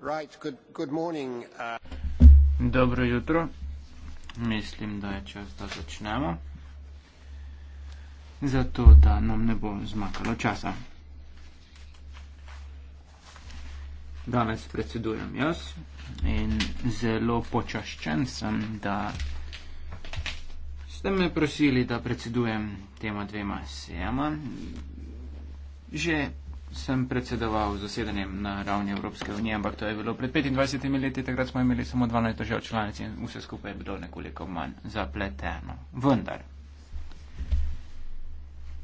Uh, Dobro jutro. Mislim, da je čas, da začnemo. Zato, da nam ne bo zmakalo časa. Danes predsedujem jaz in zelo počaščen sem, da ste me prosili, da predsedujem tema dvema sejama. Že sem predsedoval zasedanjem na ravni Evropske unije, ampak to je bilo pred 25 leti, takrat smo imeli samo 12 držav članic in vse skupaj je bilo nekoliko manj zapleteno. Vendar.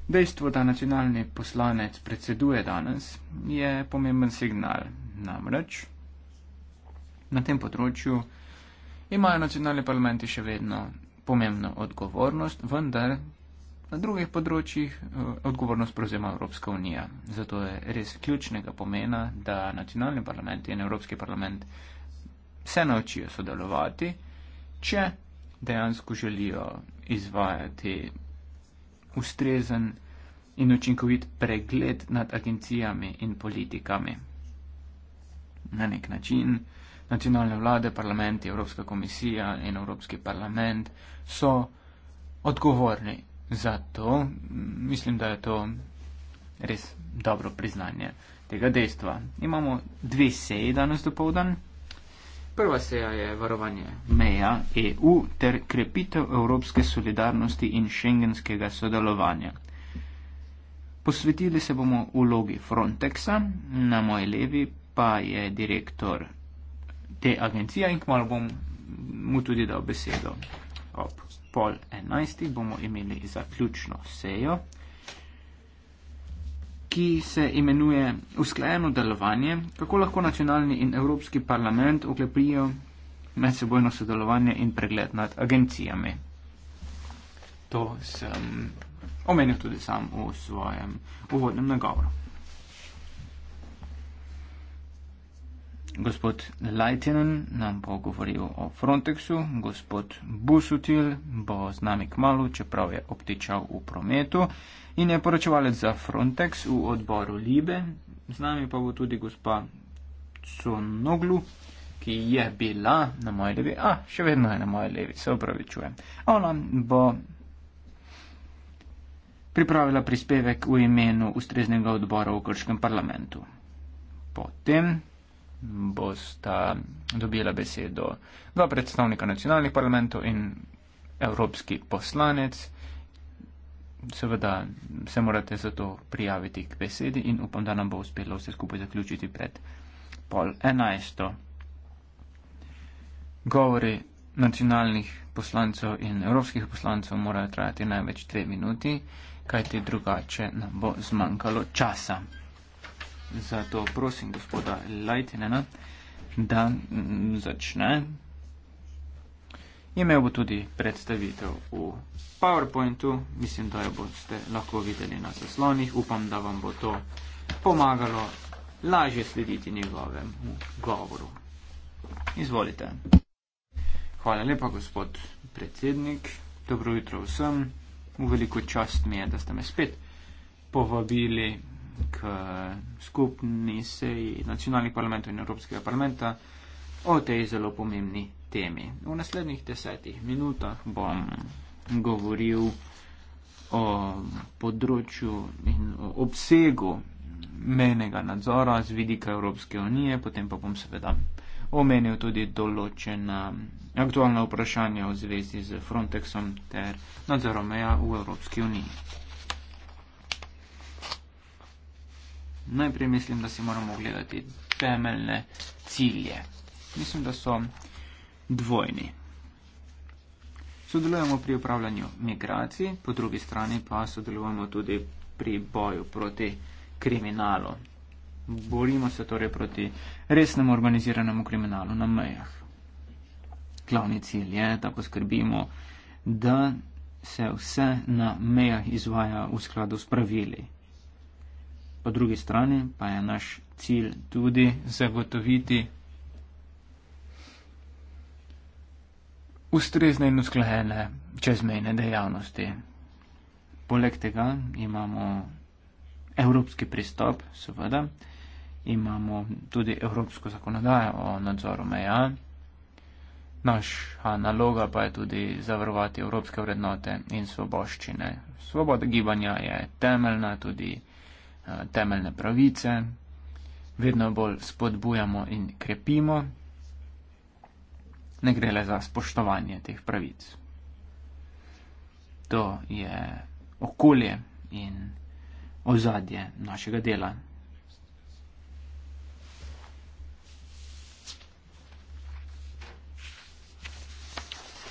Dejstvo, da nacionalni poslanec predseduje danes, je pomemben signal. Namreč, na tem področju imajo nacionalni parlamenti še vedno pomembno odgovornost, vendar Na drugih področjih eh, odgovornost prevzema Evropska unija. Zato je res ključnega pomena, da nacionalni parlament in Evropski parlament se naučijo sodelovati, če dejansko želijo izvajati ustrezen in učinkovit pregled nad agencijami in politikami. Na nek način nacionalne vlade, parlamenti, Evropska komisija in Evropski parlament so odgovorni Zato mislim, da je to res dobro priznanje tega dejstva. Imamo dve seji danes do povdan. Prva seja je varovanje meja EU ter krepitev evropske solidarnosti in šengenskega sodelovanja. Posvetili se bomo vlogi Frontexa, na moji levi pa je direktor te agencije in kmalo bom mu tudi dal besedo. Opust pol enajstih bomo imeli zaključno sejo, ki se imenuje Usklajeno delovanje, kako lahko nacionalni in evropski parlament oklepijo medsebojno sodelovanje in pregled nad agencijami. To sem omenil tudi sam v svojem uvodnem nagovoru. gospod Leitenen nam bo govoril o Frontexu, gospod Busutil bo z nami kmalo, čeprav je obtičal v prometu in je poročevalec za Frontex v odboru Libe. Z nami pa bo tudi gospa Sonoglu, ki je bila na moji levi, a ah, še vedno je na moji levi, se opravičujem. Ona bo pripravila prispevek v imenu ustreznega odbora v Krškem parlamentu. Potem bosta dobila besedo dva predstavnika nacionalnih parlamentov in evropski poslanec. Seveda se morate za to prijaviti k besedi in upam, da nam bo uspelo vse skupaj zaključiti pred pol enajsto. Govori nacionalnih poslancev in evropskih poslancev morajo trajati največ dve minuti, kajti drugače nam bo zmanjkalo časa. Zato prosim gospoda Lajtenena, da začne. Imel bo tudi predstavitev v PowerPointu, mislim, da jo boste lahko videli na zaslonih. Upam, da vam bo to pomagalo lažje slediti njegovemu govoru. Izvolite. Hvala lepa, gospod predsednik. Dobro jutro vsem. V veliko čast mi je, da ste me spet povabili k skupni seji nacionalnih parlamentov in Evropskega parlamenta o tej zelo pomembni temi. V naslednjih desetih minutah bom govoril o področju in o obsegu menega nadzora z vidika Evropske unije, potem pa bom seveda omenil tudi določena aktualna vprašanja v zvezi z Frontexom ter nadzorom meja v Evropski uniji. najprej mislim, da si moramo ogledati temeljne cilje. Mislim, da so dvojni. Sodelujemo pri upravljanju migracij, po drugi strani pa sodelujemo tudi pri boju proti kriminalu. Borimo se torej proti resnemu organiziranemu kriminalu na mejah. Glavni cilj je, da poskrbimo, da se vse na mejah izvaja v skladu s pravili po drugi strani pa je naš cilj tudi zagotoviti ustrezne in usklajene čezmejne dejavnosti. Poleg tega imamo evropski pristop, seveda, imamo tudi evropsko zakonodajo o nadzoru meja, naša naloga pa je tudi zavrvati evropske vrednote in svoboščine. Svoboda gibanja je temeljna tudi Eh, temeljne pravice, vedno bolj spodbujamo in krepimo, ne gre le za spoštovanje teh pravic. To je okolje in ozadje našega dela.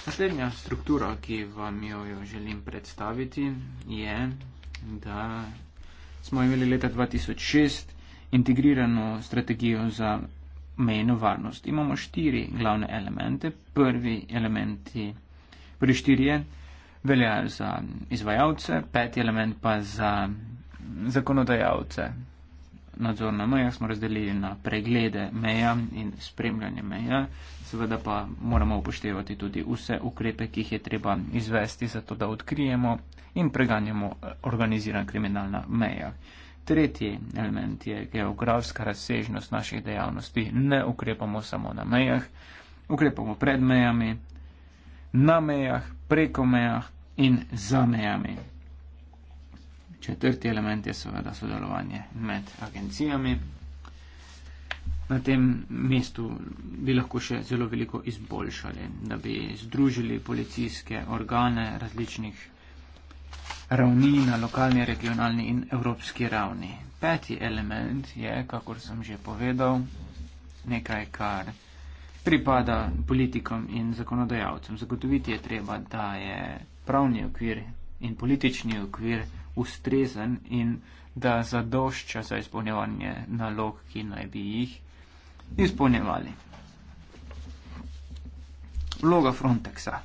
Naslednja struktura, ki vam jo, jo želim predstaviti, je, da smo imeli leta 2006 integrirano strategijo za mejno varnost. Imamo štiri glavne elemente. Prvi elementi, prvi štirje, veljajo za izvajalce, peti element pa za zakonodajalce, nadzor na mejah smo razdelili na preglede meja in spremljanje meja, seveda pa moramo upoštevati tudi vse ukrepe, ki jih je treba izvesti, zato da odkrijemo in preganjamo eh, organizirana kriminalna meja. Tretji element je geografska razsežnost naših dejavnosti. Ne ukrepamo samo na mejah, ukrepamo pred mejami, na mejah, preko mejah in za mejami. Četrti element je seveda sodelovanje med agencijami. Na tem mestu bi lahko še zelo veliko izboljšali, da bi združili policijske organe različnih ravni na lokalni, regionalni in evropski ravni. Peti element je, kakor sem že povedal, nekaj, kar pripada politikom in zakonodajalcem. Zagotoviti je treba, da je pravni okvir in politični okvir ustrezen in da zadošča za izpolnjevanje nalog, ki naj bi jih izpolnjevali. Vloga Frontexa.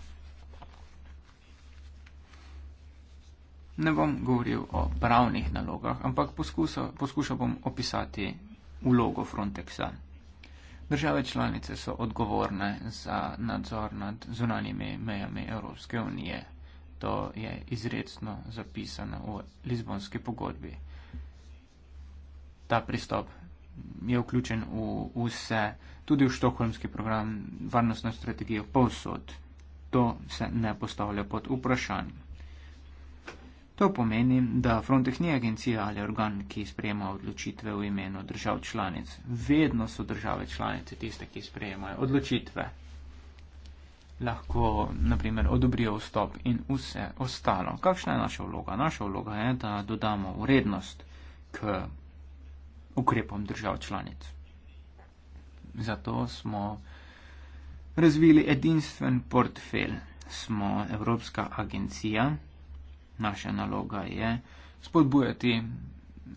Ne bom govoril o pravnih nalogah, ampak poskusa, poskušal bom opisati vlogo Frontexa. Države članice so odgovorne za nadzor nad zunanjimi mejami Evropske unije. To je izredno zapisano v Lizbonski pogodbi. Ta pristop je vključen v vse, tudi v štokholmski program, varnostno strategijo, povsod. To se ne postavlja pod vprašanje. To pomeni, da Frontex ni agencija ali organ, ki sprejema odločitve v imenu držav članic. Vedno so države članice tiste, ki sprejemajo odločitve lahko naprimer, odobrijo vstop in vse ostalo. Kakšna je naša vloga? Naša vloga je, da dodamo vrednost k ukrepom držav članic. Zato smo razvili edinstven portfelj. Smo Evropska agencija. Naša naloga je spodbujati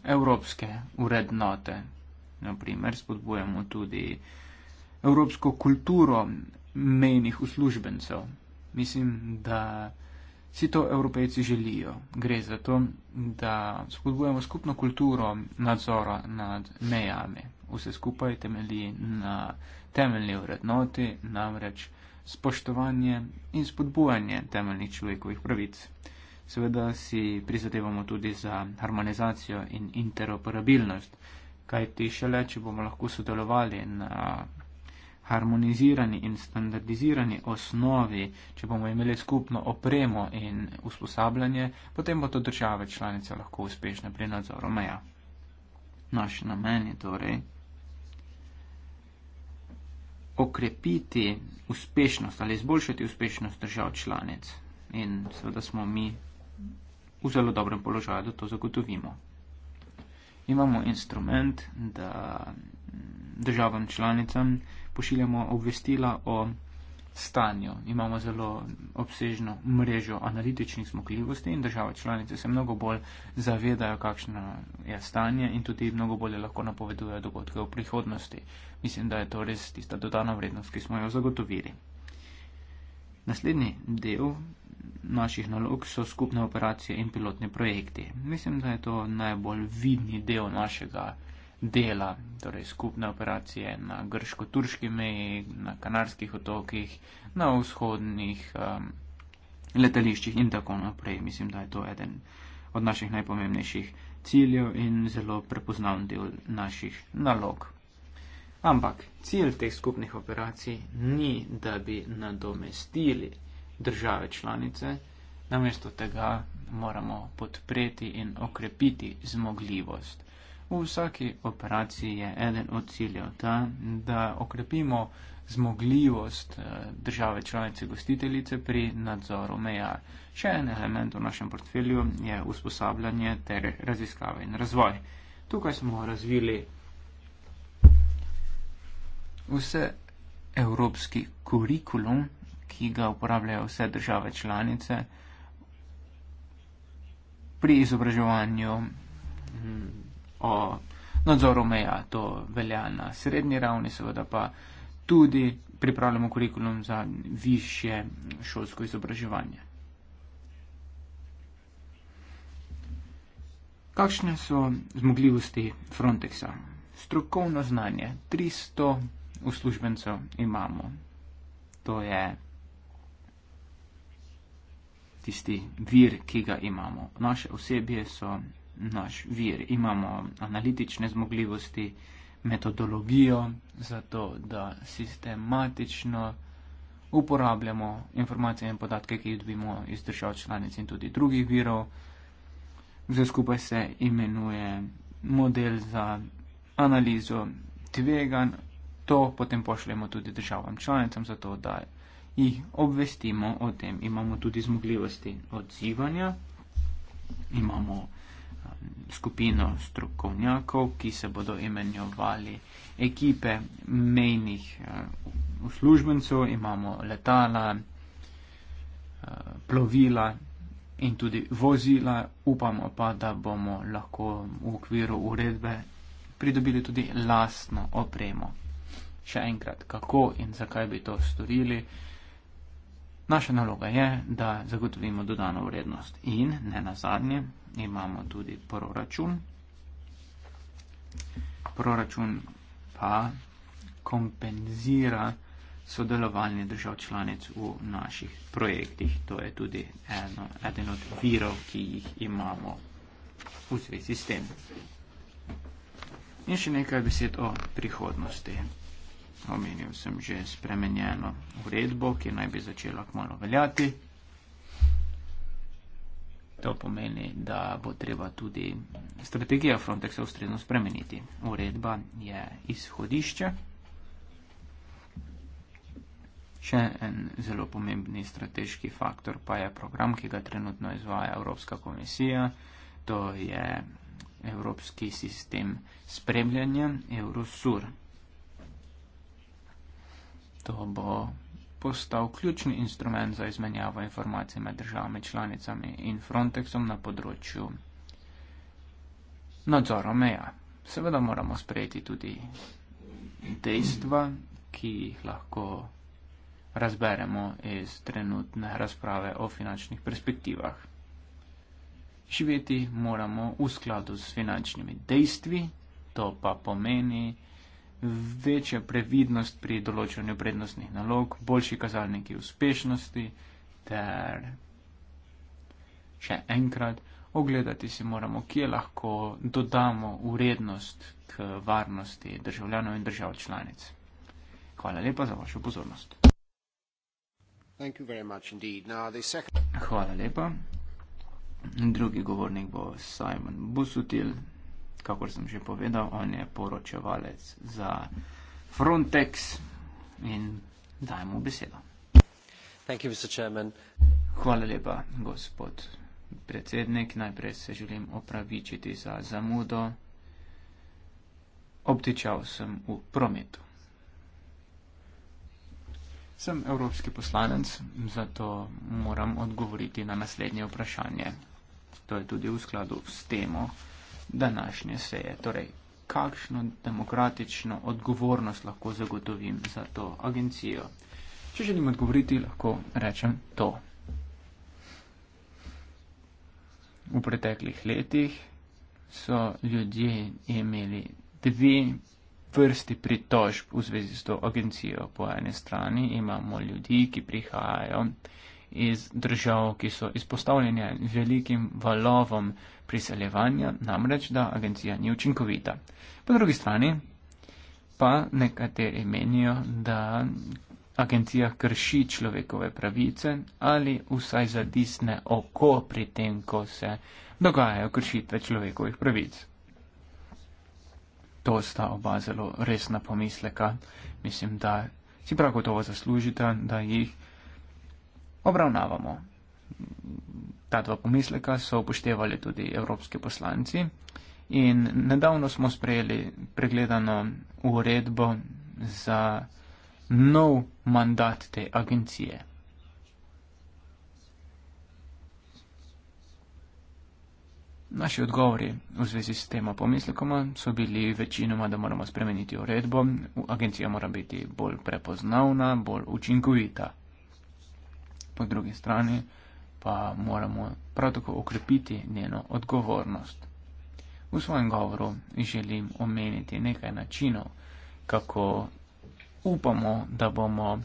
evropske urednote. Naprimer, spodbujamo tudi evropsko kulturo, mejnih uslužbencev. Mislim, da si to evropejci želijo. Gre za to, da spodbujamo skupno kulturo nadzora nad mejami. Vse skupaj temelji na temeljni vrednoti, namreč spoštovanje in spodbujanje temeljnih človekovih pravic. Seveda si prizadevamo tudi za harmonizacijo in interoperabilnost, kajti šele, če bomo lahko sodelovali na harmonizirani in standardizirani osnovi, če bomo imeli skupno opremo in usposabljanje, potem bo to države članice lahko uspešne pri nadzoru meja. Naš namen je torej okrepiti uspešnost ali izboljšati uspešnost držav članic. In seveda smo mi v zelo dobrem položaju, da to zagotovimo. Imamo instrument, da državam članicam, pošiljamo obvestila o stanju. Imamo zelo obsežno mrežo analitičnih zmogljivosti in države članice se mnogo bolj zavedajo, kakšno je stanje in tudi mnogo bolje lahko napovedujejo dogodke v prihodnosti. Mislim, da je to res tista dodana vrednost, ki smo jo zagotovili. Naslednji del naših nalog so skupne operacije in pilotni projekti. Mislim, da je to najbolj vidni del našega dela, torej skupne operacije na grško-turški meji, na kanarskih otokih, na vzhodnih um, letališčih in tako naprej. Mislim, da je to eden od naših najpomembnejših ciljev in zelo prepoznavn del naših nalog. Ampak cilj teh skupnih operacij ni, da bi nadomestili države članice, namesto tega moramo podpreti in okrepiti zmogljivost. V vsaki operaciji je eden od ciljev ta, da okrepimo zmogljivost eh, države članice gostiteljice pri nadzoru meja. Še en element v našem portfelju je usposabljanje ter raziskave in razvoj. Tukaj smo razvili vse evropski kurikulum, ki ga uporabljajo vse države članice pri izobraževanju. Hmm, o nadzoru meja, to velja na srednji ravni, seveda pa tudi pripravljamo kurikulum za više šolsko izobraževanje. Kakšne so zmogljivosti Frontexa? Strokovno znanje. 300 uslužbencev imamo. To je tisti vir, ki ga imamo. Naše osebje so naš vir, imamo analitične zmogljivosti, metodologijo, zato da sistematično uporabljamo informacije in podatke, ki jih dobimo iz držav članic in tudi drugih virov. Vse skupaj se imenuje model za analizo tveganj. To potem pošljemo tudi državam članicam, zato da jih obvestimo o tem. Imamo tudi zmogljivosti odzivanja. Imamo skupino strokovnjakov, ki se bodo imenovali ekipe mejnih eh, uslužbencev, imamo letala, eh, plovila in tudi vozila. Upamo pa, da bomo lahko v okviru uredbe pridobili tudi lastno opremo. Še enkrat, kako in zakaj bi to storili. Naša naloga je, da zagotovimo dodano vrednost in ne nazadnje, imamo tudi proračun. Proračun pa kompenzira sodelovanje držav članic v naših projektih. To je tudi eno, eden od virov, ki jih imamo v zvezi s tem. In še nekaj besed o prihodnosti. Omenil sem že spremenjeno uredbo, ki naj bi začela kmalo veljati. To pomeni, da bo treba tudi strategijo Frontexa ustrezno spremeniti. Uredba je izhodišče. Še en zelo pomembni strateški faktor pa je program, ki ga trenutno izvaja Evropska komisija. To je Evropski sistem spremljanja Eurosur. To bo postal ključni instrument za izmenjavo informacij med državami članicami in Frontexom na področju nadzora meja. Seveda moramo sprejeti tudi dejstva, ki jih lahko razberemo iz trenutne razprave o finančnih perspektivah. Živeti moramo v skladu s finančnimi dejstvi, to pa pomeni, večja previdnost pri določanju prednostnih nalog, boljši kazalniki uspešnosti ter še enkrat ogledati si moramo, kje lahko dodamo urednost k varnosti državljanov in držav članic. Hvala lepa za vašo pozornost. Hvala lepa. Drugi govornik bo Simon Busutil kakor sem že povedal, on je poročevalec za Frontex in dajmo besedo. Thank you, Hvala lepa, gospod predsednik. Najprej se želim opravičiti za zamudo. Obtičal sem v prometu. Sem evropski poslanec, zato moram odgovoriti na naslednje vprašanje. To je tudi v skladu s temo, današnje seje. Torej, kakšno demokratično odgovornost lahko zagotovim za to agencijo? Če želim odgovoriti, lahko rečem to. V preteklih letih so ljudje imeli dve vrsti pritožb v zvezi s to agencijo. Po eni strani imamo ljudi, ki prihajajo iz držav, ki so izpostavljene velikim valovom priseljevanja, namreč da agencija ni učinkovita. Po drugi strani pa nekateri menijo, da agencija krši človekove pravice ali vsaj zadisne oko pri tem, ko se dogajajo kršitve človekovih pravic. To sta oba zelo resna pomisleka. Mislim, da si prav gotovo zaslužite, da jih obravnavamo. Ta dva pomisleka so upoštevali tudi evropski poslanci in nedavno smo sprejeli pregledano uredbo za nov mandat te agencije. Naši odgovori v zvezi s tema pomislekoma so bili večinoma, da moramo spremeniti uredbo, agencija mora biti bolj prepoznavna, bolj učinkovita po drugi strani pa moramo prav tako okrepiti njeno odgovornost. V svojem govoru želim omeniti nekaj načinov, kako upamo, da bomo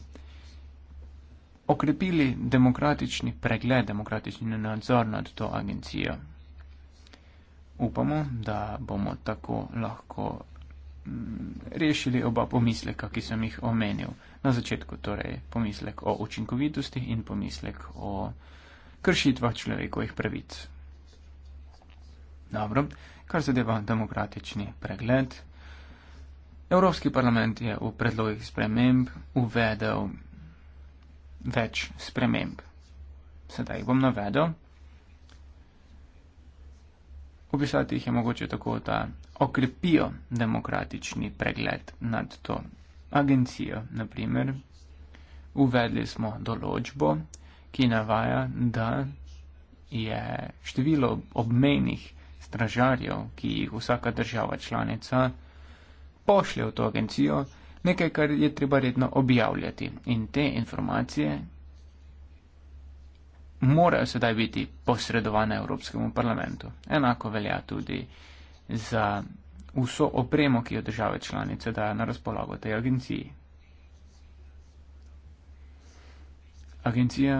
okrepili demokratični pregled, demokratični nadzor nad to agencijo. Upamo, da bomo tako lahko mm, rešili oba pomisleka, ki sem jih omenil na začetku, torej pomislek o učinkovitosti in pomislek o kršitvah človekovih pravic. Dobro, kar zadeva demokratični pregled. Evropski parlament je v predlogih sprememb uvedel več sprememb. Sedaj jih bom navedel. Opisati jih je mogoče tako, da okrepijo demokratični pregled nad to agencijo. Naprimer, uvedli smo določbo, ki navaja, da je število obmejnih stražarjev, ki jih vsaka država članica pošlje v to agencijo, nekaj, kar je treba redno objavljati. In te informacije morajo sedaj biti posredovane Evropskemu parlamentu. Enako velja tudi za vso opremo, ki jo države članice dajo na razpolago tej agenciji. Agencija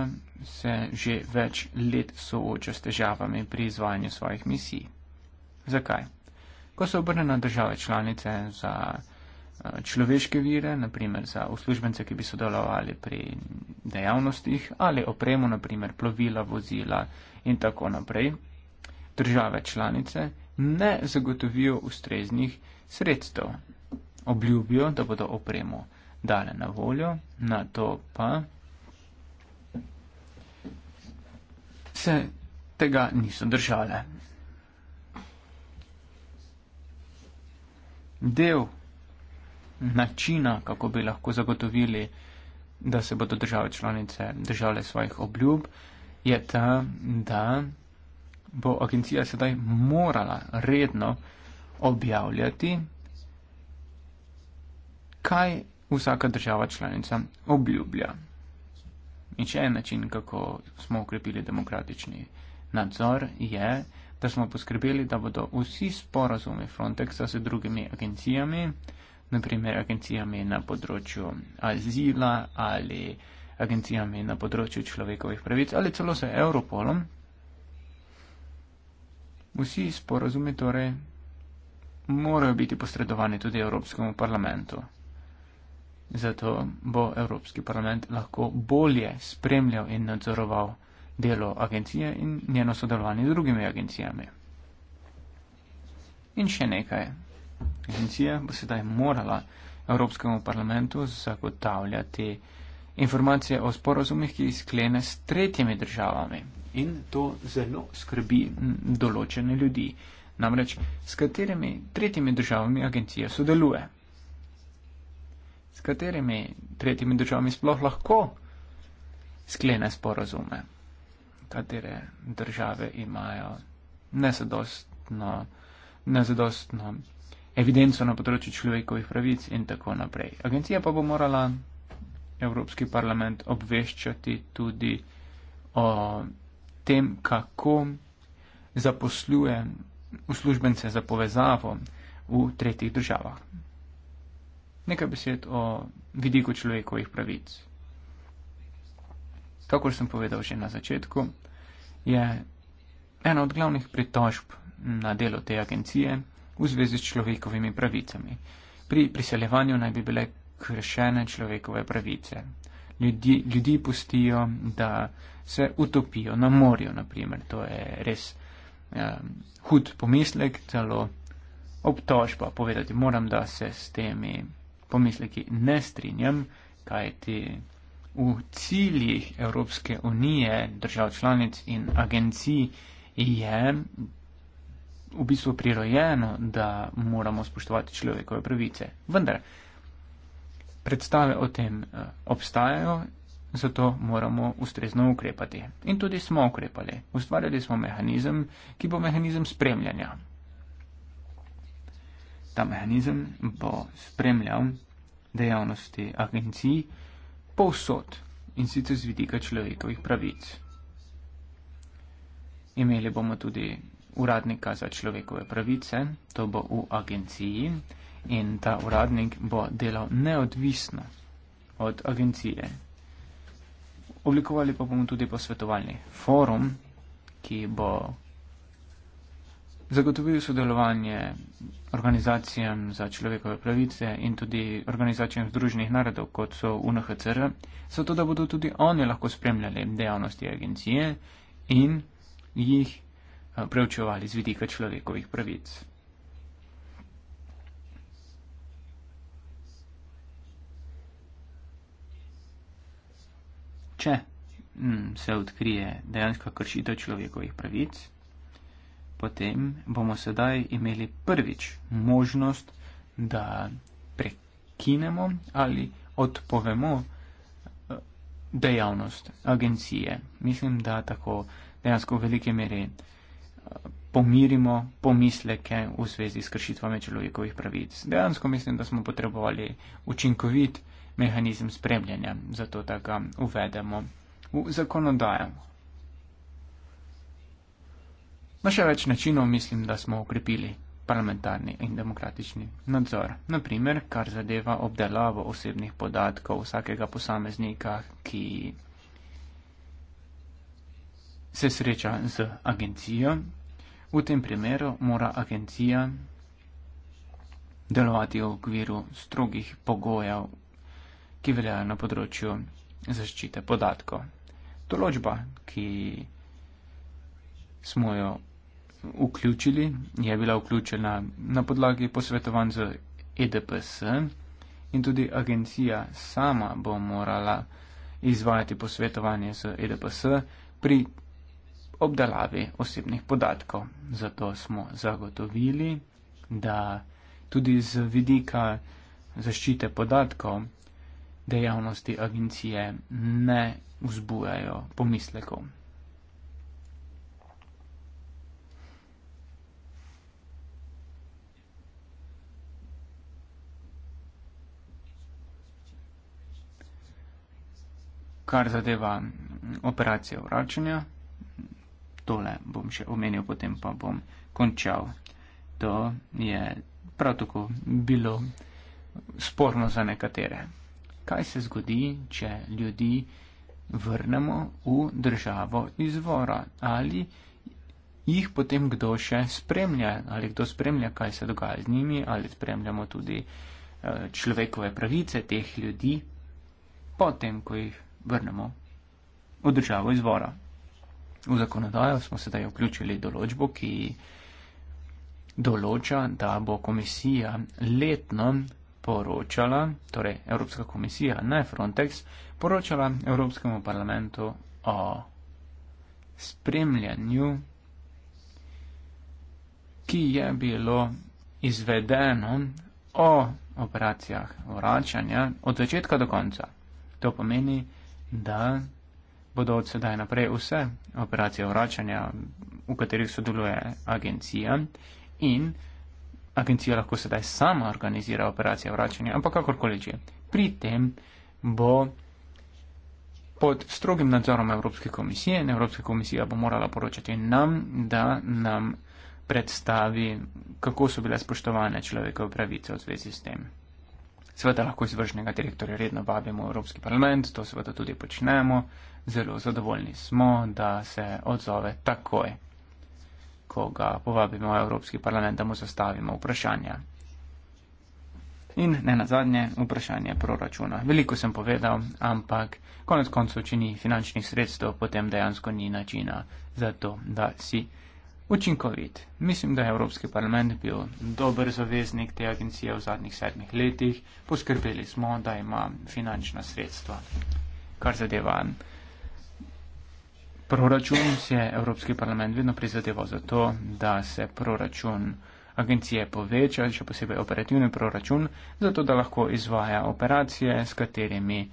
se že več let sooča s težavami pri izvajanju svojih misij. Zakaj? Ko se obrne na države članice za eh, človeške vire, naprimer za uslužbence, ki bi sodelovali pri dejavnostih ali opremo, naprimer plovila, vozila in tako naprej, države članice ne zagotovijo ustreznih sredstev. Obljubijo, da bodo opremo dale na voljo, na to pa se tega niso držale. Del načina, kako bi lahko zagotovili, da se bodo države članice držale svojih obljub, je ta, da bo agencija sedaj morala redno objavljati, kaj vsaka država članica obljublja. In še en način, kako smo ukrepili demokratični nadzor, je, da smo poskrbeli, da bodo vsi sporazumi Frontexa z drugimi agencijami, naprimer agencijami na področju azila ali agencijami na področju človekovih pravic ali celo z Europolom, Vsi sporazumi torej morajo biti posredovani tudi Evropskemu parlamentu. Zato bo Evropski parlament lahko bolje spremljal in nadzoroval delo agencije in njeno sodelovanje z drugimi agencijami. In še nekaj. Agencija bo sedaj morala Evropskemu parlamentu zagotavljati informacije o sporozumih, ki jih sklene s tretjimi državami in to zelo skrbi določene ljudi, namreč s katerimi tretjimi državami agencija sodeluje. S katerimi tretjimi državami sploh lahko sklene sporozume, katere države imajo nezadostno, nezadostno evidenco na področju človekovih pravic in tako naprej. Agencija pa bo morala Evropski parlament obveščati tudi o tem, kako zaposluje uslužbence za povezavo v tretjih državah. Nekaj besed o vidiku človekovih pravic. Tako sem povedal že na začetku, je ena od glavnih pritožb na delo te agencije v zvezi s človekovimi pravicami. Pri priseljevanju naj bi bile kršene človekove pravice ljudi, ljudi pustijo, da se utopijo na morju. Naprimer. To je res eh, hud pomislek, celo obtožba povedati. Moram, da se s temi pomisleki ne strinjam, kajti v ciljih Evropske unije, držav članic in agencij je. V bistvu prirojeno, da moramo spoštovati človekove pravice. Vendar predstave o tem eh, obstajajo, zato moramo ustrezno ukrepati. In tudi smo ukrepali. Ustvarjali smo mehanizem, ki bo mehanizem spremljanja. Ta mehanizem bo spremljal dejavnosti agencij povsod in sicer z vidika človekovih pravic. Imeli bomo tudi uradnika za človekove pravice, to bo v agenciji in ta uradnik bo delal neodvisno od agencije. Oblikovali pa bomo tudi posvetovalni forum, ki bo zagotovil sodelovanje organizacijam za človekove pravice in tudi organizacijam združenih narodov, kot so UNHCR, zato da bodo tudi oni lahko spremljali dejavnosti agencije in jih eh, preučevali z vidika človekovih pravic. če mm, se odkrije dejansko kršitev človekovih pravic, potem bomo sedaj imeli prvič možnost, da prekinemo ali odpovemo eh, dejavnost agencije. Mislim, da tako dejansko v velike meri eh, pomirimo pomisleke v zvezi s kršitvami človekovih pravic. Dejansko mislim, da smo potrebovali učinkovit mehanizem spremljanja, zato da ga uvedemo v zakonodajo. Na še več načinov mislim, da smo ukrepili parlamentarni in demokratični nadzor. Naprimer, kar zadeva obdelavo osebnih podatkov vsakega posameznika, ki se sreča z agencijo. V tem primeru mora agencija delovati v okviru strogih pogojev ki veljajo na področju zaščite podatkov. Določba, ki smo jo vključili, je bila vključena na podlagi posvetovanj z EDPS in tudi agencija sama bo morala izvajati posvetovanje z EDPS pri obdelavi osebnih podatkov. Zato smo zagotovili, da tudi z vidika zaščite podatkov dejavnosti agencije ne vzbujajo pomislekov. Kar zadeva operacije vračanja, tole bom še omenil, potem pa bom končal. To je prav tako bilo sporno za nekatere kaj se zgodi, če ljudi vrnemo v državo izvora ali jih potem kdo še spremlja, ali kdo spremlja, kaj se dogaja z njimi, ali spremljamo tudi eh, človekove pravice teh ljudi, potem, ko jih vrnemo v državo izvora. V zakonodajo smo sedaj vključili določbo, ki določa, da bo komisija letno poročala, torej Evropska komisija, ne Frontex, poročala Evropskemu parlamentu o spremljanju, ki je bilo izvedeno o operacijah vračanja od začetka do konca. To pomeni, da bodo od sedaj naprej vse operacije vračanja, v katerih sodeluje agencija in agencija lahko sedaj sama organizira operacije vračanja, ampak kakorkoli že. Pri tem bo pod strogim nadzorom Evropske komisije in Evropska komisija bo morala poročati nam, da nam predstavi, kako so bile spoštovane človekove pravice v zvezi s tem. Sveda lahko izvršnega direktorja redno vabimo v Evropski parlament, to seveda tudi počnemo. Zelo zadovoljni smo, da se odzove takoj lahko ga povabimo v Evropski parlament, da mu zastavimo vprašanja. In ne na zadnje, vprašanje proračuna. Veliko sem povedal, ampak konec koncev, če ni finančnih sredstev, potem dejansko ni načina za to, da si učinkovit. Mislim, da je Evropski parlament bil dober zaveznik te agencije v zadnjih sedmih letih. Poskrbeli smo, da ima finančna sredstva, kar zadeva proračun si je Evropski parlament vedno prizadeval za to, da se proračun agencije poveča, še posebej operativni proračun, zato da lahko izvaja operacije, s katerimi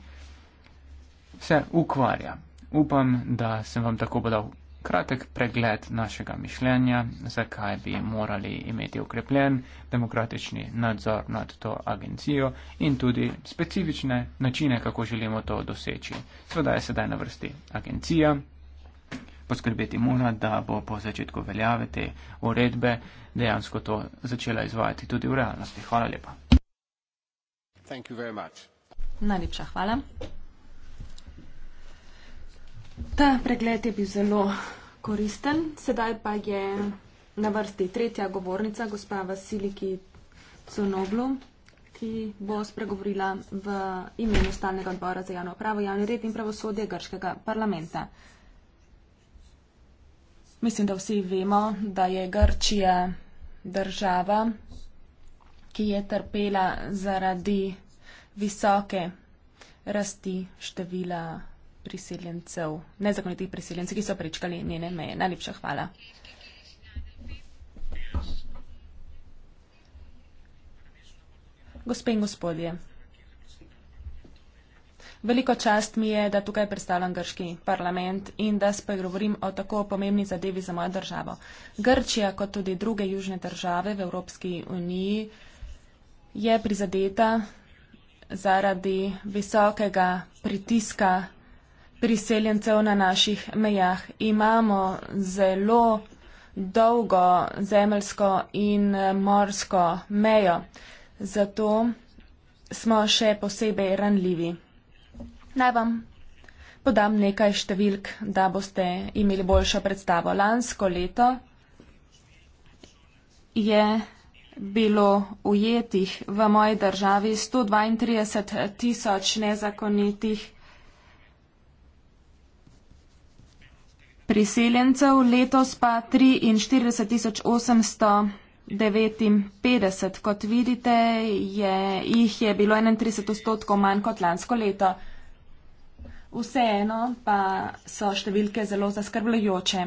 se ukvarja. Upam, da sem vam tako podal kratek pregled našega mišljenja, zakaj bi morali imeti ukrepljen demokratični nadzor nad to agencijo in tudi specifične načine, kako želimo to doseči. Sveda je sedaj na vrsti agencija poskrbeti mora, da bo po začetku veljave te uredbe dejansko to začela izvajati tudi v realnosti. Hvala lepa. Najlepša hvala. Ta pregled je bil zelo koristen. Sedaj pa je na vrsti tretja govornica, gospa Vasiliki Cunoblu, ki bo spregovorila v imenu stalnega odbora za javno pravo, javni red in pravosodje grškega parlamenta. Mislim, da vsi vemo, da je Grčija država, ki je trpela zaradi visoke rasti števila priseljencev, nezakonitih priseljencev, ki so prečkali njene meje. Najlepša hvala. Gospe in gospodje. Veliko čast mi je, da tukaj predstavljam grški parlament in da spregovorim o tako pomembni zadevi za mojo državo. Grčija, kot tudi druge južne države v Evropski uniji, je prizadeta zaradi visokega pritiska priseljencev na naših mejah. Imamo zelo dolgo zemljsko in eh, morsko mejo, zato smo še posebej ranljivi. Naj vam podam nekaj številk, da boste imeli boljšo predstavo. Lansko leto je bilo ujetih v moji državi 132 tisoč nezakonitih priseljencev, letos pa 43 tisoč 800. 59, kot vidite, je, jih je bilo 31 odstotkov manj kot lansko leto vseeno pa so številke zelo zaskrbljujoče.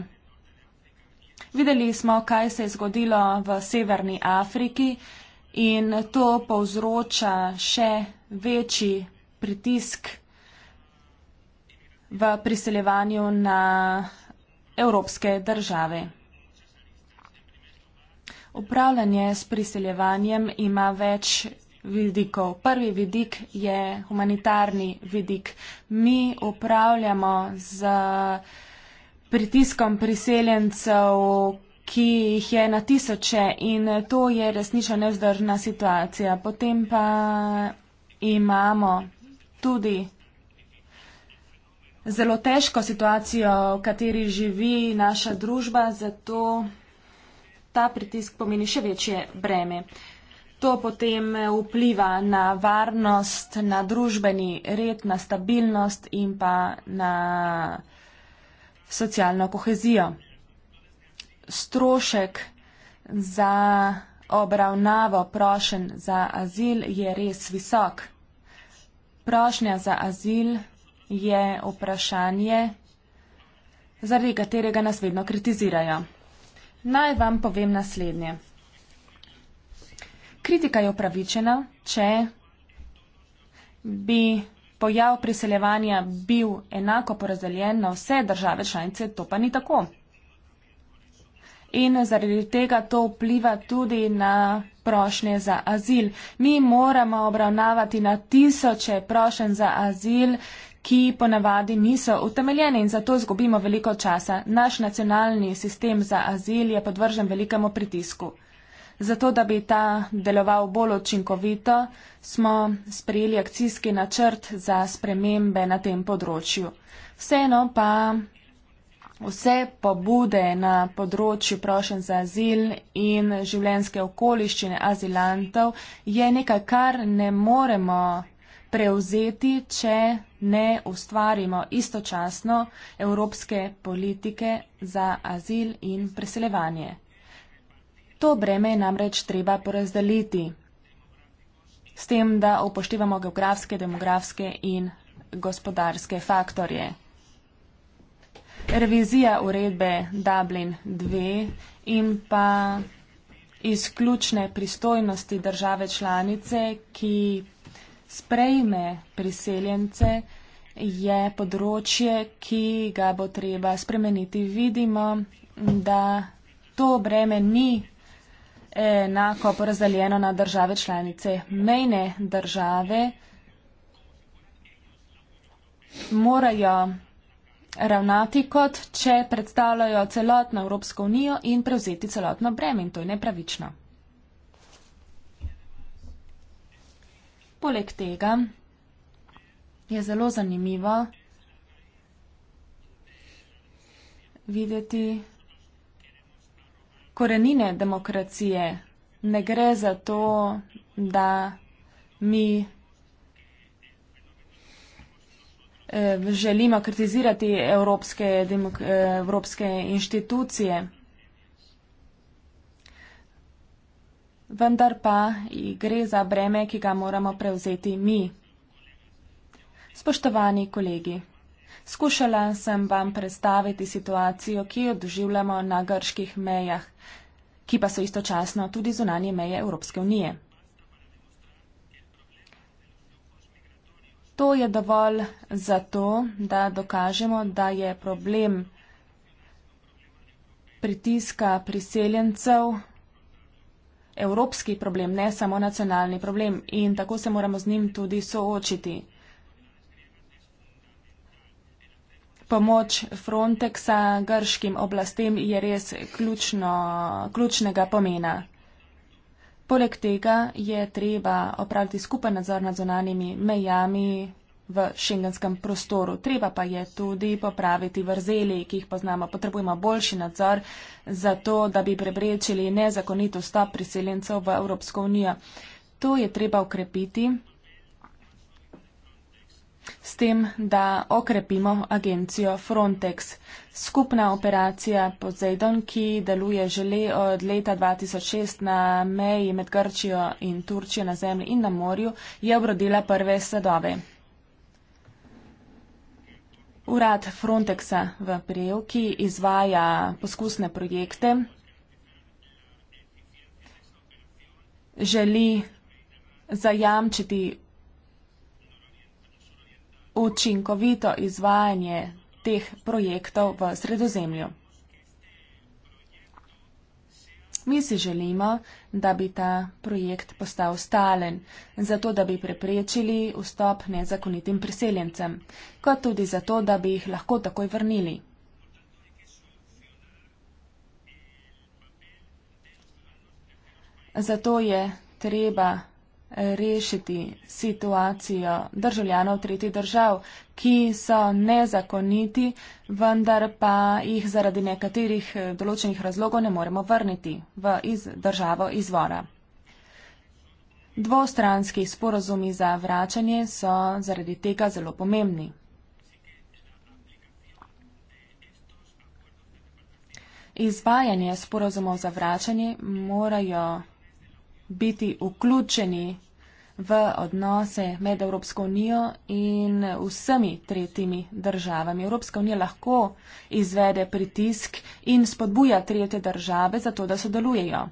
Videli smo, kaj se je zgodilo v Severni Afriki in to povzroča še večji pritisk v priseljevanju na evropske države. Upravljanje s priseljevanjem ima več vidikov. Prvi vidik je humanitarni vidik. Mi upravljamo z pritiskom priseljencev, ki jih je na tisoče in to je resnično nevzdržna situacija. Potem pa imamo tudi zelo težko situacijo, v kateri živi naša družba, zato ta pritisk pomeni še večje breme. Uh, To potem vpliva na varnost, na družbeni red, na stabilnost in pa na socialno kohezijo. Strošek za obravnavo prošen za azil je res visok. Prošnja za azil je vprašanje, zaradi katerega nas vedno kritizirajo. Naj vam povem naslednje kritika je upravičena, če bi pojav priseljevanja bil enako porazdeljen na vse države članice, to pa ni tako. In zaradi tega to vpliva tudi na prošnje za azil. Mi moramo obravnavati na tisoče prošen za azil, ki ponavadi niso utemeljene in zato zgubimo veliko časa. Naš nacionalni sistem za azil je podvržen velikemu pritisku. Zato, da bi ta deloval bolj očinkovito, smo sprejeli akcijski načrt za spremembe na tem področju. Vseeno pa vse pobude na področju prošen za azil in življenske okoliščine azilantov je nekaj, kar ne moremo prevzeti, če ne ustvarimo istočasno evropske politike za azil in preselevanje. To breme je namreč treba porazdeliti, s tem, da upoštevamo geografske, demografske in gospodarske faktorje. Revizija uredbe Dublin 2 in pa izključne pristojnosti države članice, ki sprejme priseljence, je področje, ki ga bo treba spremeniti. Vidimo, da to breme ni enako porazdeljeno na države članice. Mejne države morajo ravnati kot, če predstavljajo celotno Evropsko unijo in prevzeti celotno breme in to je nepravično. Poleg tega je zelo zanimivo videti, korenine demokracije. Ne gre za to, da mi eh, želimo kritizirati evropske, eh, evropske inštitucije. Vendar pa gre za breme, ki ga moramo prevzeti mi. Spoštovani kolegi. Skušala sem vam predstaviti situacijo, ki jo doživljamo na grških mejah, ki pa so istočasno tudi zunanje meje Evropske unije. To je dovolj zato, da dokažemo, da je problem pritiska priseljencev evropski problem, ne samo nacionalni problem in tako se moramo z njim tudi soočiti. pomoč Frontexa grškim oblastem je res ključno, ključnega pomena. Poleg tega je treba opraviti skupen nadzor nad zonanimi mejami v šengenskem prostoru. Treba pa je tudi popraviti vrzeli, ki jih poznamo. Potrebujemo boljši nadzor za to, da bi preprečili nezakonito stop priseljencev v Evropsko unijo. To je treba ukrepiti s tem, da okrepimo agencijo Frontex. Skupna operacija Poseidon, ki deluje že od leta 2006 na meji med Grčijo in Turčijo na zemlji in na morju, je obrodila prve sadove. Urad Frontexa v Prijev, ki izvaja poskusne projekte, želi zajamčiti učinkovito izvajanje teh projektov v sredozemlju. Mi si želimo, da bi ta projekt postal stalen, zato da bi preprečili vstop nezakonitim priseljencem, kot tudi zato, da bi jih lahko takoj vrnili. Zato je treba rešiti situacijo državljanov tretjih držav, ki so nezakoniti, vendar pa jih zaradi nekaterih eh, določenih razlogov ne moremo vrniti v iz državo izvora. Dvostranski sporozumi za vračanje so zaradi tega zelo pomembni. Izvajanje sporozumov za vračanje morajo biti vključeni v odnose med Evropsko unijo in vsemi tretjimi državami. Evropska unija lahko izvede pritisk in spodbuja tretje države za to, da sodelujejo.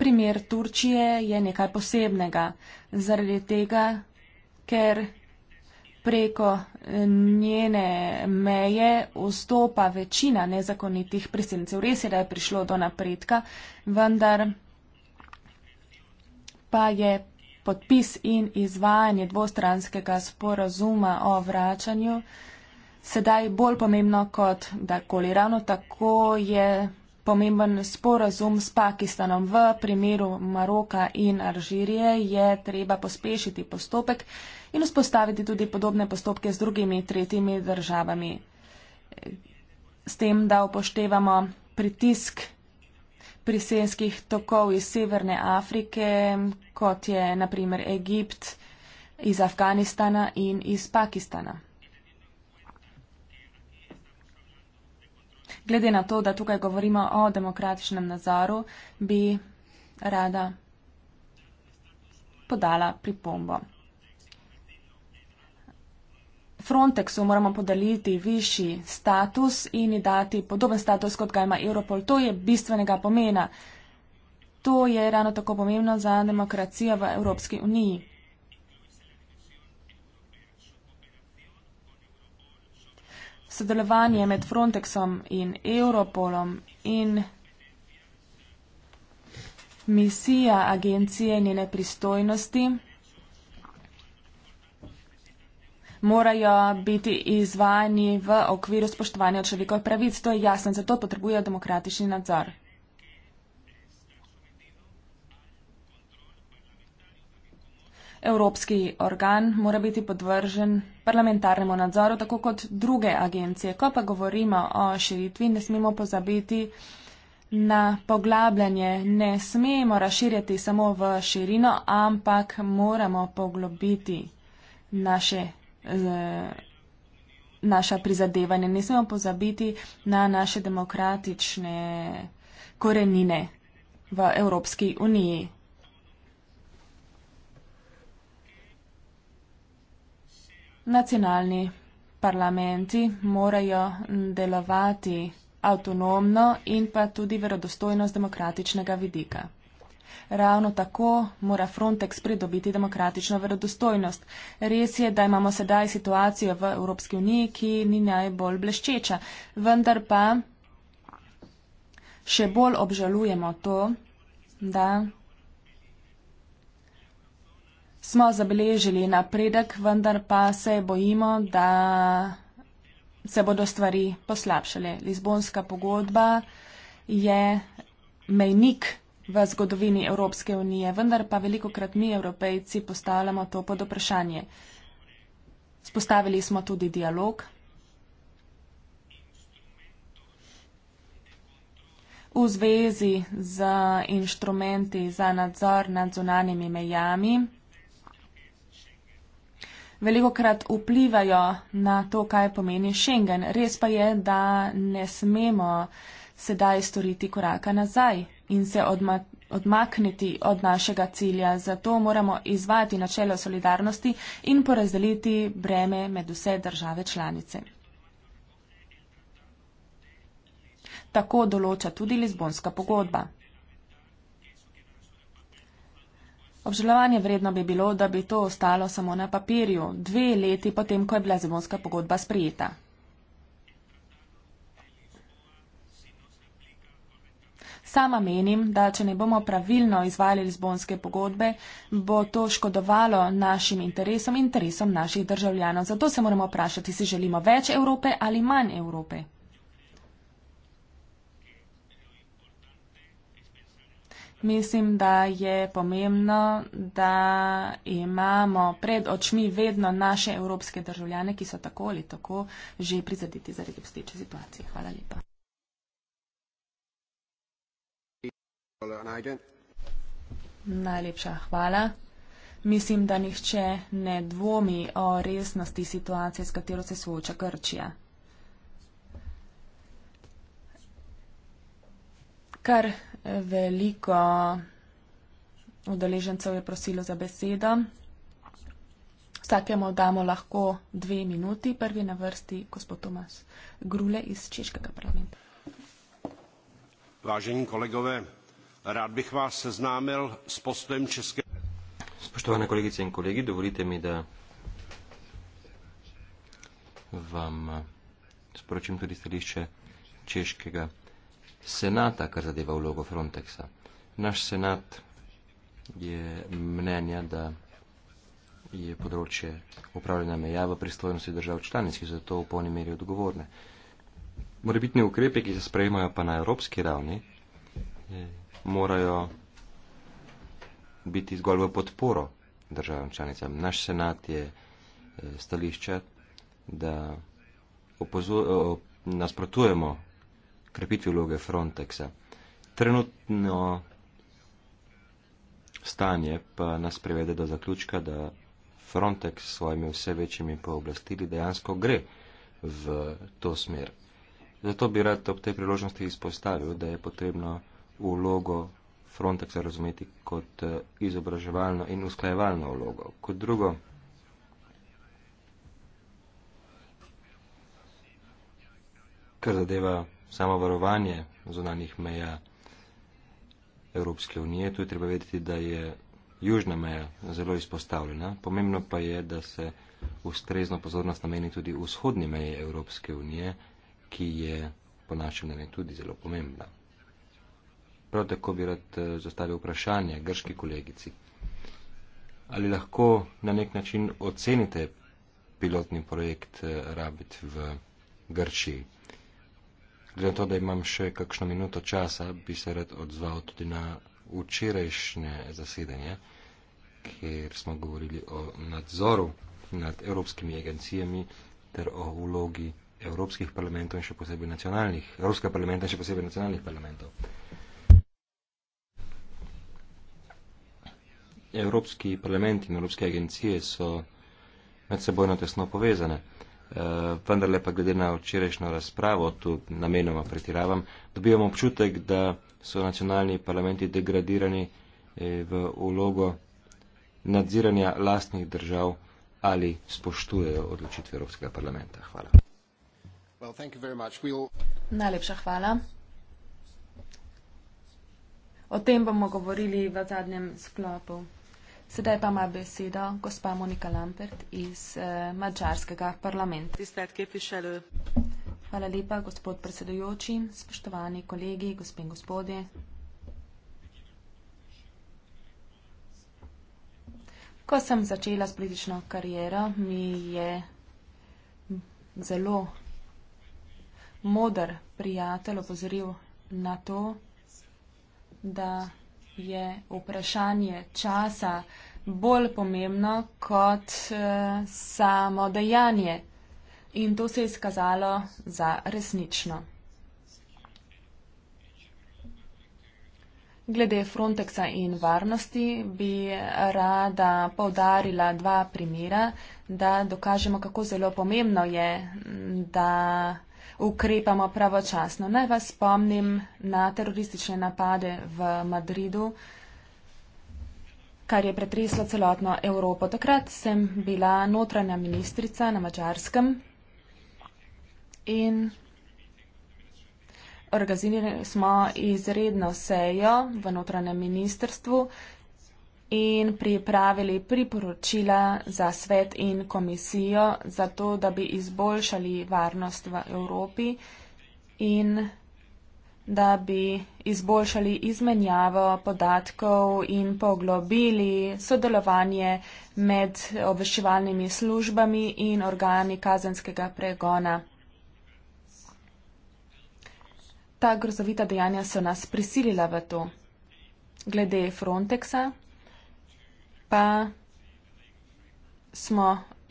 Primer Turčije je nekaj posebnega, zaradi tega, ker preko eh, njene meje vstopa večina nezakonitih priseljencev. Res je, da je prišlo do napredka, vendar pa je podpis in izvajanje dvostranskega sporazuma o vračanju sedaj bolj pomembno kot dakoli. Ravno tako je pomemben sporazum s Pakistanom. V primeru Maroka in Alžirije je treba pospešiti postopek, in vzpostaviti tudi podobne postopke z drugimi tretjimi državami, s tem, da upoštevamo pritisk priselskih tokov iz Severne Afrike, kot je naprimer Egipt, iz Afganistana in iz Pakistana. Glede na to, da tukaj govorimo o demokratičnem nazoru, bi rada podala pripombo. Frontexu moramo podeliti višji status in ji dati podoben status, kot ga ima Europol. To je bistvenega pomena. To je ravno tako pomembno za demokracijo v Evropski uniji. Sodelovanje med Frontexom in Europolom in misija agencije in njene pristojnosti. morajo biti izvajani v okviru spoštovanja človekovih pravic. To je jasno, zato potrebujejo demokratični nadzor. Evropski organ mora biti podvržen parlamentarnemu nadzoru, tako kot druge agencije. Ko pa govorimo o širitvi, ne smemo pozabiti na poglabljanje. Ne smemo razširjati samo v širino, ampak moramo poglobiti naše naša prizadevanja. Ne smemo pozabiti na naše demokratične korenine v Evropski uniji. Nacionalni parlamenti morajo delovati avtonomno in pa tudi verodostojno z demokratičnega vidika. Ravno tako mora Frontex pridobiti demokratično verodostojnost. Res je, da imamo sedaj situacijo v Evropski uniji, ki ni najbolj bleščeča, vendar pa še bolj obžalujemo to, da smo zabeležili napredek, vendar pa se bojimo, da se bodo stvari poslabšale. Lizbonska pogodba je mejnik v zgodovini Evropske unije, vendar pa veliko krat mi, evropejci, postavljamo to pod vprašanje. Spostavili smo tudi dialog. V zvezi z inštrumenti za nadzor nad zunanimi mejami, veliko krat vplivajo na to, kaj pomeni Schengen. Res pa je, da ne smemo sedaj storiti koraka nazaj in se odmak odmakniti od našega cilja. Zato moramo izvajati načelo solidarnosti in porazdeliti breme med vse države članice. Tako določa tudi Lizbonska pogodba. Obžalovanje vredno bi bilo, da bi to ostalo samo na papirju, dve leti potem, ko je bila Lizbonska pogodba sprijeta. Sama menim, da če ne bomo pravilno izvali Lizbonske pogodbe, bo to škodovalo našim interesom in interesom naših državljanov. Zato se moramo vprašati, si želimo več Evrope ali manj Evrope. Mislim, da je pomembno, da imamo pred očmi vedno naše evropske državljane, ki so tako ali tako že prizaditi zaradi obstoječe situacije. Hvala lepa. Najlepša hvala. Mislim, da nihče ne dvomi o resnosti situacije, s katero se sooča Grčija. Kar veliko udeležencev je prosilo za besedo. Vsakemu damo lahko dve minuti. Prvi na vrsti gospod Tomas Grule iz Češkega parlamenta. Vážení kolegové, rad bih vas seznámil s postojem České. Spoštovane kolegice in kolegi, dovolite mi, da vam sporočim tudi stališče Češkega senata, kar zadeva vlogo Frontexa. Naš senat je mnenja, da je področje upravljena meja v pristojnosti držav članic, ki so zato v polni meri odgovorne. Morebitne ukrepe, ki se sprejemajo pa na evropski ravni, eh, morajo biti zgolj v podporo državam članicam. Naš senat je eh, stališče, da nasprotujemo krepitvi vloge Frontexa. Trenutno stanje pa nas privede do zaključka, da Frontex s svojimi vse večjimi pooblastili dejansko gre v to smer. Zato bi rad ob tej priložnosti izpostavil, da je potrebno vlogo Frontexa razumeti kot eh, izobraževalno in usklajevalno vlogo. Kot drugo, kar zadeva samo varovanje zunanih meja Evropske unije, tu je treba vedeti, da je južna meja zelo izpostavljena. Pomembno pa je, da se ustrezno pozornost nameni tudi vzhodni meji Evropske unije, ki je po našem mnenju tudi zelo pomembna. Prav tako bi rad eh, zastavil vprašanje grški kolegici. Ali lahko na nek način ocenite pilotni projekt eh, Rabit v Grčiji? Glede na to, da imam še kakšno minuto časa, bi se rad odzval tudi na včerajšnje zasedanje, kjer smo govorili o nadzoru nad evropskimi agencijami ter o vlogi evropskih parlamentov in še posebej nacionalnih, evropskega parlamenta in še posebej nacionalnih parlamentov. Evropski parlament in Evropske agencije so med sebojno tesno povezane. Eh, vendarle pa glede na včerajšnjo razpravo, tu namenoma pretiravam, dobivamo občutek, da so nacionalni parlamenti degradirani eh, v ulogo nadziranja lastnih držav ali spoštujejo odločitve Evropskega parlamenta. Hvala. Well, thank you very much. We'll... Najlepša hvala. O tem bomo govorili v zadnjem sklopu. Sedaj pa ima besedo gospa Monika Lampert iz eh, Mačarskega parlamenta. Hvala lepa, gospod predsedujoči, spoštovani kolegi, gospe in gospodje. Ko sem začela s politično kariero, mi je zelo moder prijatelj opozoril na to, da je vprašanje časa bolj pomembno kot eh, samo dejanje. In to se je izkazalo za resnično. Glede Frontexa in varnosti bi rada povdarila dva primera, da dokažemo, kako zelo pomembno je, da ukrepamo pravočasno. Naj vas spomnim na teroristične napade v Madridu, kar je pretreslo celotno Evropo. Takrat sem bila notranja ministrica na Mačarskem in organizirali smo izredno sejo v notranjem ministrstvu, in pripravili priporočila za svet in komisijo, zato da bi izboljšali varnost v Evropi in da bi izboljšali izmenjavo podatkov in poglobili sodelovanje med obveščevalnimi službami in organi kazenskega pregona. Ta grozovita dejanja so nas prisilila v to. Glede Frontexa pa smo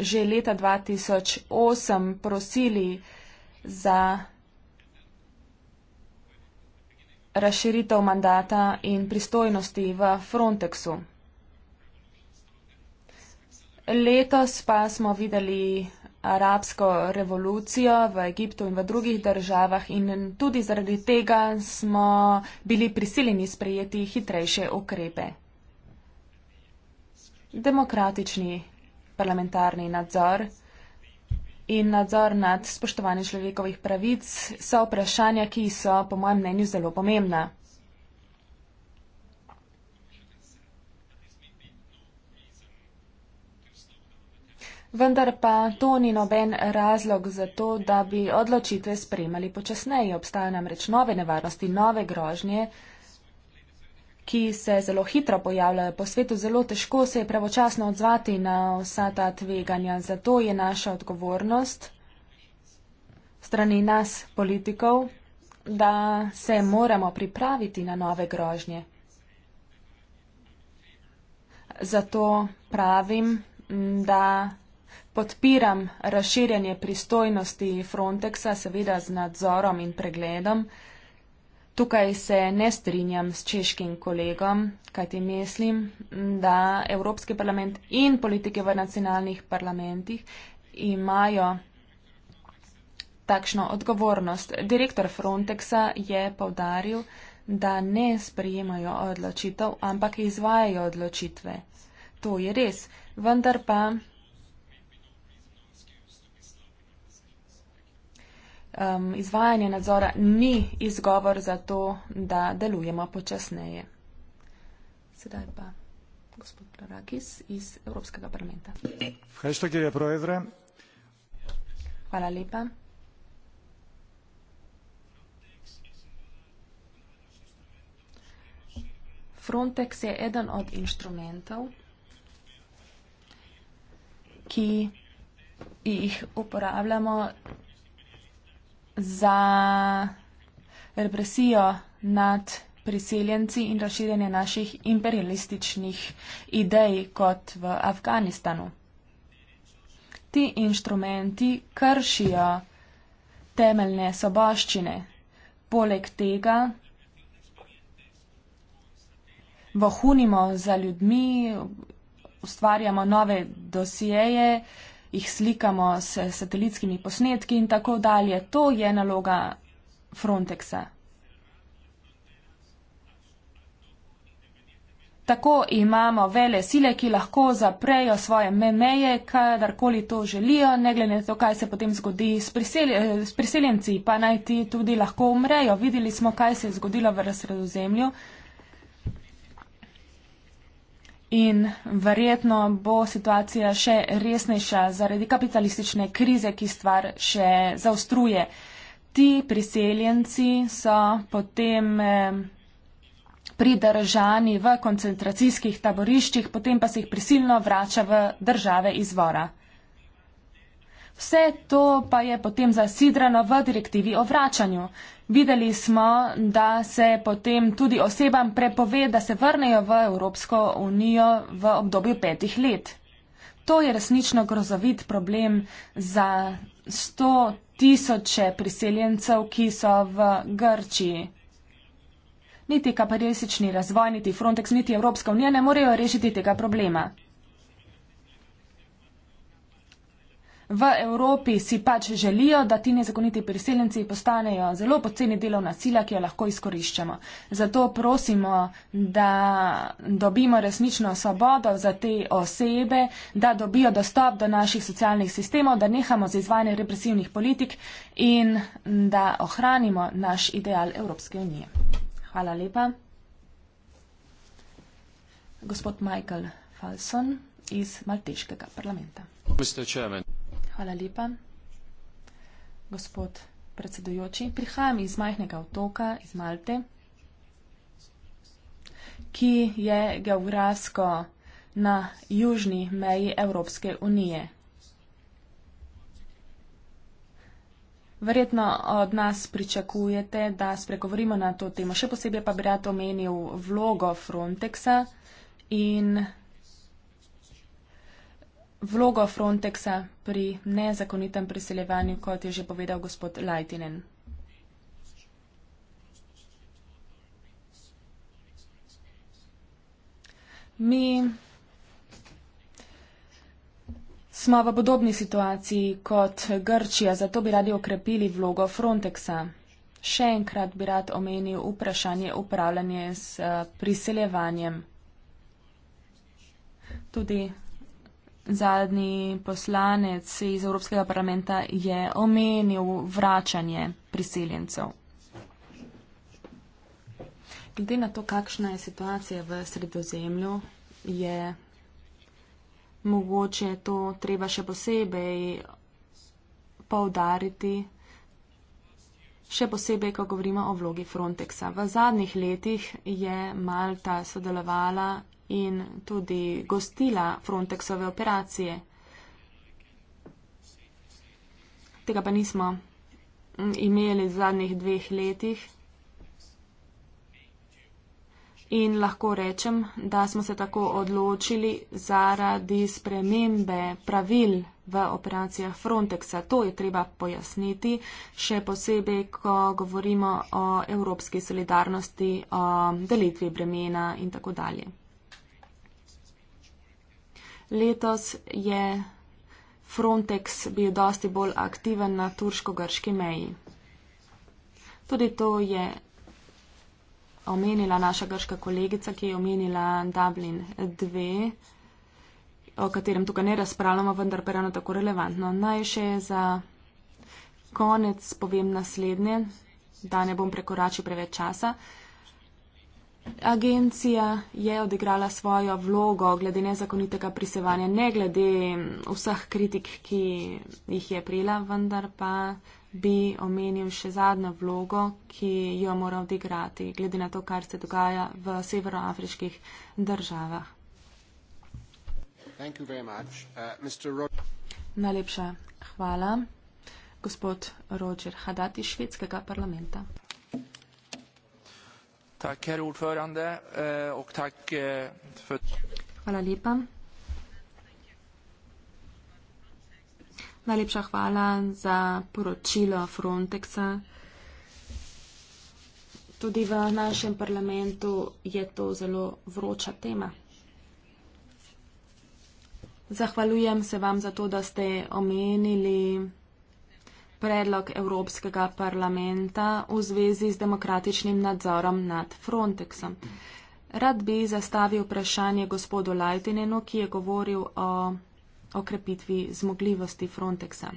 že leta 2008 prosili za razširitev mandata in pristojnosti v Frontexu. Letos pa smo videli arabsko revolucijo v Egiptu in v drugih državah in tudi zaradi tega smo bili prisiljeni sprejeti hitrejše ukrepe demokratični parlamentarni nadzor in nadzor nad spoštovanjem človekovih pravic so vprašanja, ki so po mojem mnenju zelo pomembna. Vendar pa to ni noben razlog za to, da bi odločitve sprejemali počasneje. Obstajajo namreč nove nevarnosti, nove grožnje, ki se zelo hitro pojavljajo po svetu, zelo težko se je pravočasno odzvati na vsa ta tveganja. Zato je naša odgovornost strani nas, politikov, da se moramo pripraviti na nove grožnje. Zato pravim, da podpiram razširjanje pristojnosti Frontexa, seveda z nadzorom in pregledom, Tukaj se ne strinjam s češkim kolegom, kajti mislim, da Evropski parlament in politike v nacionalnih parlamentih imajo takšno odgovornost. Direktor Frontexa je povdaril, da ne sprejemajo odločitev, ampak izvajajo odločitve. To je res. Vendar pa um, izvajanje nadzora ni izgovor za to, da delujemo počasneje. Sedaj pa gospod Prarakis iz Evropskega parlamenta. Hvala lepa. Frontex je eden od inštrumentov, ki jih uporabljamo za represijo nad priseljenci in razširjanje naših imperialističnih idej kot v Afganistanu. Ti inštrumenti kršijo temeljne soboščine. Poleg tega vohunimo za ljudmi, ustvarjamo nove dosjeje, jih slikamo s satelitskimi posnetki in tako dalje. To je naloga Frontexa. Tako imamo vele sile, ki lahko zaprejo svoje meje, kadarkoli to želijo, ne glede na to, kaj se potem zgodi s, prisel, s priseljenci, pa naj ti tudi lahko umrejo. Videli smo, kaj se je zgodilo v razredozemlju in verjetno bo situacija še resnejša zaradi kapitalistične krize, ki stvar še zaostruje. Ti priseljenci so potem eh, pridržani v koncentracijskih taboriščih, potem pa se jih prisilno vrača v države izvora. Vse to pa je potem zasidrano v direktivi o vračanju. Videli smo, da se potem tudi osebam prepove, da se vrnejo v Evropsko unijo v obdobju petih let. To je resnično grozovit problem za sto tisoče priseljencev, ki so v Grčiji. Niti kapitalistični razvoj, niti Frontex, niti Evropska unija ne morejo rešiti tega problema. v Evropi si pač želijo, da ti nezakoniti priseljenci postanejo zelo poceni delovna sila, ki jo lahko izkoriščamo. Zato prosimo, da dobimo resnično svobodo za te osebe, da dobijo dostop do naših socialnih sistemov, da nehamo z izvajanjem represivnih politik in da ohranimo naš ideal Evropske unije. Hvala lepa. Gospod Michael Falson iz Malteškega parlamenta. Mr. Chairman. Hvala lepa. Gospod predsedujoči, prihajam iz majhnega otoka, iz Malte, ki je geografsko na južni meji Evropske unije. Verjetno od nas pričakujete, da spregovorimo na to temo. Še posebej pa bi rad omenil vlogo Frontexa in vlogo Frontexa pri nezakonitem priseljevanju, kot je že povedal gospod Lajtinen. Mi smo v podobni situaciji kot Grčija, zato bi radi okrepili vlogo Frontexa. Še enkrat bi rad omenil vprašanje upravljanje s eh, priseljevanjem. Tudi zadnji poslanec iz Evropskega parlamenta je omenil vračanje priseljencev. Glede na to, kakšna je situacija v sredozemlju, je mogoče to treba še posebej povdariti, še posebej, ko govorimo o vlogi Frontexa. V zadnjih letih je Malta sodelovala in tudi gostila Frontexove operacije. Tega pa nismo imeli v zadnjih dveh letih. In lahko rečem, da smo se tako odločili zaradi spremembe pravil v operacijah Frontexa. To je treba pojasniti, še posebej, ko govorimo o evropski solidarnosti, o delitvi bremena in tako dalje letos je Frontex bil dosti bolj aktiven na turško-grški meji. Tudi to je omenila naša grška kolegica, ki je omenila Dublin 2, o katerem tukaj ne razpravljamo, vendar pa ravno tako relevantno. Naj še za konec povem naslednje, da ne bom prekoračil preveč časa. Uh, Agencija je odigrala svojo vlogo glede nezakonitega prisevanja, ne glede vseh kritik, ki jih je prijela, vendar pa bi omenil še zadnjo vlogo, ki jo mora odigrati, glede na to, kar se dogaja v severoafriških državah. Uh, Najlepša hvala, gospod Roger Hadati iz švedskega parlamenta. Eh, eh, hvala lepa. Najlepša hvala za poročilo Frontexa. Tudi v našem parlamentu je to zelo vroča tema. Zahvaljujem se vam za to, da ste omenili predlog Evropskega parlamenta v zvezi z demokratičnim nadzorom nad Frontexom. Rad bi zastavil vprašanje gospodu Lajtinenu, ki je govoril o okrepitvi zmogljivosti Frontexa.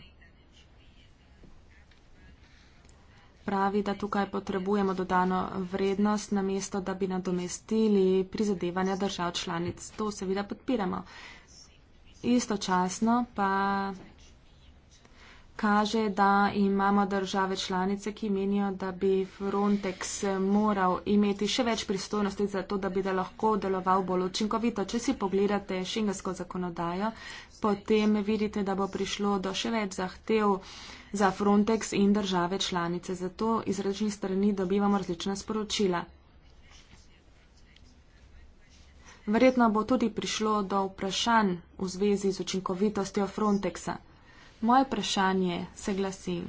Pravi, da tukaj potrebujemo dodano vrednost, namesto da bi nadomestili prizadevanja držav članic. To seveda podpiramo. Istočasno pa kaže, da imamo države članice, ki menijo, da bi Frontex moral imeti še več pristojnosti za to, da bi da lahko deloval bolj učinkovito. Če si pogledate šengensko zakonodajo, potem vidite, da bo prišlo do še več zahtev za Frontex in države članice. Zato iz različnih strani dobivamo različna sporočila. Verjetno bo tudi prišlo do vprašanj v zvezi z učinkovitostjo Frontexa. Moje vprašanje se glasi.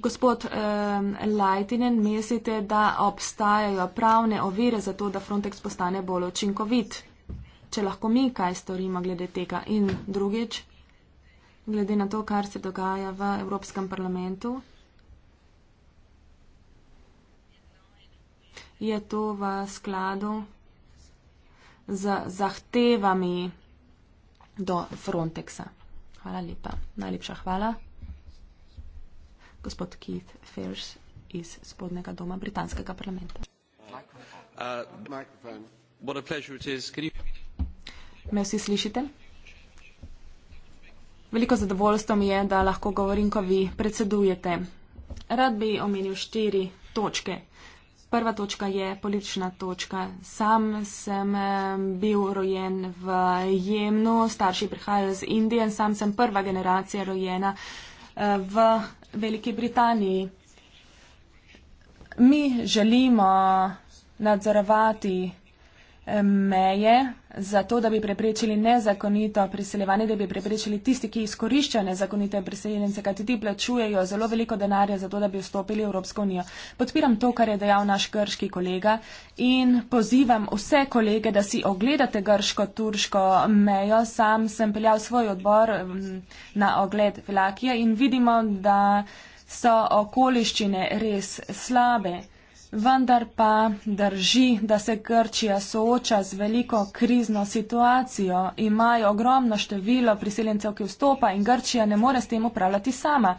Gospod eh, Lajtinen, mislite, da obstajajo pravne ovire za to, da Frontex postane bolj učinkovit? Če lahko mi kaj storimo glede tega in drugič, glede na to, kar se dogaja v Evropskem parlamentu, je to v skladu z zahtevami do Frontexa. Hvala lepa. Najlepša hvala. Gospod Keith Fairs iz spodnega doma britanskega parlamenta. Uh, Me vsi slišite? Veliko zadovoljstvo mi je, da lahko govorim, ko vi predsedujete. Rad bi omenil štiri točke prva točka je politična točka. Sam sem bil rojen v Jemnu, starši prihajajo iz Indije in sam sem prva generacija rojena e, v Veliki Britaniji. Mi želimo nadzorovati meje za to, da bi preprečili nezakonito priseljevanje, da bi preprečili tisti, ki izkoriščajo nezakonite priseljence, kaj ti plačujejo zelo veliko denarja za to, da bi vstopili v Evropsko unijo. Podpiram to, kar je dejal naš grški kolega in pozivam vse kolege, da si ogledate grško-turško mejo. Sam sem peljal svoj odbor mm, na ogled Vlakije in vidimo, da so okoliščine res slabe. Vendar pa drži, da se Grčija sooča z veliko krizno situacijo. Imajo ogromno število priseljencev, ki vstopa in Grčija ne more s tem upravljati sama.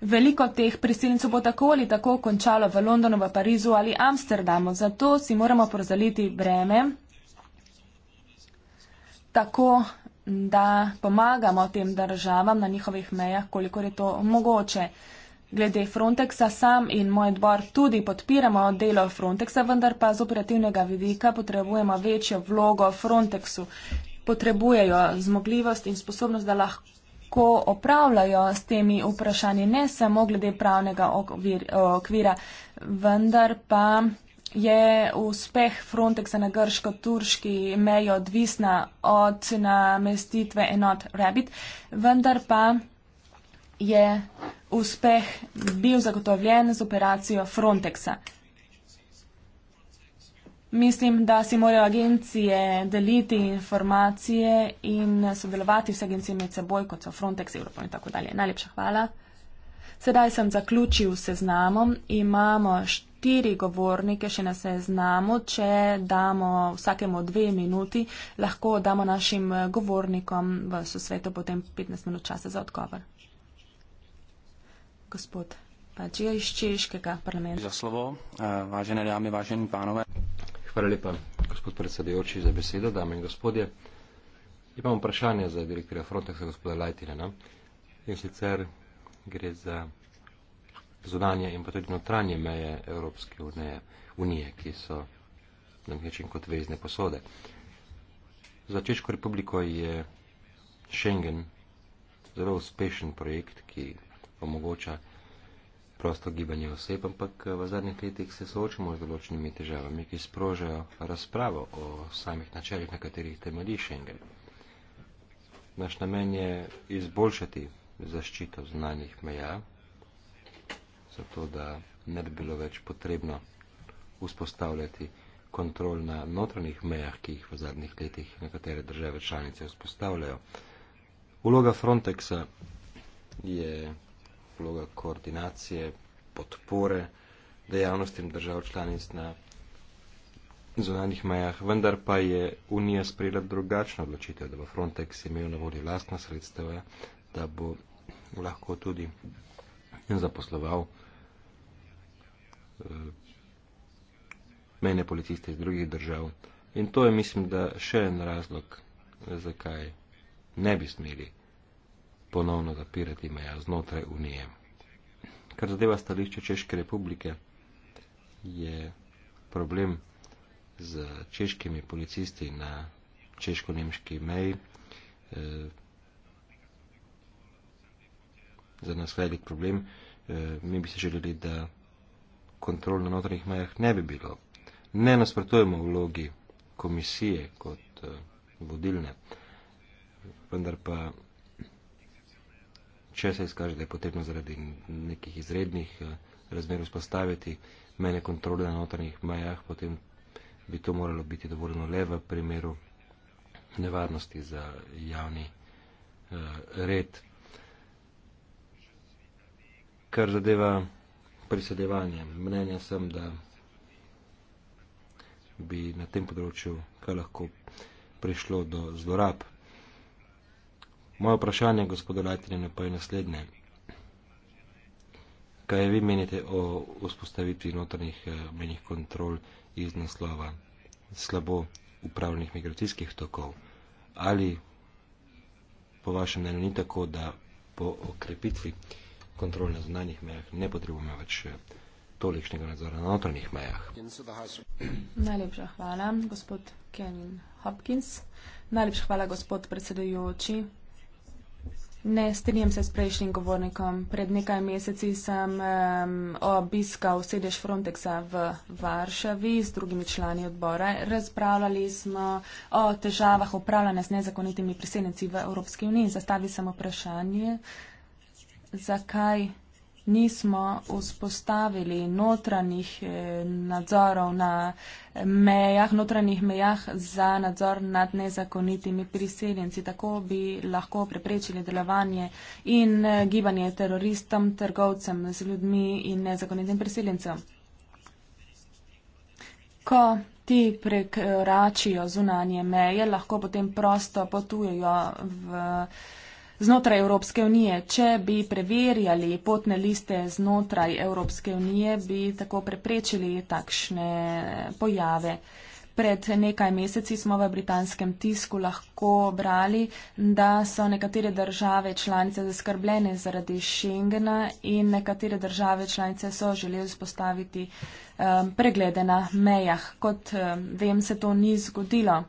Veliko teh priseljencev bo tako ali tako končalo v Londonu, v Parizu ali Amsterdamu. Zato si moramo porazdeliti breme tako, da pomagamo tem državam na njihovih mejah, kolikor je to mogoče glede Frontexa sam in moj odbor tudi podpiramo delo Frontexa, vendar pa z operativnega vidika potrebujemo večjo vlogo Frontexu. Potrebujejo zmogljivost in sposobnost, da lahko opravljajo s temi vprašanji, ne samo glede pravnega okvir, okvira, vendar pa je uspeh Frontexa na grško-turški meji odvisna od namestitve enot Rabbit, vendar pa je uspeh bil zagotovljen z operacijo Frontexa. Mislim, da si morajo agencije deliti informacije in sodelovati vse agencije med seboj, kot so Frontex, Evropa in tako dalje. Najlepša hvala. Sedaj sem zaključil seznamom. Imamo štiri govornike še na seznamu. Če damo vsakemu dve minuti, lahko damo našim govornikom v sosvetu potem 15 minut časa za odgovor gospod Pačija iz Češkega parlamenta. Za slovo, vážene eh, dame, vážene panove. Hvala lepa, gospod predsedujoči, za besedo, dame in gospodje. Imam vprašanje za direktorja Frontexa, gospoda Lajtina. In sicer gre za zunanje in pa tudi notranje meje Evropske unije, unije ki so na nek način kot vezne posode. Za Češko republiko je Schengen zelo uspešen projekt, ki omogoča prosto gibanje oseb, ampak eh, v zadnjih letih se soočamo z določenimi težavami, ki sprožajo razpravo o samih načeljih, na katerih temelji Schengen. Naš namen je izboljšati zaščito znanih meja, zato da ne bi bilo več potrebno vzpostavljati kontrol na notranjih mejah, ki jih v zadnjih letih nekatere države članice vzpostavljajo. Uloga Frontexa je vloga koordinacije, podpore dejavnostim držav članic na zunanjih mejah, vendar pa je Unija sprejela drugačno odločitev, da bo Frontex imel na voljo lastna sredstva, da bo lahko tudi zaposloval eh, mejne policiste iz drugih držav. In to je, mislim, da še en razlog, zakaj ne bi smeli ponovno zapirati meja znotraj Unije. Kar zadeva stališče Češke republike, je problem z češkimi policisti na češko-nemški meji eh, za nas velik problem. Eh, mi bi se želeli, da kontrol na notranjih mejah ne bi bilo. Ne nasprotujemo vlogi komisije kot eh, vodilne, vendar pa če se izkaže, da je potrebno zaradi nekih izrednih eh, razmer vzpostaviti mejne kontrole na notranjih mejah, potem bi to moralo biti dovoljeno le v primeru nevarnosti za javni eh, red. Kar zadeva prisedevanje, mnenja sem, da bi na tem področju kar lahko prišlo do zlorab. Moje vprašanje, gospodo Lajtrine, pa je naslednje. Kaj vi menite o vzpostavitvi notranjih eh, menjih kontrol iz naslova slabo upravljenih migracijskih tokov? Ali po vašem mnenju ni tako, da po okrepitvi kontrol na zunanjih mejah ne potrebujemo več eh, tolikšnega nadzora na notranjih mejah? Najlepša hvala, gospod Kenin Hopkins. Najlepša hvala, gospod predsedujoči. Ne strinjam se s prejšnjim govornikom. Pred nekaj meseci sem um, obiskal sedež Frontexa v Varšavi s drugimi člani odbora. Razpravljali smo o težavah upravljanja z nezakonitimi priseljenci v Evropski uniji. Zastavil sem vprašanje, zakaj nismo vzpostavili notranjih eh, nadzorov na eh, mejah, notranjih mejah za nadzor nad nezakonitimi priseljenci. Tako bi lahko preprečili delovanje in eh, gibanje teroristom, trgovcem z ljudmi in nezakonitim priseljencem. Ko ti prekoračijo zunanje meje, lahko potem prosto potujejo v znotraj Evropske unije. Če bi preverjali potne liste znotraj Evropske unije, bi tako preprečili takšne pojave. Pred nekaj meseci smo v britanskem tisku lahko brali, da so nekatere države članice zaskrbljene zaradi Schengena in nekatere države članice so želeli spostaviti um, eh, preglede na mejah. Kot um, vem, se to ni zgodilo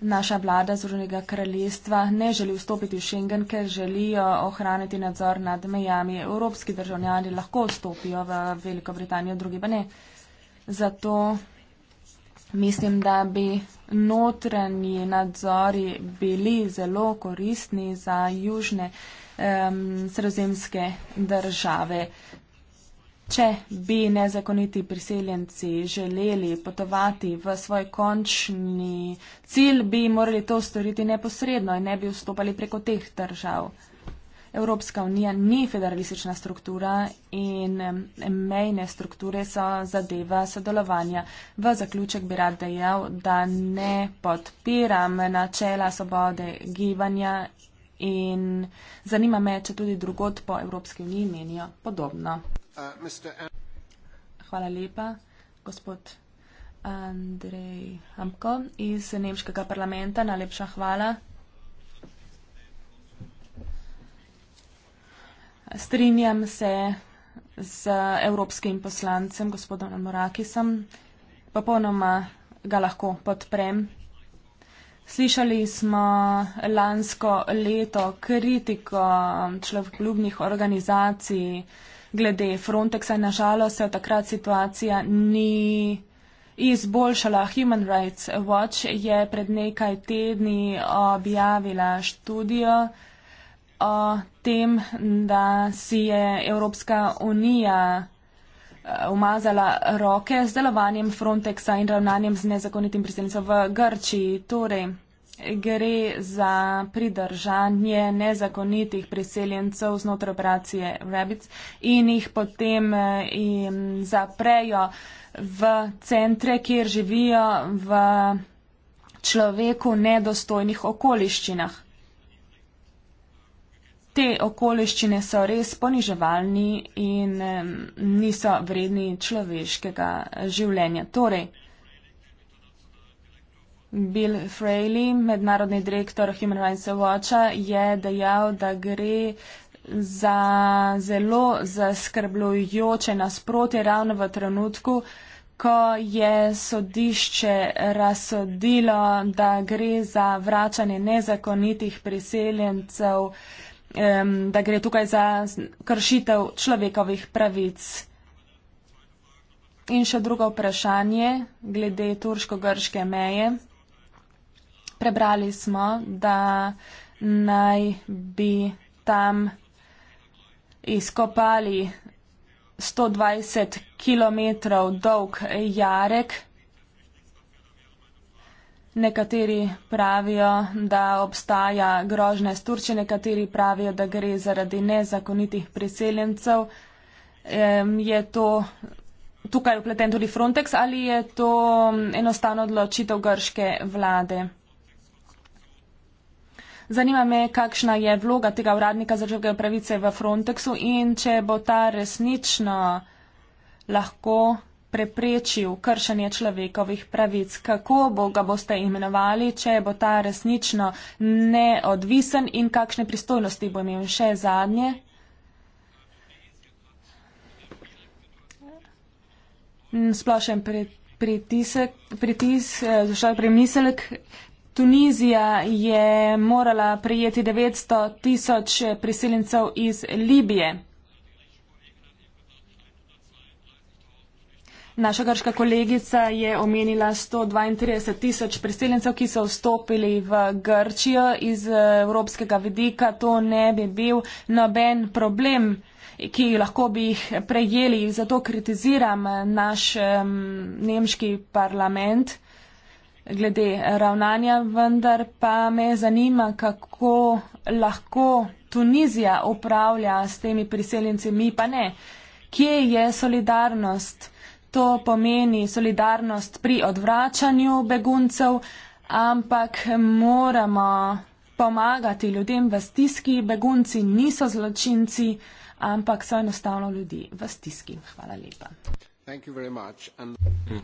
naša vlada Združenega kraljestva ne želi vstopiti v Schengen, ker želijo ohraniti nadzor nad mejami. Evropski državljani lahko vstopijo v Veliko Britanijo, drugi pa ne. Zato mislim, da bi notranji nadzori bili zelo koristni za južne um, sredozemske države. Če bi nezakoniti priseljenci želeli potovati v svoj končni cilj, bi morali to storiti neposredno in ne bi vstopali preko teh držav. Evropska unija ni federalistična struktura in mejne strukture so zadeva sodelovanja. V zaključek bi rad dejal, da ne podpiram načela svobode gibanja in zanima me, če tudi drugot po Evropski uniji menijo podobno. Uh, hvala lepa, gospod Andrej Hamko iz Nemškega parlamenta. Najlepša hvala. Strinjam se z evropskim poslancem, gospodom Morakisom. Popolnoma ga lahko podprem. Slišali smo lansko leto kritiko človekoljubnih organizacij, glede Frontexa, nažalost se od takrat situacija ni izboljšala. Human Rights Watch je pred nekaj tedni objavila študijo o tem, da si je Evropska unija eh, umazala roke z delovanjem Frontexa in ravnanjem z nezakonitim priseljencem v Grčiji. Torej, gre za pridržanje nezakonitih priseljencev znotraj operacije Rabbits in jih potem eh, jim zaprejo v centre, kjer živijo v človeku nedostojnih okoliščinah. Te okoliščine so res poniževalni in eh, niso vredni človeškega življenja. Torej, Bill Fraley, mednarodni direktor Human Rights Watcha, je dejal, da gre za zelo zaskrbljujoče nasprotje ravno v trenutku, ko je sodišče razsodilo, da gre za vračanje nezakonitih priseljencev, da gre tukaj za kršitev človekovih pravic. In še drugo vprašanje glede turško-grške meje prebrali smo, da naj bi tam izkopali 120 km dolg jarek. Nekateri pravijo, da obstaja grožnja iz Turčije, nekateri pravijo, da gre zaradi nezakonitih priseljencev. Je to tukaj upleten tudi Frontex ali je to enostavno odločitev grške vlade? Zanima me, kakšna je vloga tega uradnika za človekove pravice v Frontexu in če bo ta resnično lahko preprečil kršenje človekovih pravic. Kako bo ga boste imenovali, če bo ta resnično neodvisen in kakšne pristojnosti bo imel še zadnje? Splošen pritisek, pritisk, eh, zašel premislek, Tunizija je morala prejeti 900 tisoč priseljencev iz Libije. Naša grška kolegica je omenila 132 tisoč priseljencev, ki so vstopili v Grčijo iz eh, evropskega vidika. To ne bi bil noben problem, ki lahko bi jih prejeli. Zato kritiziram eh, naš um, nemški parlament glede ravnanja, vendar pa me zanima, kako lahko Tunizija upravlja s temi priseljenci, mi pa ne. Kje je solidarnost? To pomeni solidarnost pri odvračanju beguncev, ampak moramo pomagati ljudem v stiski. Begunci niso zločinci, ampak so enostavno ljudi v stiski. Hvala lepa.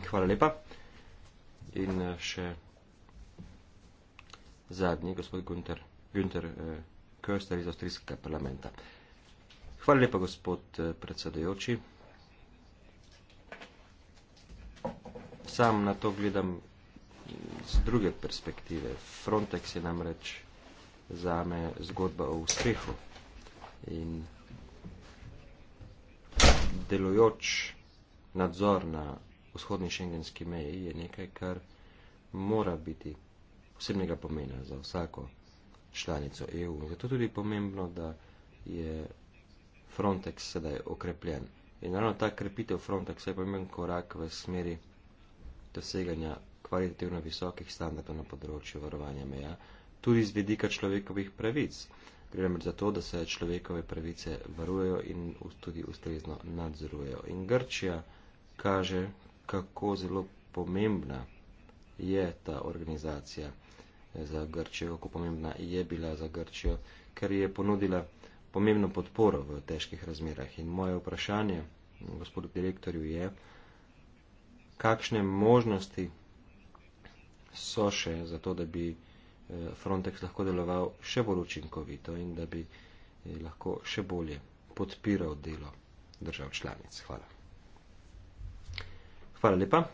Hvala lepa. In eh, še zadnji, gospod Günter, Günter eh, Köster iz avstrijskega parlamenta. Hvala lepa, gospod eh, predsedajoči. Sam na to gledam z druge perspektive. Frontex je namreč zame zgodba o uspehu in delujoč nadzor na vzhodni šengenski meji je nekaj, kar mora biti posebnega pomena za vsako članico EU. Zato je tudi pomembno, da je Frontex sedaj okrepljen. In ravno ta krepitev Frontexa je pomemben korak v smeri doseganja kvalitativno visokih standardov na področju varovanja meja, tudi z vedika človekovih pravic. Gre namreč za to, da se človekove pravice varujejo in tudi ustrezno nadzorujejo. In Grčija kaže, kako zelo pomembna je ta organizacija za Grčijo, kako pomembna je bila za Grčijo, ker je ponudila pomembno podporo v težkih razmerah. In moje vprašanje, gospodu direktorju, je, kakšne možnosti so še za to, da bi eh, Frontex lahko deloval še bolj učinkovito in da bi eh, lahko še bolje podpiral delo držav članic. Hvala. Hvala lepa.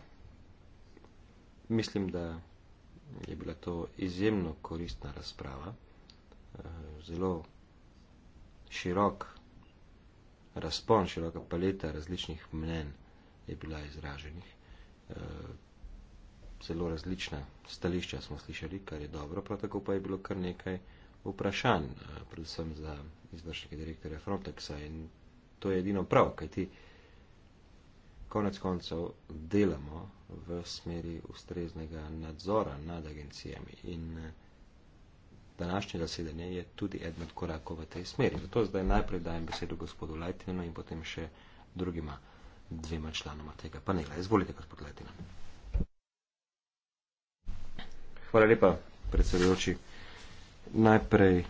Mislim, da je bila to izjemno koristna razprava. Eh, zelo širok razpon, široka paleta različnih mnen je bila izraženih. Eh, zelo različna stališča smo slišali, kar je dobro, prav tako pa je bilo kar nekaj vprašanj, eh, predvsem za izvršnike direktorja Frontexa in to je edino prav, kajti. ti konec koncev delamo v smeri ustreznega nadzora nad agencijami in eh, današnje zasedanje je tudi eden od korakov v tej smeri. Zato zdaj najprej dajem besedo gospodu Lajtinu in potem še drugima dvema članoma tega panela. Izvolite, gospod Lajtina. Hvala lepa, predsedujoči. Najprej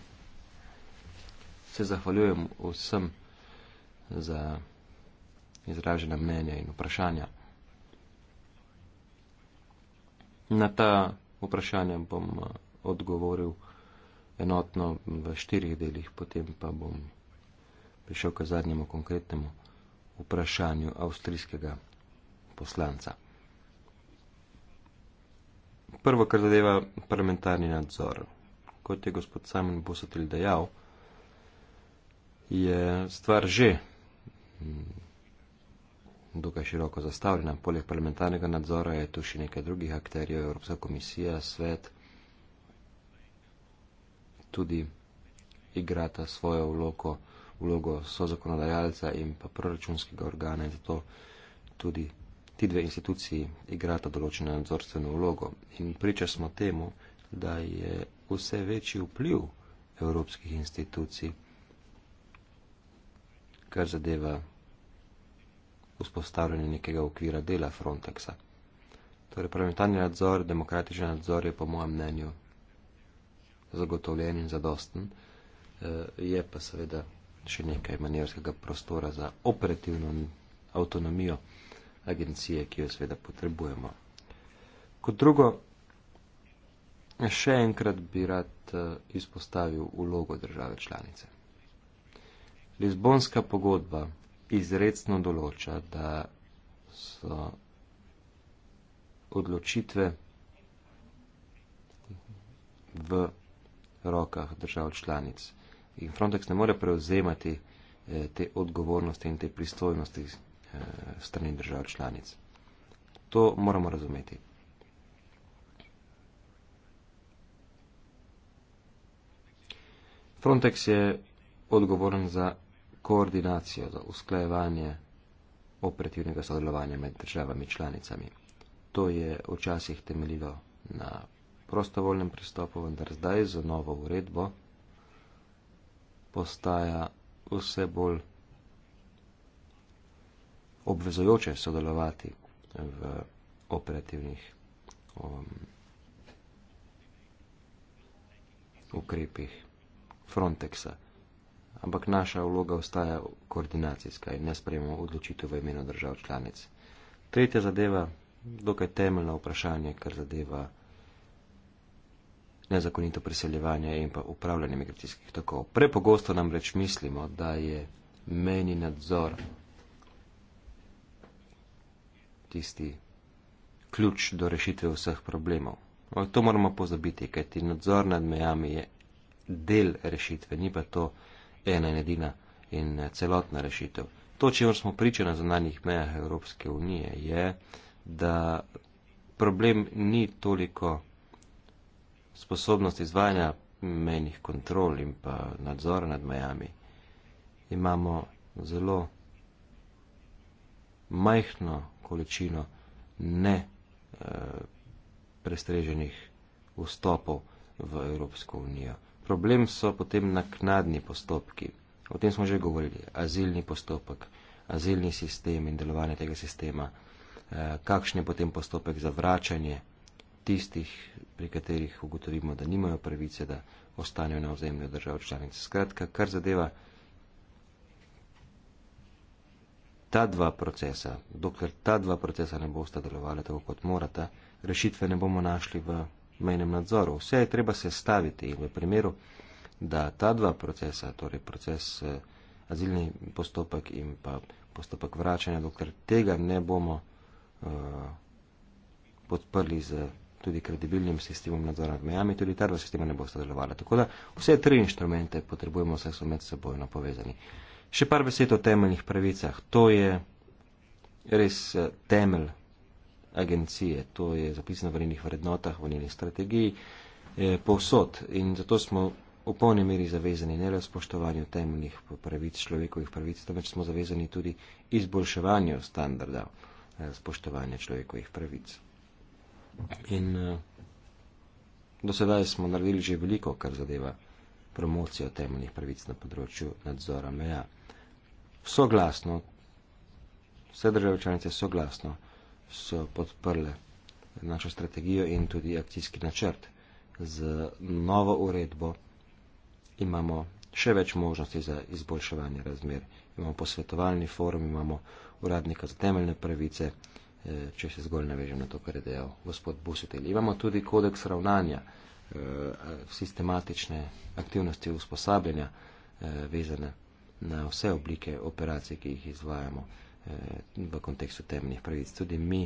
se zahvaljujem vsem za izražena mnenja in vprašanja. Na ta vprašanja bom eh, odgovoril enotno v štirih delih, potem pa bom prišel k zadnjemu konkretnemu vprašanju avstrijskega poslanca. Prvo, kar zadeva parlamentarni nadzor. Kot je gospod Simon Bosatelj dejal, je stvar že mm, dokaj široko zastavljena. Poleg parlamentarnega nadzora je tu še nekaj drugih akterjev, Evropska komisija, svet, tudi igrata svojo vlogo, vlogo so zakonodajalca in pa proračunskega organa in zato tudi ti dve instituciji igrata določeno nadzorstveno vlogo. In priča smo temu, da je vse večji vpliv evropskih institucij, kar zadeva vzpostavljanje nekega okvira dela Frontexa. Torej, parlamentarni nadzor, demokratični nadzor je po mojem mnenju zagotovljen in zadosten, eh, je pa seveda še nekaj manjerskega prostora za operativno avtonomijo agencije, ki jo seveda potrebujemo. Kot drugo, še enkrat bi rad eh, izpostavil ulogo države članice. Lizbonska pogodba izredno določa, da so odločitve v rokah držav članic. In Frontex ne more prevzemati eh, te odgovornosti in te pristojnosti eh, strani držav članic. To moramo razumeti. Frontex je odgovoren za koordinacijo, za usklajevanje operativnega sodelovanja med državami članicami. To je včasih temeljilo na prostovoljnem pristopu, vendar zdaj za novo uredbo postaja vse bolj obvezojoče sodelovati v operativnih um, ukrepih Frontexa ampak naša vloga ostaja koordinacijska in ne sprejemo odločitev v imenu držav članic. Tretja zadeva, dokaj temeljna vprašanje, kar zadeva nezakonito priseljevanje in pa upravljanje migracijskih tokov. Prepogosto nam reč mislimo, da je meni nadzor tisti ključ do rešitve vseh problemov. To moramo pozabiti, kajti nadzor nad mejami je del rešitve, ni pa to ena in edina in celotna rešitev. To, če smo priča na zunanjih mejah Evropske unije, je, da problem ni toliko sposobnost izvajanja mejnih kontrol in pa nadzora nad mejami. Imamo zelo majhno količino ne eh, prestreženih vstopov v Evropsko unijo. Problem so potem naknadni postopki. O tem smo že govorili. Azilni postopek, azilni sistem in delovanje tega sistema. Eh, kakšen je potem postopek za vračanje tistih, pri katerih ugotovimo, da nimajo pravice, da ostanejo na ozemlju držav članic. Skratka, kar zadeva ta dva procesa, dokler ta dva procesa ne bosta delovala tako, kot morata, rešitve ne bomo našli v mejnem nadzoru. Vse je treba sestaviti in v primeru, da ta dva procesa, torej proces eh, azilni postopek in pa postopek vračanja, dokler tega ne bomo eh, podprli z tudi kredibilnim sistemom nadzora nad mejami, tudi ta dva sistema ne bo sodelovala. Tako da vse tri inštrumente potrebujemo, vse so med sebojno povezani. Še par besed o temeljnih pravicah. To je res eh, temelj agencije. To je zapisano v njenih vrednotah, v njeni strategiji, eh, povsod. In zato smo v polni meri zavezani ne le spoštovanju temeljnih pravic, človekovih pravic, temveč smo zavezani tudi izboljševanju standarda eh, spoštovanja človekovih pravic. In eh, do sedaj smo naredili že veliko, kar zadeva promocijo temeljnih pravic na področju nadzora meja. Soglasno, vse države članice soglasno so podprle našo strategijo in tudi akcijski načrt. Z novo uredbo imamo še več možnosti za izboljševanje razmer. Imamo posvetovalni forum, imamo uradnika za temeljne pravice, eh, če se zgolj navežem na to, kar je dejal gospod Busetelj. Imamo tudi kodeks ravnanja, eh, sistematične aktivnosti usposabljanja eh, vezane na vse oblike operacij, ki jih izvajamo v kontekstu temeljnih pravic. Tudi mi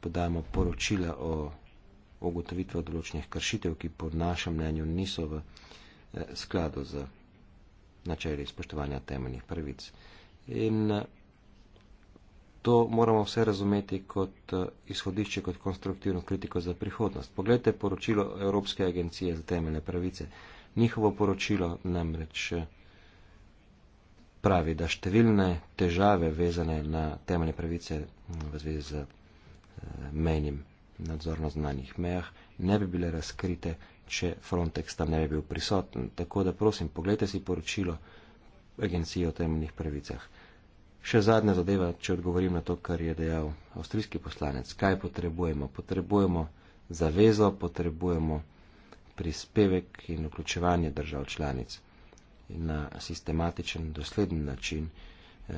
podajamo poročila o ugotovitvi odločnih kršitev, ki po našem mnenju niso v eh, skladu z načeli spoštovanja temeljnih pravic. In eh, to moramo vse razumeti kot eh, izhodišče, kot konstruktivno kritiko za prihodnost. Poglejte poročilo Evropske agencije za temeljne pravice. Njihovo poročilo namreč pravi, da številne težave vezane na temeljne pravice v zvezi z eh, menjim nadzorno znanih mejah ne bi bile razkrite, če Frontex tam ne bi bil prisoten. Tako da prosim, pogledajte si poročilo agencije o temeljnih pravicah. Še zadnja zadeva, če odgovorim na to, kar je dejal avstrijski poslanec. Kaj potrebujemo? Potrebujemo zavezo, potrebujemo prispevek in vključevanje držav članic na sistematičen, dosleden način, eh,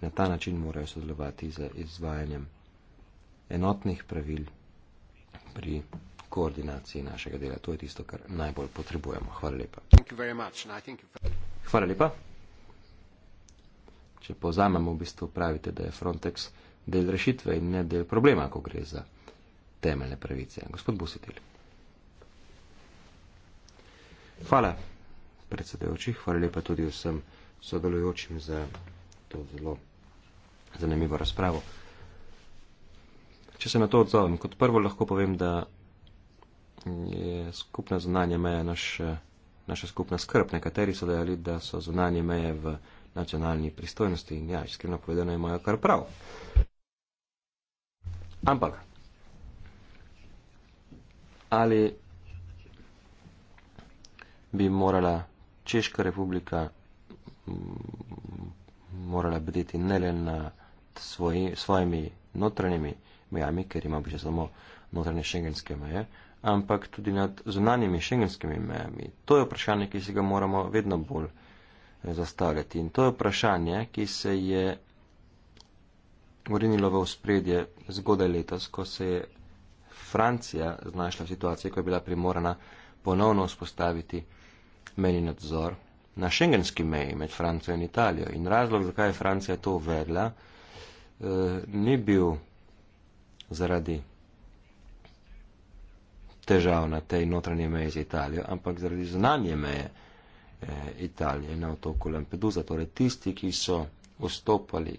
na ta način morajo sodelovati z izvajanjem enotnih pravil pri koordinaciji našega dela. To je tisto, kar najbolj potrebujemo. Hvala lepa. No, Hvala lepa. Če povzamemo, v bistvu pravite, da je Frontex del rešitve in ne del problema, ko gre za temeljne pravice. Gospod Busitelj. Hvala predsedevči, hvala lepa tudi vsem sodelujočim za to zelo zanimivo razpravo. Če se na to odzovem, kot prvo lahko povem, da je skupna znanje meje naš, naša skupna skrb. Nekateri so dejali, da so znanje meje v nacionalni pristojnosti in ja, iskreno povedano imajo kar prav. Ampak, ali bi morala Češka republika mm, morala bedeti ne le na svoji, svojimi notranjimi mejami, ker ima bi že samo notranje šengenske meje, ampak tudi nad zunanjimi šengenskimi mejami. To je vprašanje, ki se ga moramo vedno bolj eh, zastavljati. In to je vprašanje, ki se je vrnilo v spredje zgodaj letos, ko se je Francija znašla v situaciji, ko je bila primorana ponovno vzpostaviti meni nadzor na šengenski meji med Francijo in Italijo. In razlog, zakaj je Francija to uvedla, eh, ni bil zaradi težav na tej notranji meji z Italijo, ampak zaradi znanje meje eh, Italije na otoku Lampedusa. Torej tisti, ki so vstopali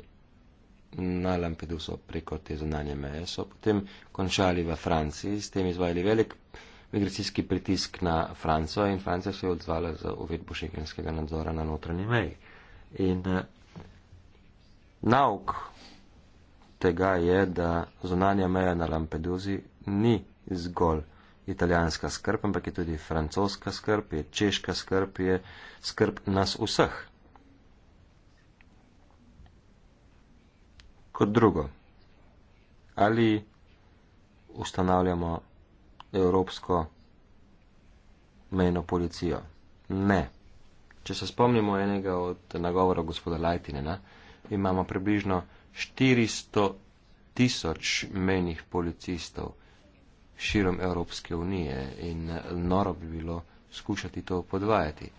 na Lampeduso preko te znanje meje, so potem končali v Franciji, s tem izvajali velik migracijski pritisk na Francijo in Francija se je odzvala z uvedbo šengenskega nadzora na notranji meji. In eh, nauk tega je, da zunanja meja na Lampeduzi ni zgolj italijanska skrb, ampak je tudi francoska skrb, je češka skrb, je skrb nas vseh. Kot drugo, ali ustanavljamo evropsko mejno policijo. Ne. Če se spomnimo enega od nagovorov gospoda Lajtinena, imamo približno 400 tisoč menjih policistov širom Evropske unije in noro bi bilo skušati to podvajati.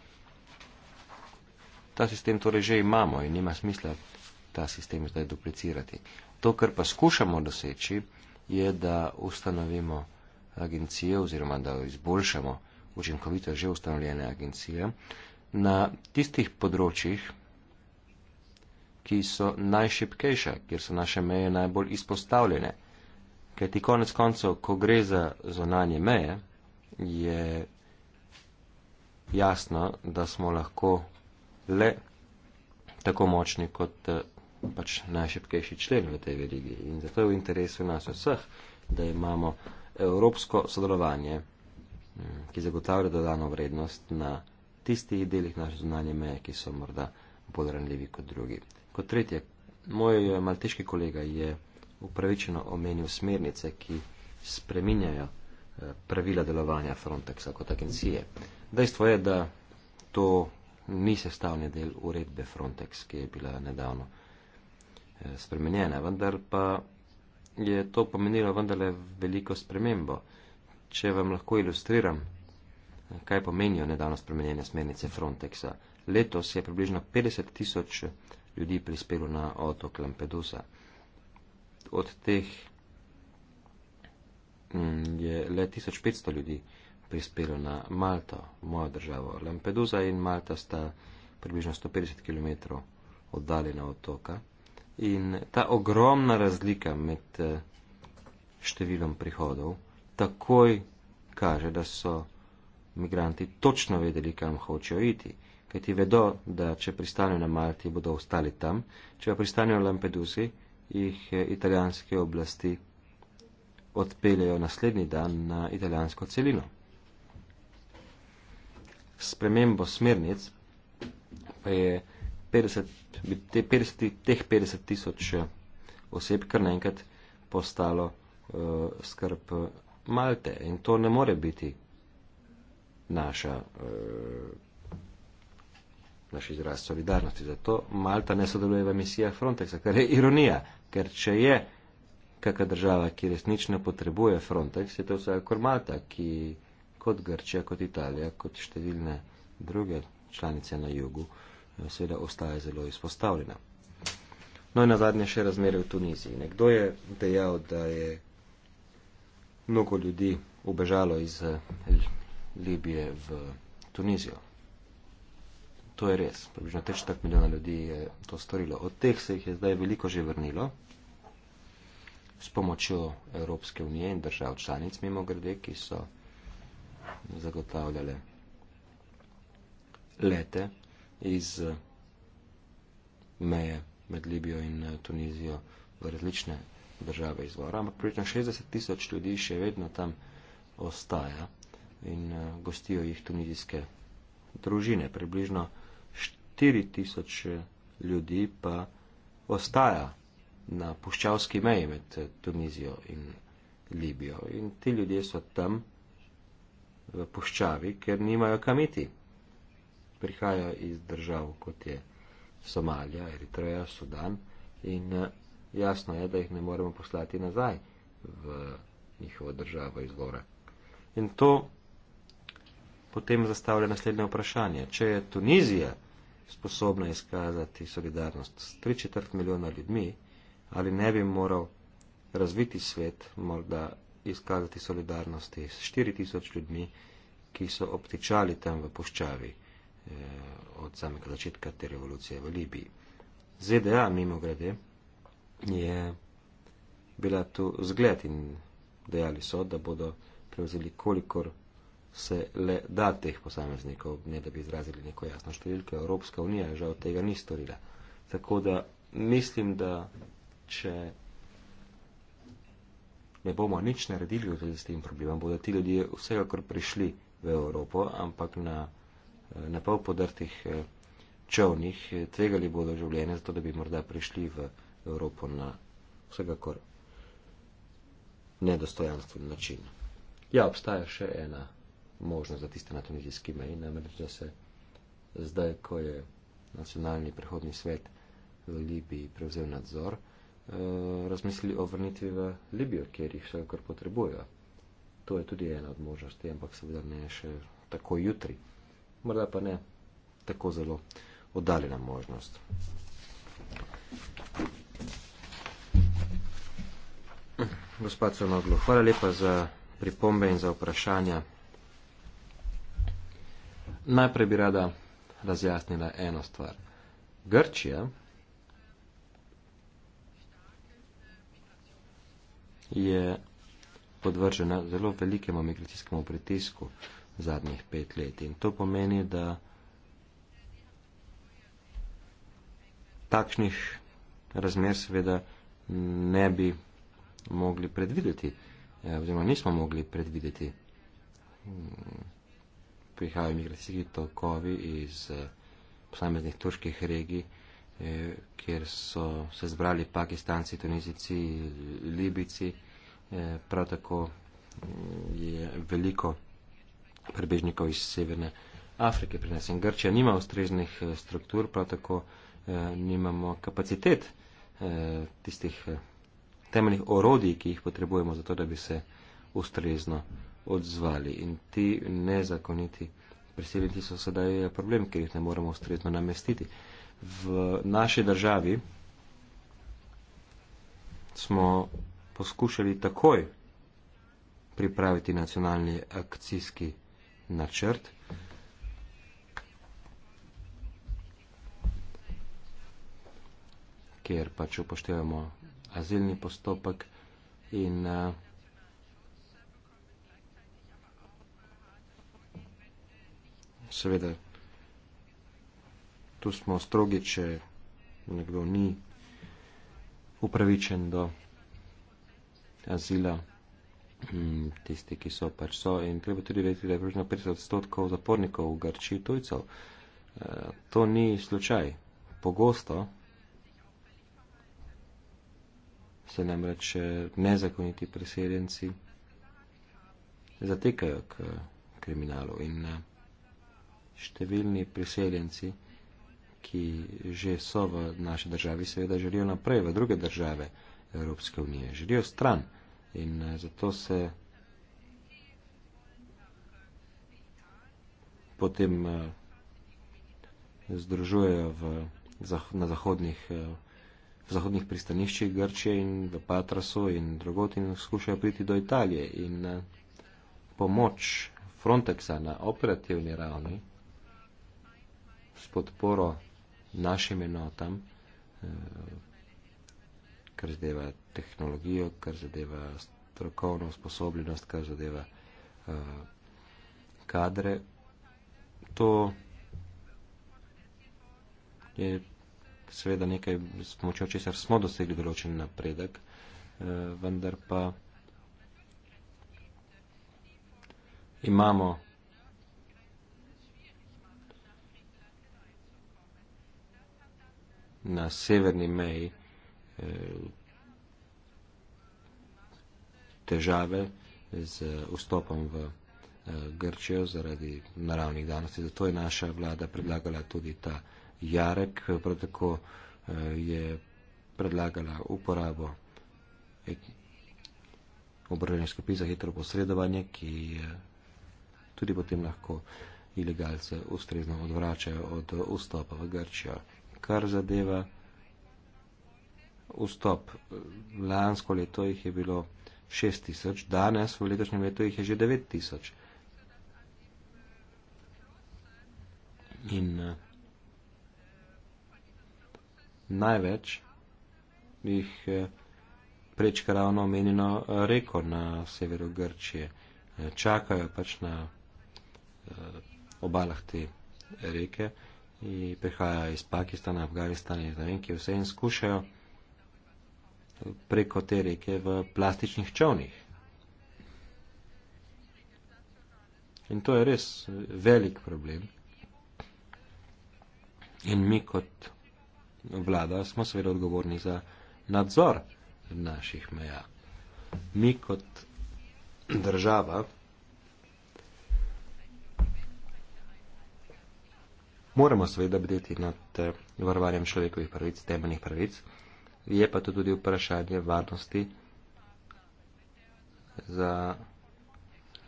Ta sistem torej že imamo in nima smisla ta sistem zdaj duplicirati. To, kar pa skušamo doseči, je, da ustanovimo agencije oziroma da izboljšamo učinkovito že ustanovljene agencije na tistih področjih, ki so najšipkejša, kjer so naše meje najbolj izpostavljene. Ker ti konec koncev, ko gre za zonanje meje, je jasno, da smo lahko le tako močni kot eh, pač najšipkejši člen v tej verigi. In zato je v interesu nas vseh, da imamo evropsko sodelovanje, mm, ki zagotavlja dodano vrednost na tistih delih naše zunanje meje, ki so morda bolj ranljivi kot drugi. Kot tretje, moj eh, maltiški kolega je upravičeno omenil smernice, ki spreminjajo eh, pravila delovanja Frontexa kot agencije. Dejstvo je, da to ni sestavni del uredbe Frontex, ki je bila nedavno eh, spremenjena, vendar pa je to pomenilo vendarle veliko spremembo. Če vam lahko ilustriram, kaj pomenijo nedavno spremenjene smernice Frontexa. Letos je približno 50 tisoč ljudi prispelo na otok Lampedusa. Od teh mm, je le 1500 ljudi prispelo na Malto, mojo državo. Lampedusa in Malta sta približno 150 km oddaljena od otoka. In ta ogromna razlika med eh, številom prihodov takoj kaže, da so migranti točno vedeli, kam hočejo iti. Kaj ti vedo, da če pristanejo na Malti, bodo ostali tam, če pa pristanejo v Lampedusi, jih eh, italijanske oblasti odpeljejo naslednji dan na italijansko celino. S premembo smernic pa je 50, te 50, teh 50 tisoč eh, oseb kar naenkrat postalo uh, skrb eh, Malte. In to ne more biti naša, uh, naš izraz solidarnosti. Zato Malta ne sodeluje v misijah Frontexa, kar je ironija, ker če je kakšna država, ki resnično potrebuje Frontex, je to vsekakor Malta, ki kot Grčija, kot Italija, kot številne druge članice na jugu, uh, seveda ostaje zelo izpostavljena. No in na zadnje še razmere v Tuniziji. Nekdo je dejal, da je mnogo ljudi ubežalo iz eh, Libije v Tunizijo. To je res. Približno teč tak milijona ljudi je to storilo. Od teh se jih je zdaj veliko že vrnilo s pomočjo Evropske unije in držav članic mimo grede, ki so zagotavljale lete iz eh, meje med Libijo in eh, Tunizijo v različne države izvora, ampak prilično 60 tisoč ljudi še vedno tam ostaja in eh, gostijo jih tunizijske družine. Približno 4 tisoč ljudi pa ostaja na puščavski meji med Tunizijo in Libijo. In ti ljudje so tam v puščavi, ker nimajo kamiti prihajajo iz držav, kot je Somalija, Eritreja, Sudan in eh, jasno je, da jih ne moremo poslati nazaj v njihovo državo izvora. In to potem zastavlja naslednje vprašanje. Če je Tunizija sposobna izkazati solidarnost s tri četrt milijona ljudmi, ali ne bi moral razviti svet morda izkazati solidarnosti s štiri tisoč ljudmi, ki so obtičali tam v puščavi eh, od samega začetka te revolucije v Libiji. ZDA, mimo grede, je bila tu zgled in dejali so, da bodo prevzeli kolikor se le da teh posameznikov, ne da bi izrazili neko jasno številko. Evropska unija žal tega ni storila. Tako da mislim, da če ne bomo nič naredili v zvezi s tem problemom, bodo ti ljudje vsekakor prišli v Evropo, ampak na na pol podrtih eh, čovnih, tvegali bodo življenje, zato da bi morda prišli v Evropo na vsekakor nedostojanstven način. Ja, obstaja še ena možnost za tiste na tunizijski meji, namreč da se zdaj, ko je nacionalni prehodni svet v Libiji prevzel nadzor, eh, razmislili o vrnitvi v Libijo, kjer jih vsekakor potrebujejo. To je tudi ena od možnosti, ampak seveda ne še tako jutri morda pa ne tako zelo oddaljena možnost. Gospod Sonoglu, hvala lepa za pripombe in za vprašanja. Najprej bi rada razjasnila eno stvar. Grčija je podvržena zelo velikemu migracijskemu pritisku zadnjih pet let. In to pomeni, da takšnih razmer seveda ne bi mogli predvideti, eh, oziroma nismo mogli predvideti. Prihajajo migracijski tokovi iz eh, posameznih turških regij, eh, kjer so se zbrali pakistanci, tunizici, libici, prav tako mm, je veliko prebežnikov iz Severne Afrike, prinesen Grčija, nima ustreznih eh, struktur, prav tako eh, nimamo kapacitet eh, tistih temeljnih orodij, ki jih potrebujemo za to, da bi se ustrezno odzvali. In ti nezakoniti priseljenci so sedaj problem, ker jih ne moremo ustrezno namestiti. V naši državi smo poskušali takoj pripraviti nacionalni akcijski načrt. Ker pač upoštevamo azilni postopek in uh, seveda tu smo strogi, če nekdo ni upravičen do azila. Mm, tisti, ki so pač so. In treba tudi vedeti, da je približno 50 odstotkov zapornikov v Grčiji tujcev. Eh, to ni slučaj. Pogosto se namreč eh, nezakoniti priseljenci zatekajo k eh, kriminalu in številni priseljenci, ki že so v naši državi, seveda želijo naprej v druge države Evropske unije, želijo stran. In eh, zato se potem eh, združujejo v, na zahodnih, eh, v zahodnih pristaniščih Grčije in v Patrasu in drugot in skušajo priti do Italije. In pomoč Frontexa na operativni ravni s podporo našim enotam, kar zadeva tehnologijo, kar zadeva strokovno sposobljenost, kar zadeva uh, kadre. To je seveda nekaj, s pomočjo česar smo dosegli določen napredek, uh, vendar pa imamo. Na severni meji težave z vstopom v eh, Grčijo zaradi naravnih danosti. Zato je naša vlada predlagala tudi ta jarek, prav tako eh, je predlagala uporabo obrožene skupi za hitro posredovanje, ki eh, tudi potem lahko ilegalce ustrezno odvračajo od vstopa v Grčijo. Kar zadeva vstop. Lansko leto jih je bilo 6000, danes v letošnjem letu jih je že 9000. In uh, največ jih uh, prečka ravno omenjeno eh, reko na severu Grčije. Čakajo pač na uh, obalah te reke in prihajajo iz Pakistana, Afganistana in ne vem, ki vse in skušajo preko te reke v plastičnih čovnih. In to je res velik problem. In mi kot vlada smo seveda odgovorni za nadzor naših meja. Mi kot država moramo seveda bdeti nad varovanjem človekovih pravic, temeljnih pravic je pa to tudi vprašanje varnosti za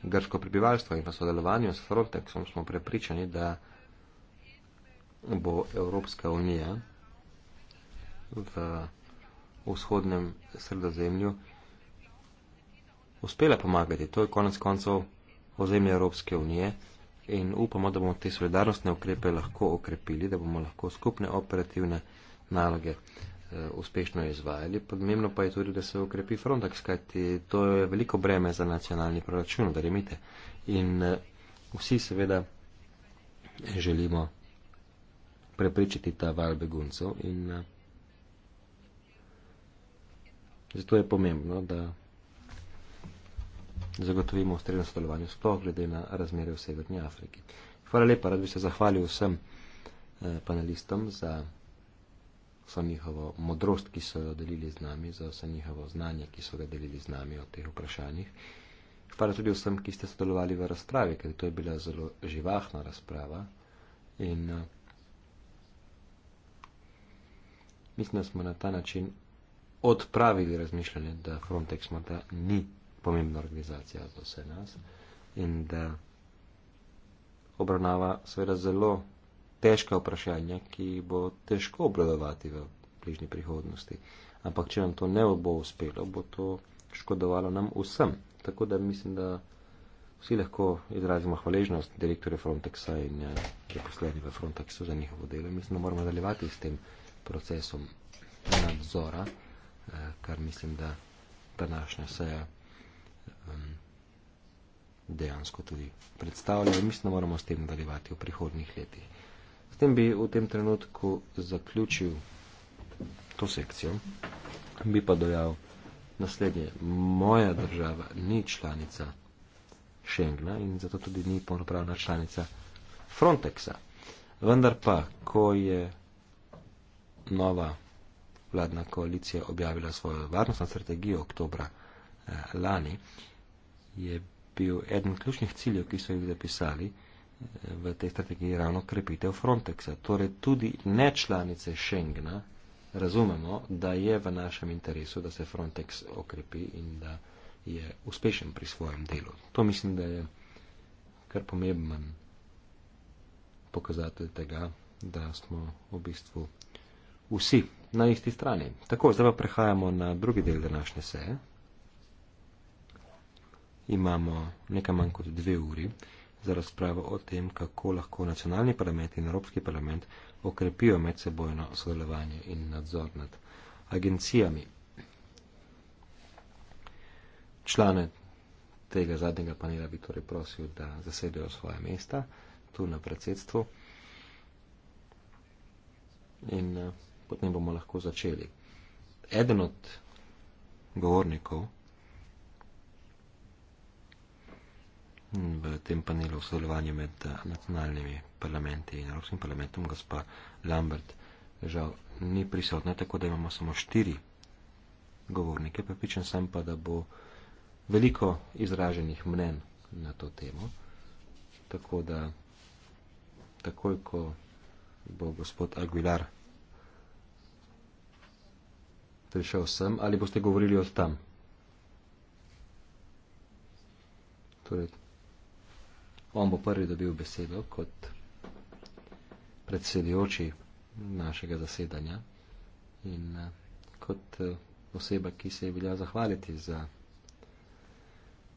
grško prebivalstvo in v sodelovanju s Frontexom smo prepričani, da bo Evropska unija v vzhodnem sredozemlju uspela pomagati. To je konec koncev ozemlje Evropske unije in upamo, da bomo te solidarnostne ukrepe lahko okrepili, da bomo lahko skupne operativne naloge Eh, uspešno izvajali. Pomembno pa je tudi, da se ukrepi frontak, skajti to je veliko breme za nacionalni proračun, verjemite. In eh, vsi seveda želimo prepričati ta val beguncev in eh, zato je pomembno, da zagotovimo ustrezno sodelovanje sploh glede na razmere v Severni Afriki. Hvala lepa, rad bi se zahvalil vsem panelistom za vso njihovo modrost, ki so jo delili z nami, za vso njihovo znanje, ki so ga delili z nami o teh vprašanjih. Hvala tudi vsem, ki ste sodelovali v razpravi, ker to je bila zelo živahna razprava. In uh, mislim, da smo na ta način odpravili razmišljanje, da Frontex morda ni pomembna organizacija za vse nas in da obravnava seveda zelo težka vprašanja, ki bo težko obladovati v bližnji prihodnosti. Ampak, če nam to ne bo uspelo, bo to škodovalo nam vsem. Tako da mislim, da vsi lahko izrazimo hvaležnost direktorju Frontexa in eh, zaposlenim v Frontexu za njihovo delo. Mislim, da moramo nadaljevati s tem procesom nadzora, eh, kar mislim, da današnja seja dejansko tudi predstavlja. Mislim, da moramo s tem nadaljevati v prihodnih letih tem bi v tem trenutku zaključil to sekcijo, bi pa dojal naslednje. Moja država ni članica Schengna in zato tudi ni polnopravna članica Frontexa. Vendar pa, ko je nova vladna koalicija objavila svojo varnostno strategijo oktobra eh, lani, je bil eden ključnih ciljev, ki so jih zapisali, eh, v tej strategiji ravno krepitev Frontexa. Torej tudi nečlanice Schengena razumemo, da je v našem interesu, da se Frontex okrepi in da je uspešen pri svojem delu. To mislim, da je kar pomemben pokazatelj tega, da smo v bistvu vsi na isti strani. Tako, zdaj pa prehajamo na drugi del današnje seje. Imamo nekaj manj kot dve uri za razpravo o tem, kako lahko nacionalni parlament in Evropski parlament okrepijo medsebojno sodelovanje in nadzor nad agencijami. Člane tega zadnjega panela bi torej prosil, da zasedejo svoje mesta tu na predsedstvu in eh, potem bomo lahko začeli. Eden od govornikov v tem panelu v sodelovanju med eh, nacionalnimi parlamenti in Evropskim parlamentom, gospa Lambert, žal ni prisotna, tako da imamo samo štiri govornike. Prepričan sem pa, da bo veliko izraženih mnen na to temo, tako da takoj, ko bo gospod Aguilar prišel sem, ali boste govorili od tam? Torej, On bo prvi dobil besedo kot predsedujoči našega zasedanja in eh, kot eh, oseba, ki se je bila zahvaliti za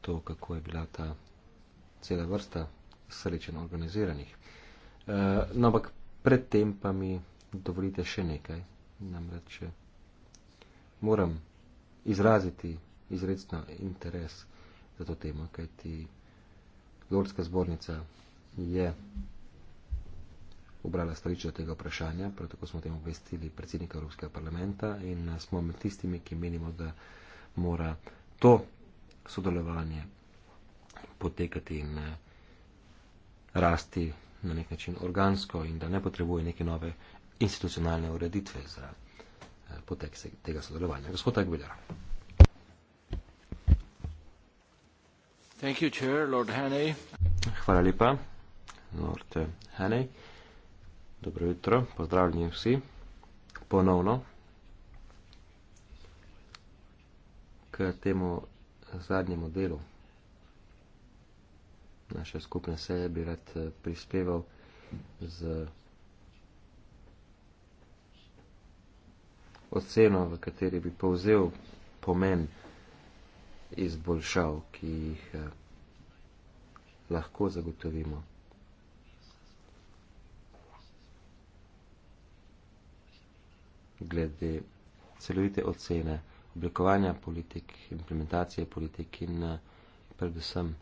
to, kako je bila ta cela vrsta srečen organiziranih. Eh, no, ampak predtem pa mi dovolite še nekaj, namreč moram izraziti izredno interes za to temo, kajti ti Lordska zbornica je obrala stališče tega vprašanja, prav tako smo o tem obvestili predsednika Evropskega parlamenta in eh, smo med tistimi, ki menimo, da mora to sodelovanje potekati in eh, rasti na nek način organsko in da ne potrebuje neke nove institucionalne ureditve za eh, potek tega sodelovanja. Gospod Agbeljar. Hvala lepa, Lord Haney. Dobro jutro, pozdravljeni vsi ponovno k temu zadnjemu delu naše skupne seje bi rad eh, prispeval z oceno, v kateri bi povzel pomen izboljšav, ki jih eh, lahko zagotovimo. Glede celovite ocene, oblikovanja politik, implementacije politik in eh, predvsem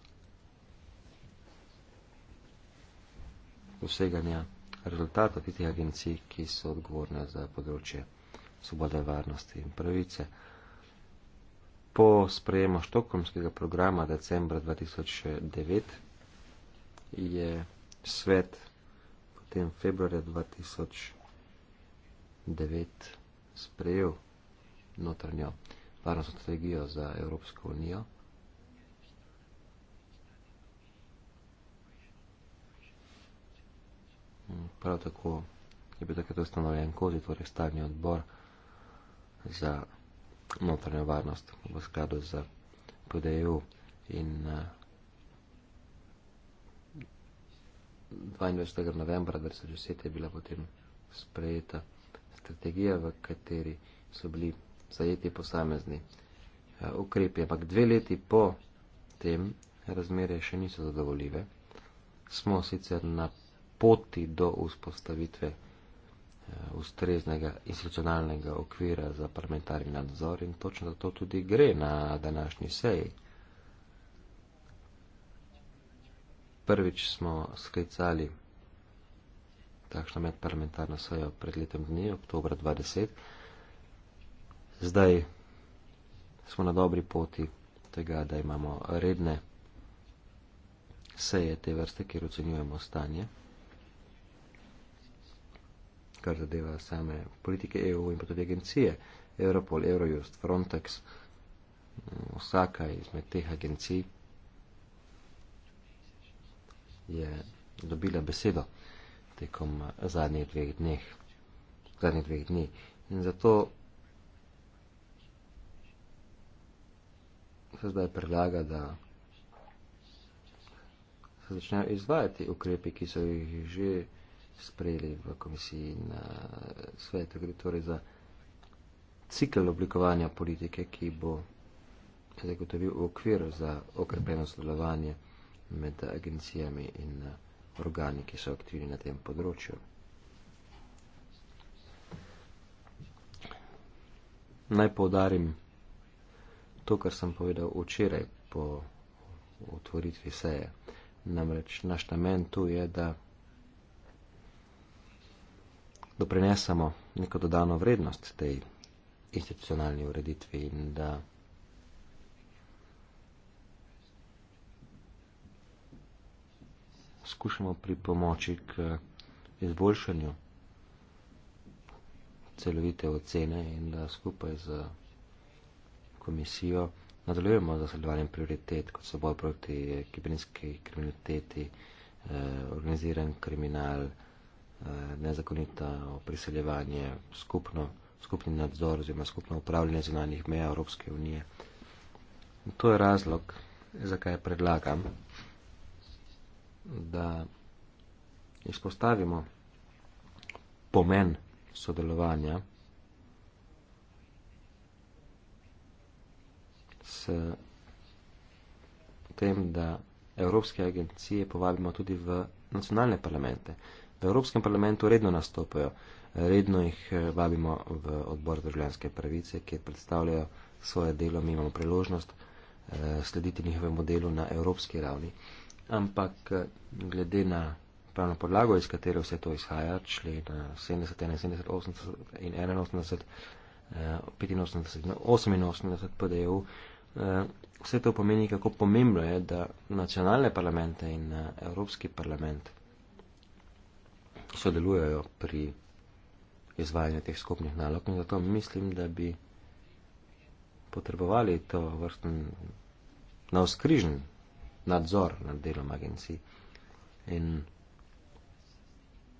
vseganja rezultatov tih agencij, ki so odgovorne za področje svobode, varnosti in pravice po sprejemu štokholmskega programa decembra 2009 je svet potem februarja 2009 sprejel notranjo varno strategijo za Evropsko unijo. Prav tako je bil takrat ustanovljen kozi, torej stavni odbor za notranjo varnost v skladu z PDEU in 22. Eh, novembra 2010 je bila potem sprejeta strategija, v kateri so bili zajeti posamezni eh, ukrepi, ampak dve leti po tem razmere še niso zadovoljive. Smo sicer na poti do vzpostavitve Eh, ustreznega institucionalnega okvira za parlamentarni nadzor in točno zato tudi gre na današnji seji. Prvič smo sklicali takšno medparlamentarno sejo pred letem dni, oktober 20. Zdaj smo na dobri poti tega, da imamo redne seje te vrste, kjer ocenjujemo stanje kar zadeva same politike EU in pa tudi agencije, Europol, Eurojust, Frontex, vsaka izmed teh agencij je dobila besedo tekom zadnjih dveh dneh, zadnjih dveh dni. In zato se zdaj predlaga, da se začnejo izvajati ukrepi, ki so jih že sprejeli v komisiji na eh, svetu, gre torej za cikl oblikovanja politike, ki bo zagotovil okvir za okrepeno sodelovanje med agencijami in eh, organi, ki so aktivni na tem področju. Naj poudarim to, kar sem povedal včeraj po otvoritvi seje. Namreč naš namen tu je, da doprinesemo neko dodano vrednost tej institucionalni ureditvi in da skušamo pri pomoči k izboljšanju celovite ocene in da skupaj z komisijo nadaljujemo z zasledovanjem prioritet, kot so boj proti kibernetski kriminaliteti, eh, organiziran kriminal, Eh, nezakonito priseljevanje, skupno, skupni nadzor oziroma skupno upravljanje zunanjih meja Evropske unije. In to je razlog, zakaj predlagam, da izpostavimo pomen sodelovanja s tem, da evropske agencije povabimo tudi v nacionalne parlamente v Evropskem parlamentu redno nastopajo, redno jih eh, vabimo v odbor državljanske pravice, kjer predstavljajo svoje delo, mi imamo priložnost eh, slediti njihovemu delu na evropski ravni. Ampak eh, glede na pravno podlago, iz katere vse to izhaja, člen 70, 71, 80 in 81, 85 in 88 PDU, e vse to pomeni, kako pomembno je, da nacionalne parlamente in Evropski parlament sodelujejo pri izvajanju teh skupnih nalog in zato mislim, da bi potrebovali to vrsten navskrižen nadzor nad delom agencij in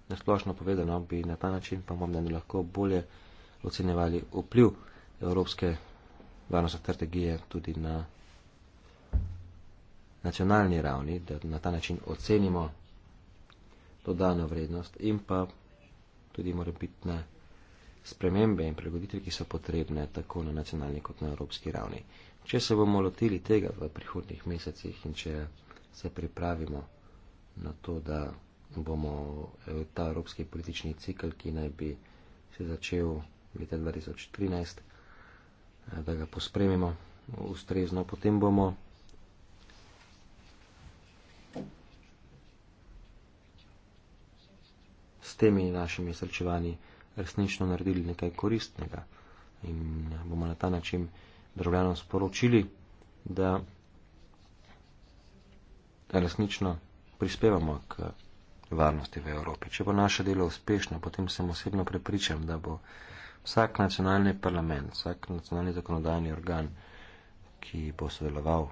nasplošno povedano bi na ta način pa bom, da ne lahko bolje ocenjevali vpliv evropske varnostne strategije tudi na nacionalni ravni, da na ta način ocenimo dodano vrednost in pa tudi morebitne spremembe in pregoditve, ki so potrebne tako na nacionalni kot na evropski ravni. Če se bomo lotili tega v prihodnih mesecih in če se pripravimo na to, da bomo eh, ta evropski politični cikl, ki naj bi se začel leta 2013, eh, da ga pospremimo ustrezno, potem bomo s temi našimi srečevanji resnično naredili nekaj koristnega in bomo na ta način državljanom sporočili, da resnično prispevamo k varnosti v Evropi. Če bo naše delo uspešno, potem sem osebno prepričan, da bo vsak nacionalni parlament, vsak nacionalni zakonodajni organ, ki bo sodeloval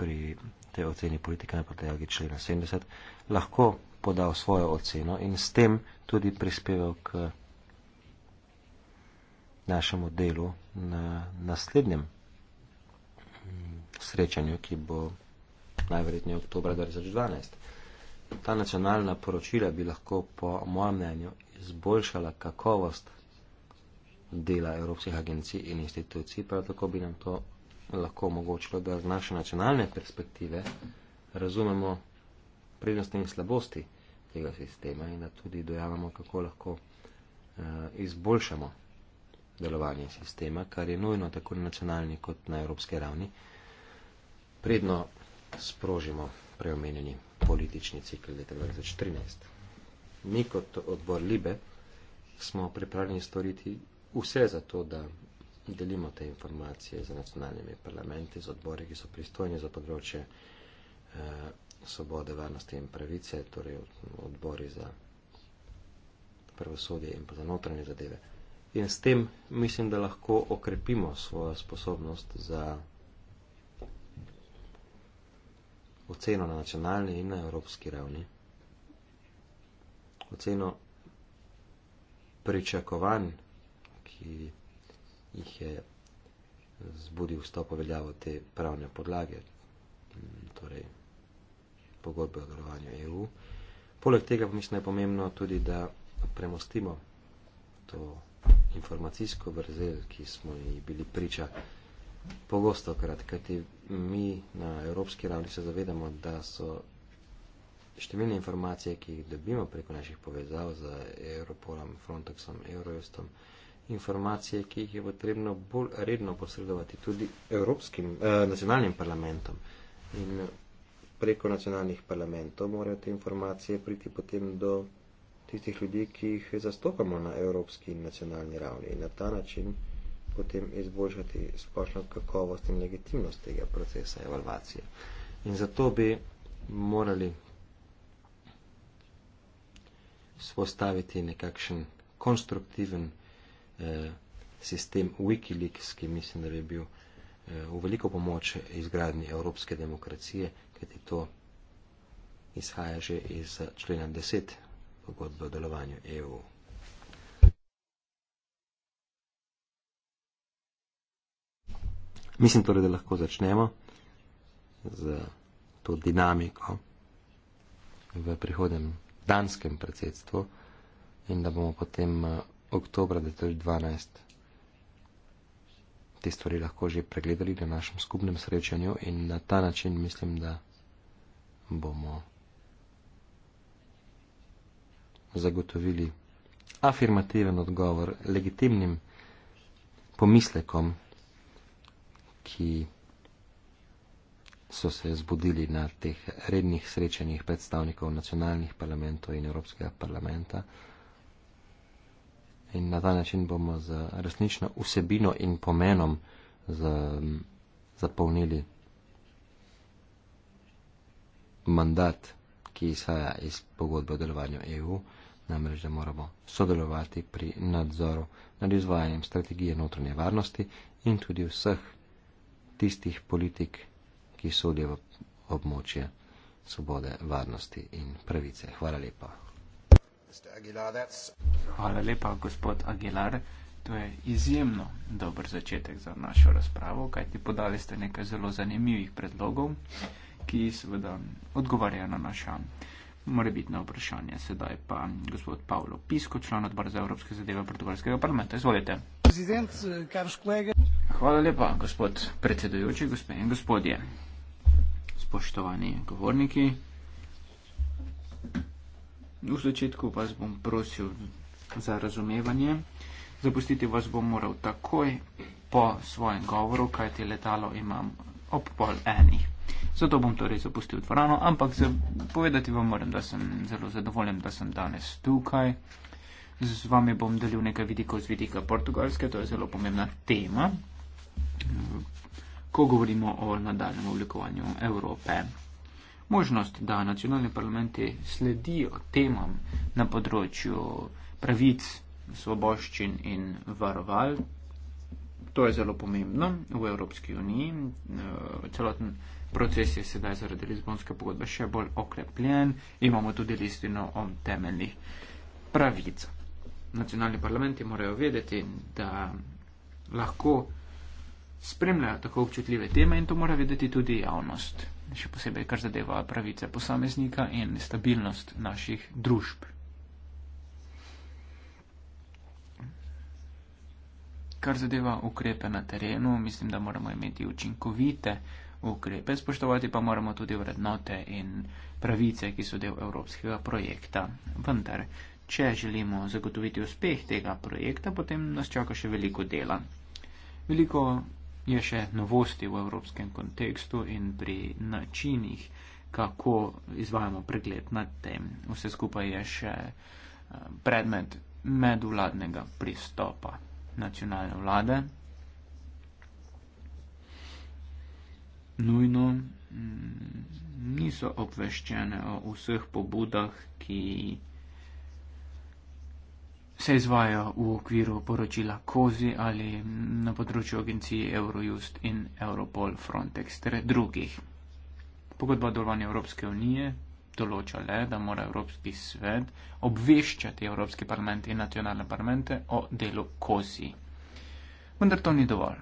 pri te oceni politike na podlagi člena 70, lahko podal svojo oceno in s tem tudi prispeval k našemu delu na naslednjem mm, srečanju, ki bo najverjetneje oktober 2012. Ta nacionalna poročila bi lahko, po mojem mnenju, izboljšala kakovost dela evropskih agencij in institucij, prav tako bi nam to lahko omogočilo, da z naše nacionalne perspektive razumemo prednosti in slabosti tega sistema in da tudi dojavamo, kako lahko uh, izboljšamo delovanje sistema, kar je nujno tako na nacionalni kot na evropske ravni, predno sprožimo preomenjeni politični cikl leta 2014. Mi kot odbor Libe smo pripravljeni storiti vse za to, da delimo te informacije z nacionalnimi parlamenti, z odbori, ki so pristojni za področje. Uh, svobode, varnosti in pravice, torej odbori za pravosodje in pa za notranje zadeve. In s tem mislim, da lahko okrepimo svojo sposobnost za oceno na nacionalni in na evropski ravni, oceno pričakovanj, ki jih je zbudil vstop v veljavo te pravne podlage. Torej, pogodbe o delovanju EU. Poleg tega pa mislim, da je pomembno tudi, da premostimo to informacijsko vrzel, ki smo ji bili priča pogosto krat, kajti mi na evropski ravni se zavedamo, da so številne informacije, ki jih dobimo preko naših povezav z Europolom, Frontexom, Eurojustom, informacije, ki jih je potrebno bolj redno posredovati tudi evropskim, eh, nacionalnim parlamentom. In preko nacionalnih parlamentov morajo te informacije priti potem do tistih ljudi, ki jih zastopamo na evropski in nacionalni ravni in na ta način potem izboljšati splošno kakovost in legitimnost tega procesa evalvacije. In zato bi morali spostaviti nekakšen konstruktiven eh, sistem Wikileaks, ki mislim, da bi bil eh, v veliko pomoč izgradni evropske demokracije, Kajti to izhaja že iz člena 10 pogodbe o delovanju EU. Mislim torej, da lahko začnemo z to dinamiko v prihodnem danskem predsedstvu in da bomo potem eh, oktobra 2012 te stvari lahko že pregledali na našem skupnem srečanju in na ta način mislim, da bomo zagotovili afirmativen odgovor legitimnim pomislekom, ki so se zbudili na teh rednih srečanjih predstavnikov nacionalnih parlamentov in Evropskega parlamenta. In na ta način bomo z resnično vsebino in pomenom zapolnili. Za mandat, ki izhaja iz pogodbe o delovanju EU, namreč, da moramo sodelovati pri nadzoru nad izvajanjem strategije notranje varnosti in tudi vseh tistih politik, ki sodijo v območje svobode, varnosti in pravice. Hvala lepa. Aguilar, Hvala lepa, gospod Aguilar. To je izjemno dober začetek za našo razpravo, kajti podali ste nekaj zelo zanimivih predlogov ki seveda odgovarjajo na naša morebitna vprašanja. Sedaj pa gospod Pavlo Pisko, član odbora za evropske zadeve portugalskega parlamenta. Izvolite. Hvala lepa, gospod predsedujoči, gospe in gospodje. Spoštovani govorniki. V začetku vas bom prosil za razumevanje. Zapustiti vas bom moral takoj po svojem govoru, kajti letalo imam ob pol enih. Zato bom torej zapustil dvorano, ampak za, povedati vam moram, da sem zelo zadovoljen, da sem danes tukaj. Z vami bom delil nekaj vidikov z vidika portugalske, to je zelo pomembna tema, ko govorimo o nadaljem oblikovanju Evrope. Možnost, da nacionalni parlamenti sledijo temam na področju pravic, svoboščin in varoval, to je zelo pomembno v Evropski uniji. Eh, celoten Proces je sedaj zaradi Lizbonske pogodbe še bolj okrepljen, imamo tudi listino o temeljnih pravicah. Nacionalni parlamenti morajo vedeti, da lahko spremljajo tako občutljive teme in to mora vedeti tudi javnost, še posebej, kar zadeva pravice posameznika in stabilnost naših družb. Kar zadeva ukrepe na terenu, mislim, da moramo imeti učinkovite ukrepe, spoštovati pa moramo tudi vrednote in pravice, ki so del evropskega projekta. Vendar, če želimo zagotoviti uspeh tega projekta, potem nas čaka še veliko dela. Veliko je še novosti v evropskem kontekstu in pri načinih, kako izvajamo pregled nad tem. Vse skupaj je še eh, predmet medvladnega pristopa nacionalne vlade nujno mm, niso obveščene o vseh pobudah, ki se izvajo v okviru poročila Kozi ali na področju agencije Eurojust in Europol Frontex ter drugih. Pogodba o delovanju Evropske unije določa le, da mora Evropski svet obveščati Evropski parlament in nacionalne parlamente o delu Kozi. Vendar to ni dovolj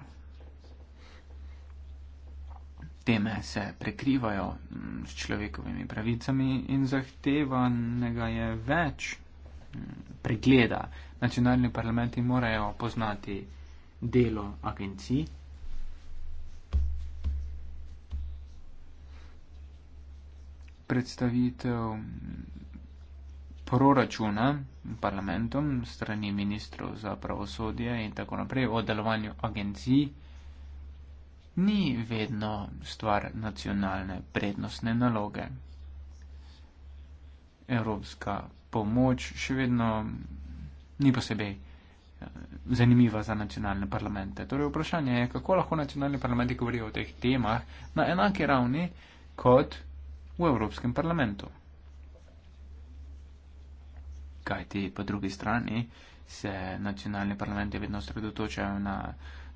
teme se prekrivajo mm, s človekovimi pravicami in zahtevanega je več mm, pregleda. Nacionalni parlamenti morajo poznati delo agencij. Predstavitev mm, proračuna parlamentom strani ministrov za pravosodje in tako naprej o delovanju agencij ni vedno stvar nacionalne prednostne naloge. Evropska pomoč še vedno ni posebej eh, zanimiva za nacionalne parlamente. Torej vprašanje je, kako lahko nacionalni parlamenti govorijo o teh temah na enaki ravni kot v Evropskem parlamentu. Kajti po drugi strani se nacionalni parlamenti vedno sredotočajo na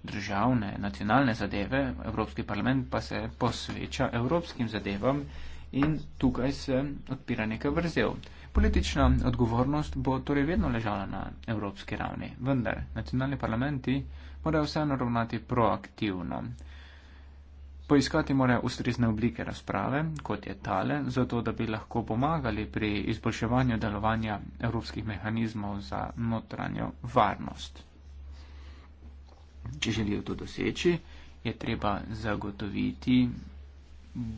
državne, nacionalne zadeve, Evropski parlament pa se posveča evropskim zadevam in tukaj se odpira nekaj vrzel. Politična odgovornost bo torej vedno ležala na evropski ravni, vendar nacionalni parlamenti morajo vseeno ravnati proaktivno. Poiskati morajo ustrezne oblike razprave, kot je tale, zato da bi lahko pomagali pri izboljševanju delovanja evropskih mehanizmov za notranjo varnost. Če želijo to doseči, je treba zagotoviti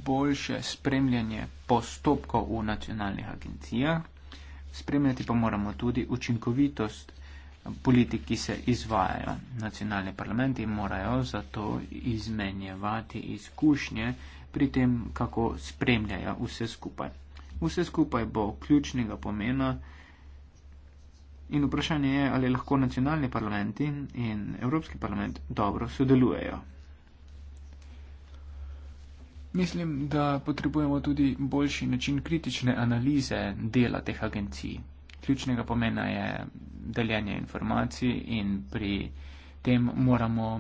boljše spremljanje postopkov v nacionalnih agencijah. Spremljati pa moramo tudi učinkovitost politik, ki se izvajajo. Nacionalni parlamenti morajo zato izmenjevati izkušnje pri tem, kako spremljajo vse skupaj. Vse skupaj bo ključnega pomena, In vprašanje je, ali lahko nacionalni parlamenti in Evropski parlament dobro sodelujejo. Mislim, da potrebujemo tudi boljši način kritične analize dela teh agencij. Ključnega pomena je deljenje informacij in pri tem moramo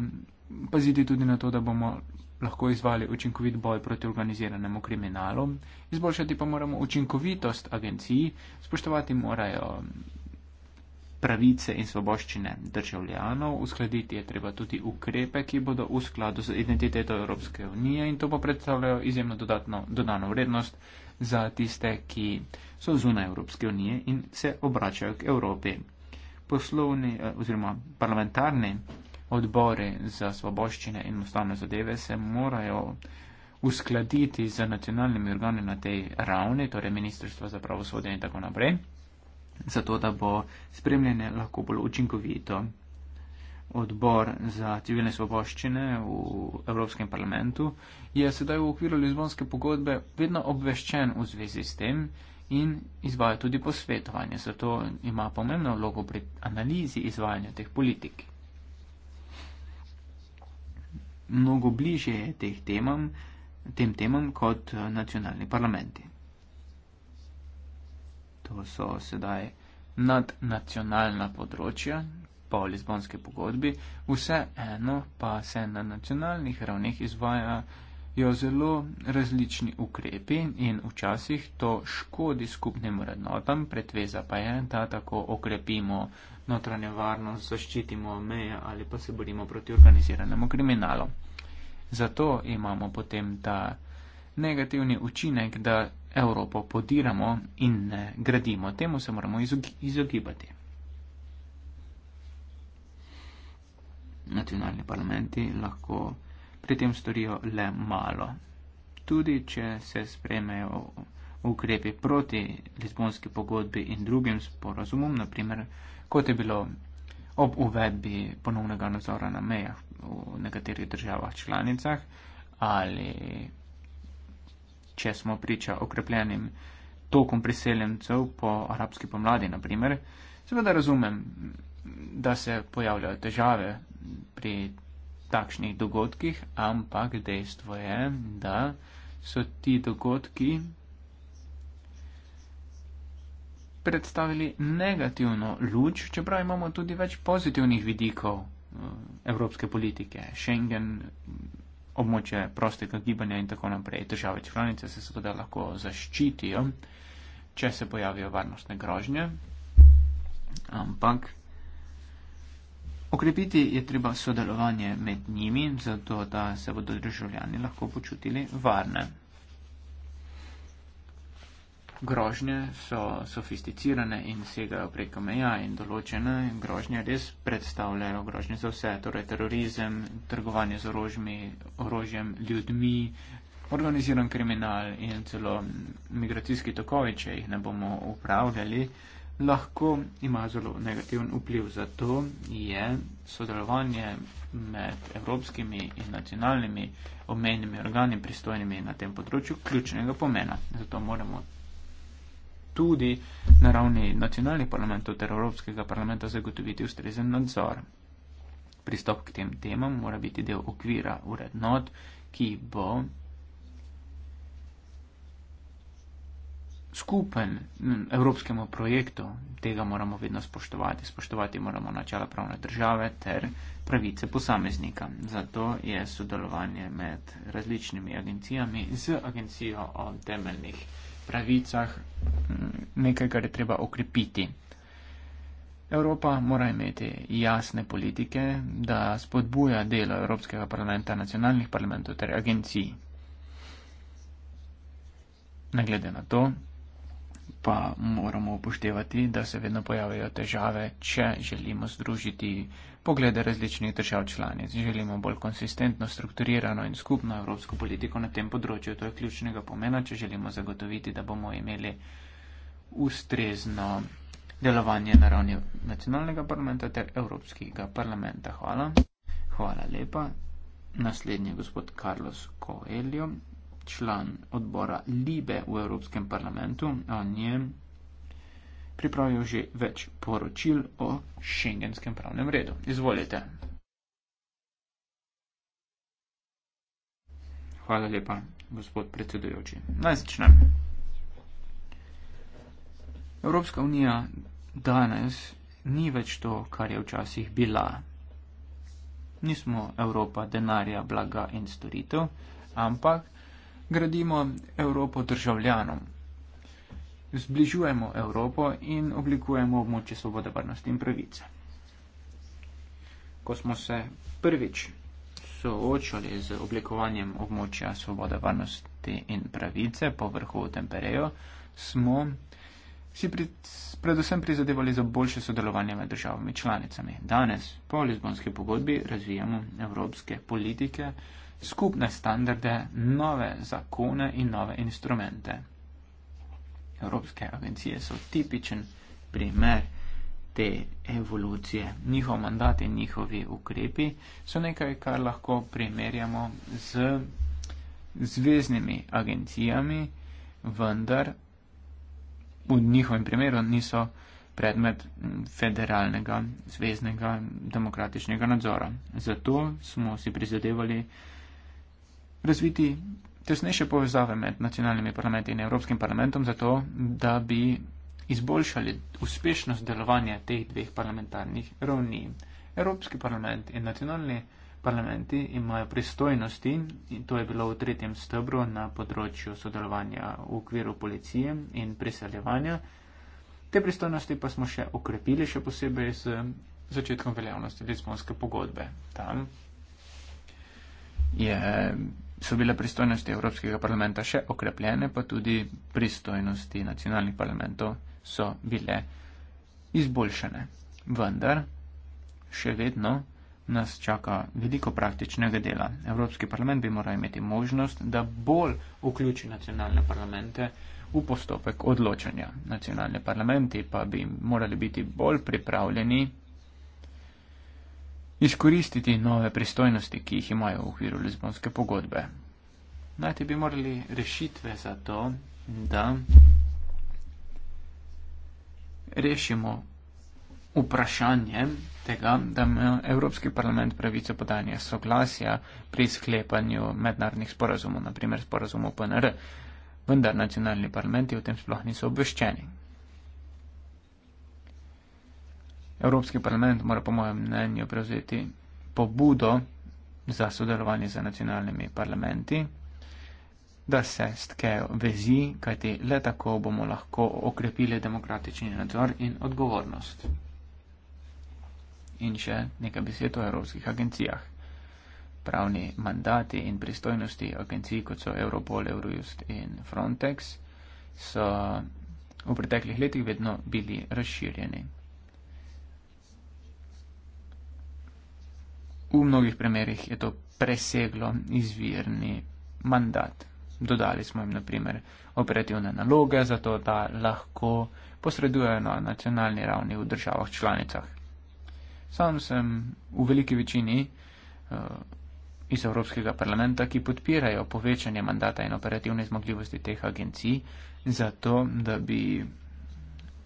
paziti tudi na to, da bomo lahko izvali učinkovit boj proti organiziranemu kriminalu. Izboljšati pa moramo učinkovitost agencij, spoštovati morajo pravice in svoboščine državljanov, uskladiti je treba tudi ukrepe, ki bodo v skladu z identiteto Evropske unije in to pa predstavljajo izjemno dodatno dodano vrednost za tiste, ki so zunaj Evropske unije in se obračajo k Evropi. Poslovni eh, oziroma parlamentarni odbori za svoboščine in ustavne zadeve se morajo uskladiti z nacionalnimi organi na tej ravni, torej Ministrstvo za pravosodje in tako naprej zato da bo spremljanje lahko bolj učinkovito. Odbor za civilne svoboščine v Evropskem parlamentu je sedaj v okviru Lizbonske pogodbe vedno obveščen v zvezi s tem in izvaja tudi posvetovanje, zato ima pomembno vlogo pri analizi izvajanja teh politik. Mnogo bliže je teh temam, tem temam kot nacionalni parlamenti to so sedaj nadnacionalna področja po Lizbonske pogodbi, vse eno pa se na nacionalnih ravneh izvajajo zelo različni ukrepi in včasih to škodi skupnim vrednotam, pretveza pa je, da tako okrepimo notranjo varnost, zaščitimo meje ali pa se borimo proti organiziranemu kriminalu. Zato imamo potem ta negativni učinek, da Evropo podiramo in gradimo. Temu se moramo izogibati. Nacionalni parlamenti lahko pri tem storijo le malo. Tudi, če se spremejo ukrepi proti Lizbonski pogodbi in drugim sporazumom, naprimer, kot je bilo ob uvedbi ponovnega nadzora na mejah v nekaterih državah članicah ali če smo priča okrepljenim tokom priseljencev po arabski pomladi, naprimer, seveda razumem, da se pojavljajo težave pri takšnih dogodkih, ampak dejstvo je, da so ti dogodki predstavili negativno luč, čeprav imamo tudi več pozitivnih vidikov eh, evropske politike. Schengen območje prostega gibanja in tako naprej. Države članice se seveda lahko zaščitijo, če se pojavijo varnostne grožnje, ampak okrepiti je treba sodelovanje med njimi, zato da se bodo državljani lahko počutili varne grožnje so sofisticirane in segajo preko meja in določene grožnje res predstavljajo grožnje za vse, torej terorizem, trgovanje z orožmi, orožjem, ljudmi, organiziran kriminal in celo migracijski tokovi, če jih ne bomo upravljali, lahko ima zelo negativen vpliv. Zato je sodelovanje med evropskimi in nacionalnimi omenjenimi organi pristojnimi na tem področju ključnega pomena. Zato moramo tudi na ravni nacionalnih parlamentov ter Evropskega parlamenta zagotoviti ustrezen nadzor. Pristop k tem temam mora biti del okvira urednot, ki bo skupen evropskemu projektu. Tega moramo vedno spoštovati. Spoštovati moramo načela pravne države ter pravice posameznika. Zato je sodelovanje med različnimi agencijami z agencijo o temeljnih pravicah mm, nekaj, kar je treba okrepiti. Evropa mora imeti jasne politike, da spodbuja delo Evropskega parlamenta, nacionalnih parlamentov ter agencij. Naglede na to, pa moramo upoštevati, da se vedno pojavljajo težave, če želimo združiti poglede različnih držav članic. Želimo bolj konsistentno, strukturirano in skupno evropsko politiko na tem področju. To je ključnega pomena, če želimo zagotoviti, da bomo imeli ustrezno delovanje na ravni nacionalnega parlamenta ter evropskega parlamenta. Hvala. Hvala lepa. Naslednji je gospod Carlos Coelho član odbora Libe v Evropskem parlamentu, o njem pripravil že več poročil o šengenskem pravnem redu. Izvolite. Hvala lepa, gospod predsedujoči. Naj začnem. Evropska unija danes ni več to, kar je včasih bila. Nismo Evropa denarja, blaga in storitev, ampak gradimo Evropo državljanom. Zbližujemo Evropo in oblikujemo območje svobode, varnosti in pravice. Ko smo se prvič soočali z oblikovanjem območja svobode, varnosti in pravice po vrhu Tempereja, smo si pri, predvsem prizadevali za boljše sodelovanje med državami članicami. Danes po Lizbonski pogodbi razvijamo evropske politike, skupne standarde, nove zakone in nove instrumente. Evropske agencije so tipičen primer te evolucije. Njihov mandat in njihovi ukrepi so nekaj, kar lahko primerjamo z zvezdnimi agencijami, vendar v njihovem primeru niso predmet federalnega, zvezdnega, demokratičnega nadzora. Zato smo si prizadevali, razviti tesnejše povezave med nacionalnimi parlamenti in Evropskim parlamentom, zato da bi izboljšali uspešnost delovanja teh dveh parlamentarnih ravni. Evropski parlament in nacionalni parlamenti imajo pristojnosti, in to je bilo v tretjem stebru na področju sodelovanja v okviru policije in priseljevanja. Te pristojnosti pa smo še okrepili, še posebej z začetkom veljavnosti Lisbonske pogodbe. Tam je. Yeah so bile pristojnosti Evropskega parlamenta še okrepljene, pa tudi pristojnosti nacionalnih parlamentov so bile izboljšane. Vendar še vedno nas čaka veliko praktičnega dela. Evropski parlament bi moral imeti možnost, da bolj vključi nacionalne parlamente v postopek odločanja. Nacionalni parlamenti pa bi morali biti bolj pripravljeni izkoristiti nove pristojnosti, ki jih imajo v okviru Lizbonske pogodbe. Najti bi morali rešitve za to, da rešimo vprašanje tega, da ima Evropski parlament pravico podanja soglasja pri sklepanju mednarodnih sporazumov, naprimer sporazumov PNR, vendar nacionalni parlamenti o tem sploh niso obveščeni. Evropski parlament mora po mojem mnenju prevzeti pobudo za sodelovanje z nacionalnimi parlamenti, da se stkejo vezi, kajti le tako bomo lahko okrepili demokratični nadzor in odgovornost. In še nekaj besed o evropskih agencijah. Pravni mandati in pristojnosti agencij, kot so Europol, Eurojust in Frontex, so v preteklih letih vedno bili razširjeni. v mnogih primerjih je to preseglo izvirni mandat. Dodali smo jim naprimer operativne naloge, zato da lahko posredujejo na nacionalni ravni v državah članicah. Sam sem v veliki večini eh, iz Evropskega parlamenta, ki podpirajo povečanje mandata in operativne zmogljivosti teh agencij, zato da bi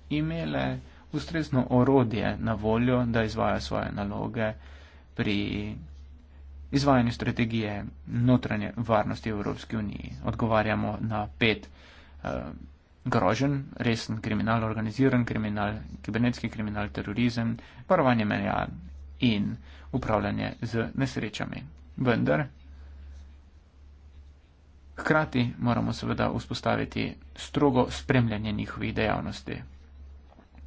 imele ustrezno orodje na voljo, da izvajo svoje naloge pri izvajanju strategije notranje varnosti v Evropski uniji. Odgovarjamo na pet uh, eh, grožen, resen kriminal, organiziran kriminal, kibernetski kriminal, terorizem, varovanje meja in upravljanje z nesrečami. Vendar, hkrati moramo seveda vzpostaviti strogo spremljanje njihovih dejavnosti.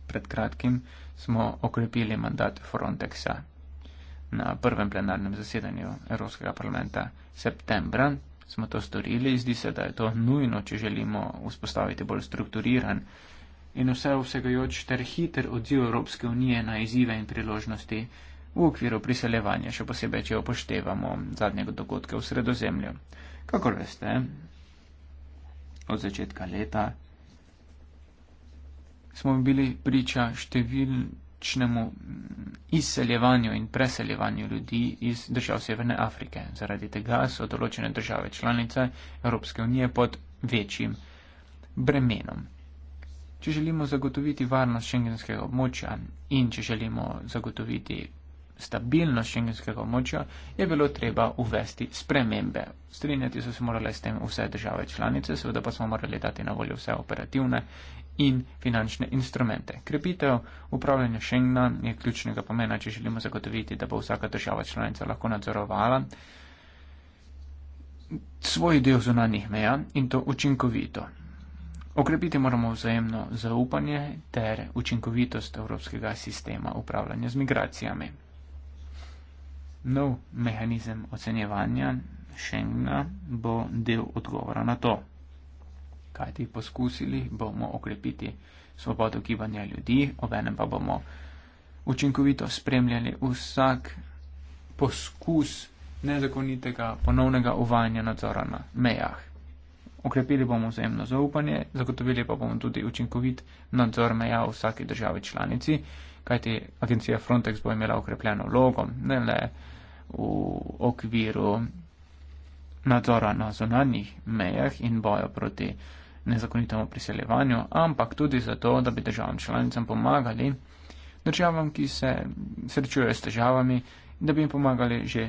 Pred kratkim smo okrepili mandat Frontexa na prvem plenarnem zasedanju Evropskega parlamenta septembra. Smo to storili, zdi se, da je to nujno, če želimo vzpostaviti bolj strukturiran in vse vsegajoč ter hiter odziv Evropske unije na izzive in priložnosti v okviru priseljevanja, še posebej, če upoštevamo zadnjega dogodka v sredozemlju. Kakor veste, od začetka leta smo bili priča številnih drastičnemu mm, izseljevanju in preseljevanju ljudi iz držav Severne Afrike. Zaradi tega so določene države članice Evropske unije pod večjim bremenom. Če želimo zagotoviti varnost šengenskega območja in če želimo zagotoviti stabilnost šengenskega območja, je bilo treba uvesti spremembe. Strinjati so se morale s tem vse države članice, seveda pa smo morali dati na voljo vse operativne in finančne instrumente. Krepitev upravljanja Schengna je ključnega pomena, če želimo zagotoviti, da bo vsaka država članica lahko nadzorovala svoj del zunanih meja in to učinkovito. Okrepiti moramo vzajemno zaupanje ter učinkovitost evropskega sistema upravljanja z migracijami. Nov mehanizem ocenjevanja Schengna bo del odgovora na to kajti poskusili bomo okrepiti svobodo gibanja ljudi, obenem pa bomo učinkovito spremljali vsak poskus nezakonitega ponovnega uvajanja nadzora na mejah. Okrepili bomo vzajemno zaupanje, zagotovili pa bomo tudi učinkovit nadzor meja v vsaki državi članici, kajti agencija Frontex bo imela okrepljeno vlogo, ne le v okviru nadzora na zonanjih mejah in boja proti nezakonitemu priseljevanju, ampak tudi zato, da bi državam članicam pomagali, državam, ki se srečujejo s težavami, da bi jim pomagali že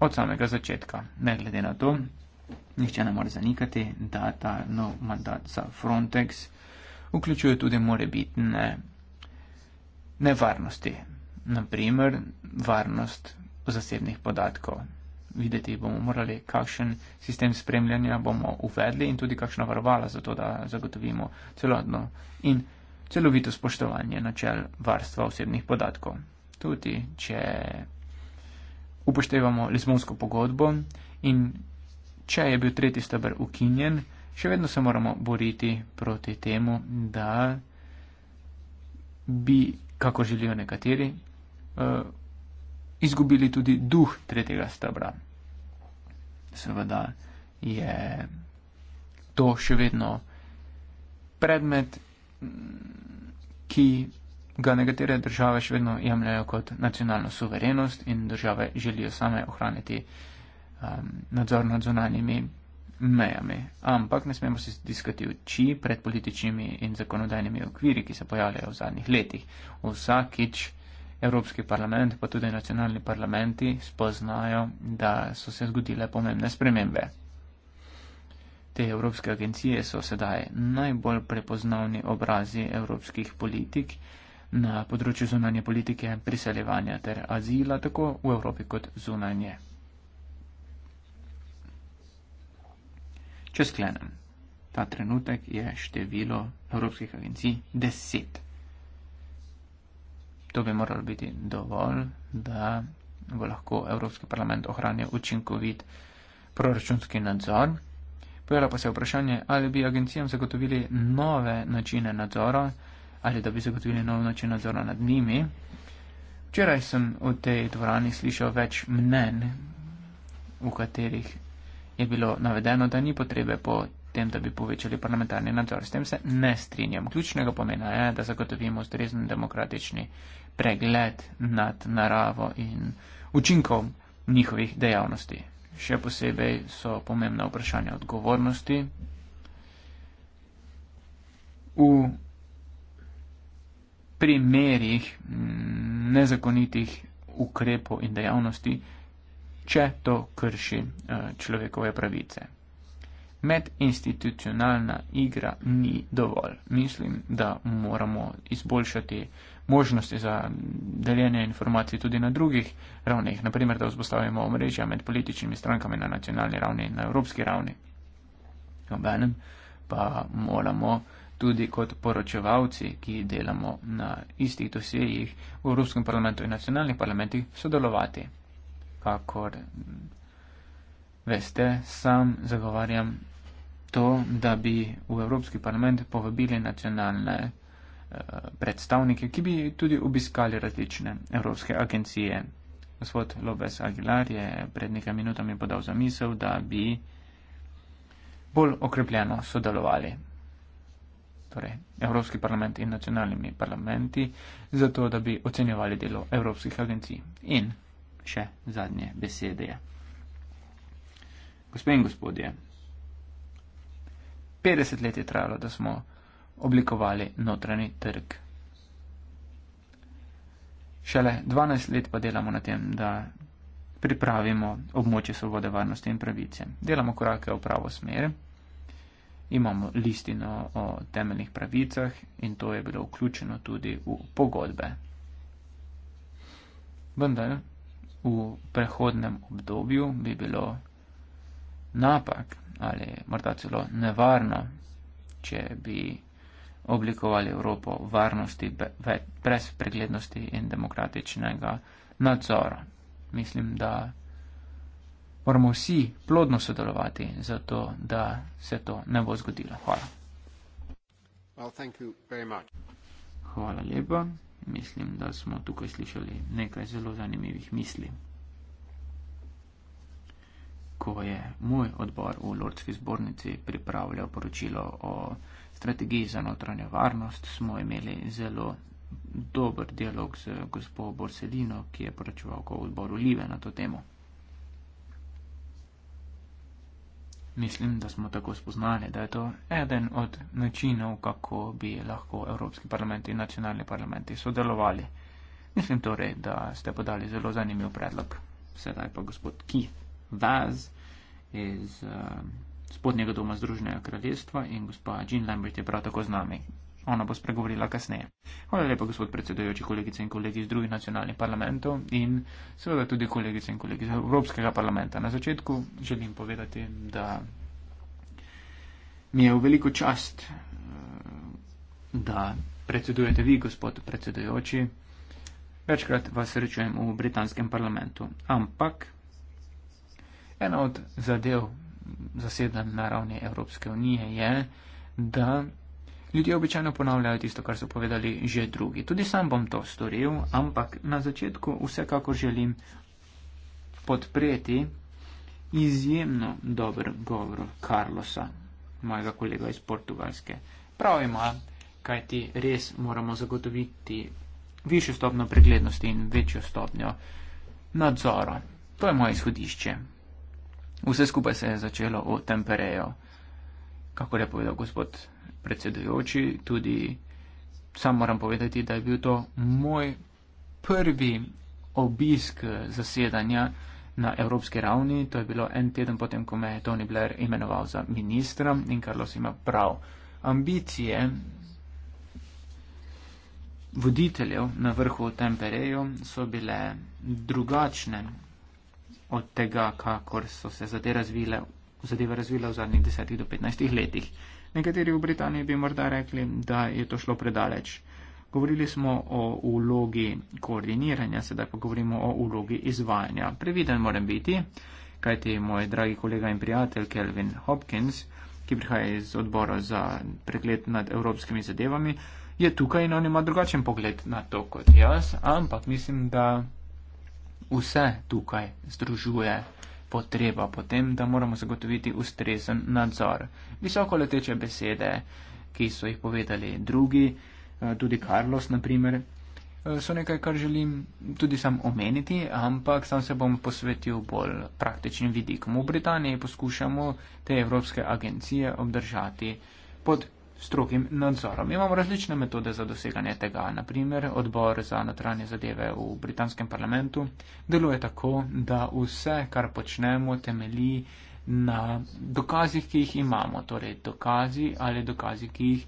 od samega začetka. Ne glede na to, nihče ne more zanikati, da ta nov mandat za Frontex vključuje tudi morebitne nevarnosti, naprimer varnost zasebnih podatkov videti, bomo morali kakšen sistem spremljanja bomo uvedli in tudi kakšna varovala za to, da zagotovimo celotno in celovito spoštovanje načel varstva osebnih podatkov. Tudi, če upoštevamo Lizbonsko pogodbo in če je bil tretji stebr ukinjen, še vedno se moramo boriti proti temu, da bi, kako želijo nekateri, uh, izgubili tudi duh tretjega stebra seveda je to še vedno predmet, ki ga nekatere države še vedno jemljajo kot nacionalno suverenost in države želijo same ohraniti um, nadzor nad zunanjimi mejami. Ampak ne smemo se diskati oči pred političnimi in zakonodajnimi okviri, ki se pojavljajo v zadnjih letih. Vsakič Evropski parlament pa tudi nacionalni parlamenti spoznajo, da so se zgodile pomembne spremembe. Te evropske agencije so sedaj najbolj prepoznavni obrazi evropskih politik na področju zunanje politike, priseljevanja ter azila, tako v Evropi kot zunanje. Če sklenem, ta trenutek je število evropskih agencij deset. To bi moralo biti dovolj, da bo lahko Evropski parlament ohranil učinkovit proračunski nadzor. Pojela pa se je vprašanje, ali bi agencijam zagotovili nove načine nadzora ali da bi zagotovili nov način nadzora nad njimi. Včeraj sem v tej dvorani slišal več mnen, v katerih je bilo navedeno, da ni potrebe po tem, da bi povečali parlamentarni nadzor. S tem se ne strinjam. Ključnega pomena je, da zagotovimo ustrezni demokratični nadzor pregled nad naravo in učinkov njihovih dejavnosti. Še posebej so pomembna vprašanja odgovornosti. V primerjih mm, nezakonitih ukrepov in dejavnosti, če to krši eh, človekove pravice. Medinstitucionalna igra ni dovolj. Mislim, da moramo izboljšati možnosti za deljenje informacij tudi na drugih ravneh, naprimer, da vzpostavimo omrežja med političnimi strankami na nacionalni ravni in na evropski ravni. Obenem pa moramo tudi kot poročevalci, ki delamo na istih dosejih v Evropskem parlamentu in nacionalnih parlamentih, sodelovati. Kakor veste, sam zagovarjam to, da bi v Evropski parlament povabili nacionalne parlamente predstavnike, ki bi tudi obiskali različne evropske agencije. Gospod Lopez Aguilar je pred nekaj minutami podal zamisel, da bi bolj okrepljeno sodelovali. Torej, Evropski parlament in nacionalnimi parlamenti, zato da bi ocenjevali delo evropskih agencij. In še zadnje besede je. Gospe in gospodje, 50 let je trajalo, da smo oblikovali notranji trg. Šele 12 let pa delamo na tem, da pripravimo območje svobode, varnosti in pravice. Delamo korake v pravo smer, imamo listino o temeljnih pravicah in to je bilo vključeno tudi v pogodbe. Vendar v prehodnem obdobju bi bilo napak ali morda celo nevarno, če bi oblikovali Evropo varnosti brez preglednosti in demokratičnega nadzora. Mislim, da moramo vsi plodno sodelovati za to, da se to ne bo zgodilo. Hvala. Well, Hvala lepa. Mislim, da smo tukaj slišali nekaj zelo zanimivih misli. Ko je moj odbor v Lordski zbornici pripravljal poročilo o strategiji za notranjo varnost smo imeli zelo dober dialog z gospo Borselino, ki je poročeval ko odboru Live na to temo. Mislim, da smo tako spoznali, da je to eden od načinov, kako bi lahko Evropski parlament in nacionalni parlamenti sodelovali. Mislim torej, da ste podali zelo zanimiv predlog. Sedaj pa gospod Keith Vaz iz uh, spodnjega doma Združenega kraljestva in gospa Jean Lambert je prav tako z nami. Ona bo spregovorila kasneje. Hvala lepa, gospod predsedujoči, kolegice in kolegi iz drugih nacionalnih parlamentov in seveda tudi kolegice in kolegi iz Evropskega parlamenta. Na začetku želim povedati, da mi je v veliko čast, eh, da predsedujete vi, gospod predsedujoči. Večkrat vas srečujem v britanskem parlamentu. Ampak ena od zadev, zasedan na ravni Evropske unije, je, da ljudje običajno ponavljajo tisto, kar so povedali že drugi. Tudi sam bom to storil, ampak na začetku vsekako želim podpreti izjemno dober govor Carlosa, mojega kolega iz Portugalske. Prav ima, kaj ti res moramo zagotoviti višjo stopno preglednosti in večjo stopnjo nadzora. To je moje izhodišče. Vse skupaj se je začelo v Tempereju. Kako je povedal gospod predsedujoči, tudi sam moram povedati, da je bil to moj prvi obisk zasedanja na evropski ravni. To je bilo en teden potem, ko me je Tony Blair imenoval za ministra in Carlos ima prav ambicije voditeljev na vrhu Tempereju so bile drugačne od tega, kakor so se zadeve razvile, zadeve razvile v zadnjih 10 do 15 letih. Nekateri v Britaniji bi morda rekli, da je to šlo predaleč. Govorili smo o ulogi koordiniranja, sedaj pa govorimo o ulogi izvajanja. Previden moram biti, kajti moj dragi kolega in prijatelj Kelvin Hopkins, ki prihaja iz odbora za pregled nad evropskimi zadevami, je tukaj in on ima drugačen pogled na to kot jaz, ampak mislim, da vse tukaj združuje potreba po tem, da moramo zagotoviti ustrezen nadzor. Visoko leteče besede, ki so jih povedali drugi, eh, tudi Carlos, naprimer, eh, so nekaj, kar želim tudi sam omeniti, ampak sam se bom posvetil bolj praktičnim vidikom. V Britaniji poskušamo te evropske agencije obdržati pod strogim nadzorom. Imamo različne metode za doseganje tega. Naprimer, odbor za notranje zadeve v britanskem parlamentu deluje tako, da vse, kar počnemo, temeli na dokazih, ki jih imamo. Torej, dokazi ali dokazi, ki jih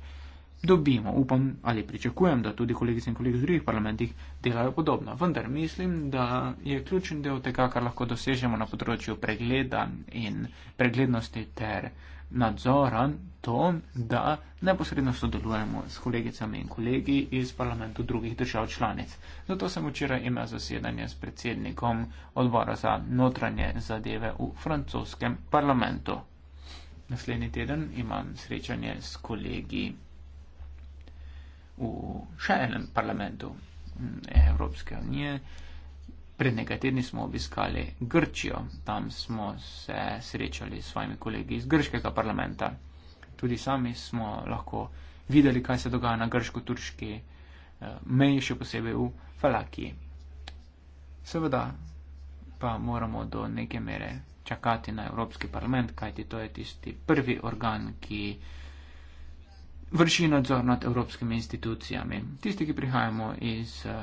dobimo. Upam ali pričakujem, da tudi kolegice in kolegi v drugih parlamentih delajo podobno. Vendar mislim, da je ključen del tega, kar lahko dosežemo na področju pregleda in preglednosti ter nadzoran to, da neposredno sodelujemo s kolegicami in kolegi iz parlamentu drugih držav članic. Zato sem včeraj imel zasedanje s predsednikom odbora za notranje zadeve v francoskem parlamentu. Naslednji teden imam srečanje s kolegi v še enem parlamentu Evropske unije. Uh, Pred nekaj tedni smo obiskali Grčijo, tam smo se srečali s svojimi kolegi iz grškega parlamenta. Tudi sami smo lahko videli, kaj se dogaja na grško-turški eh, meji, še posebej v Falakiji. Seveda pa moramo do neke mere čakati na Evropski parlament, kajti to je tisti prvi organ, ki vrši nadzor nad evropskimi institucijami. Tisti, ki prihajamo iz uh,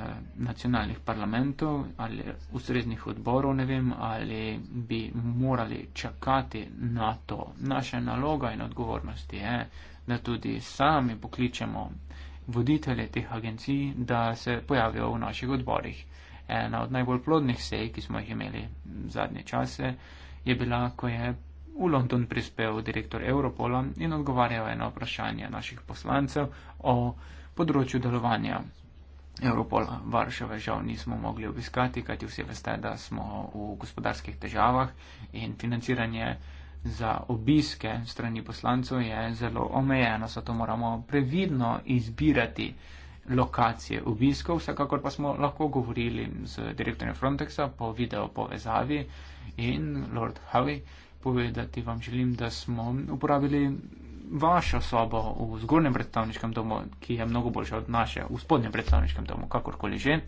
nacionalnih parlamentov ali ustreznih odborov, ne vem, ali bi morali čakati na to. Naša naloga in odgovornost je, da tudi sami pokličemo voditelje teh agencij, da se pojavijo v naših odborih. Ena od najbolj plodnih sej, ki smo jih imeli zadnje čase, je bila, ko je v London prispel direktor Europola in odgovarjal je na vprašanje naših poslancev o področju delovanja Europola. Varšave žal nismo mogli obiskati, kajti vsi veste, da smo v gospodarskih težavah in financiranje za obiske strani poslancev je zelo omejeno, zato moramo previdno izbirati lokacije obiskov. Vsekakor pa smo lahko govorili z direktorjem Frontexa po video povezavi in Lord Howie povedati vam želim, da smo uporabili vašo sobo v zgornjem predstavniškem domu, ki je mnogo boljša od naše v spodnjem predstavniškem domu, kakorkoli že.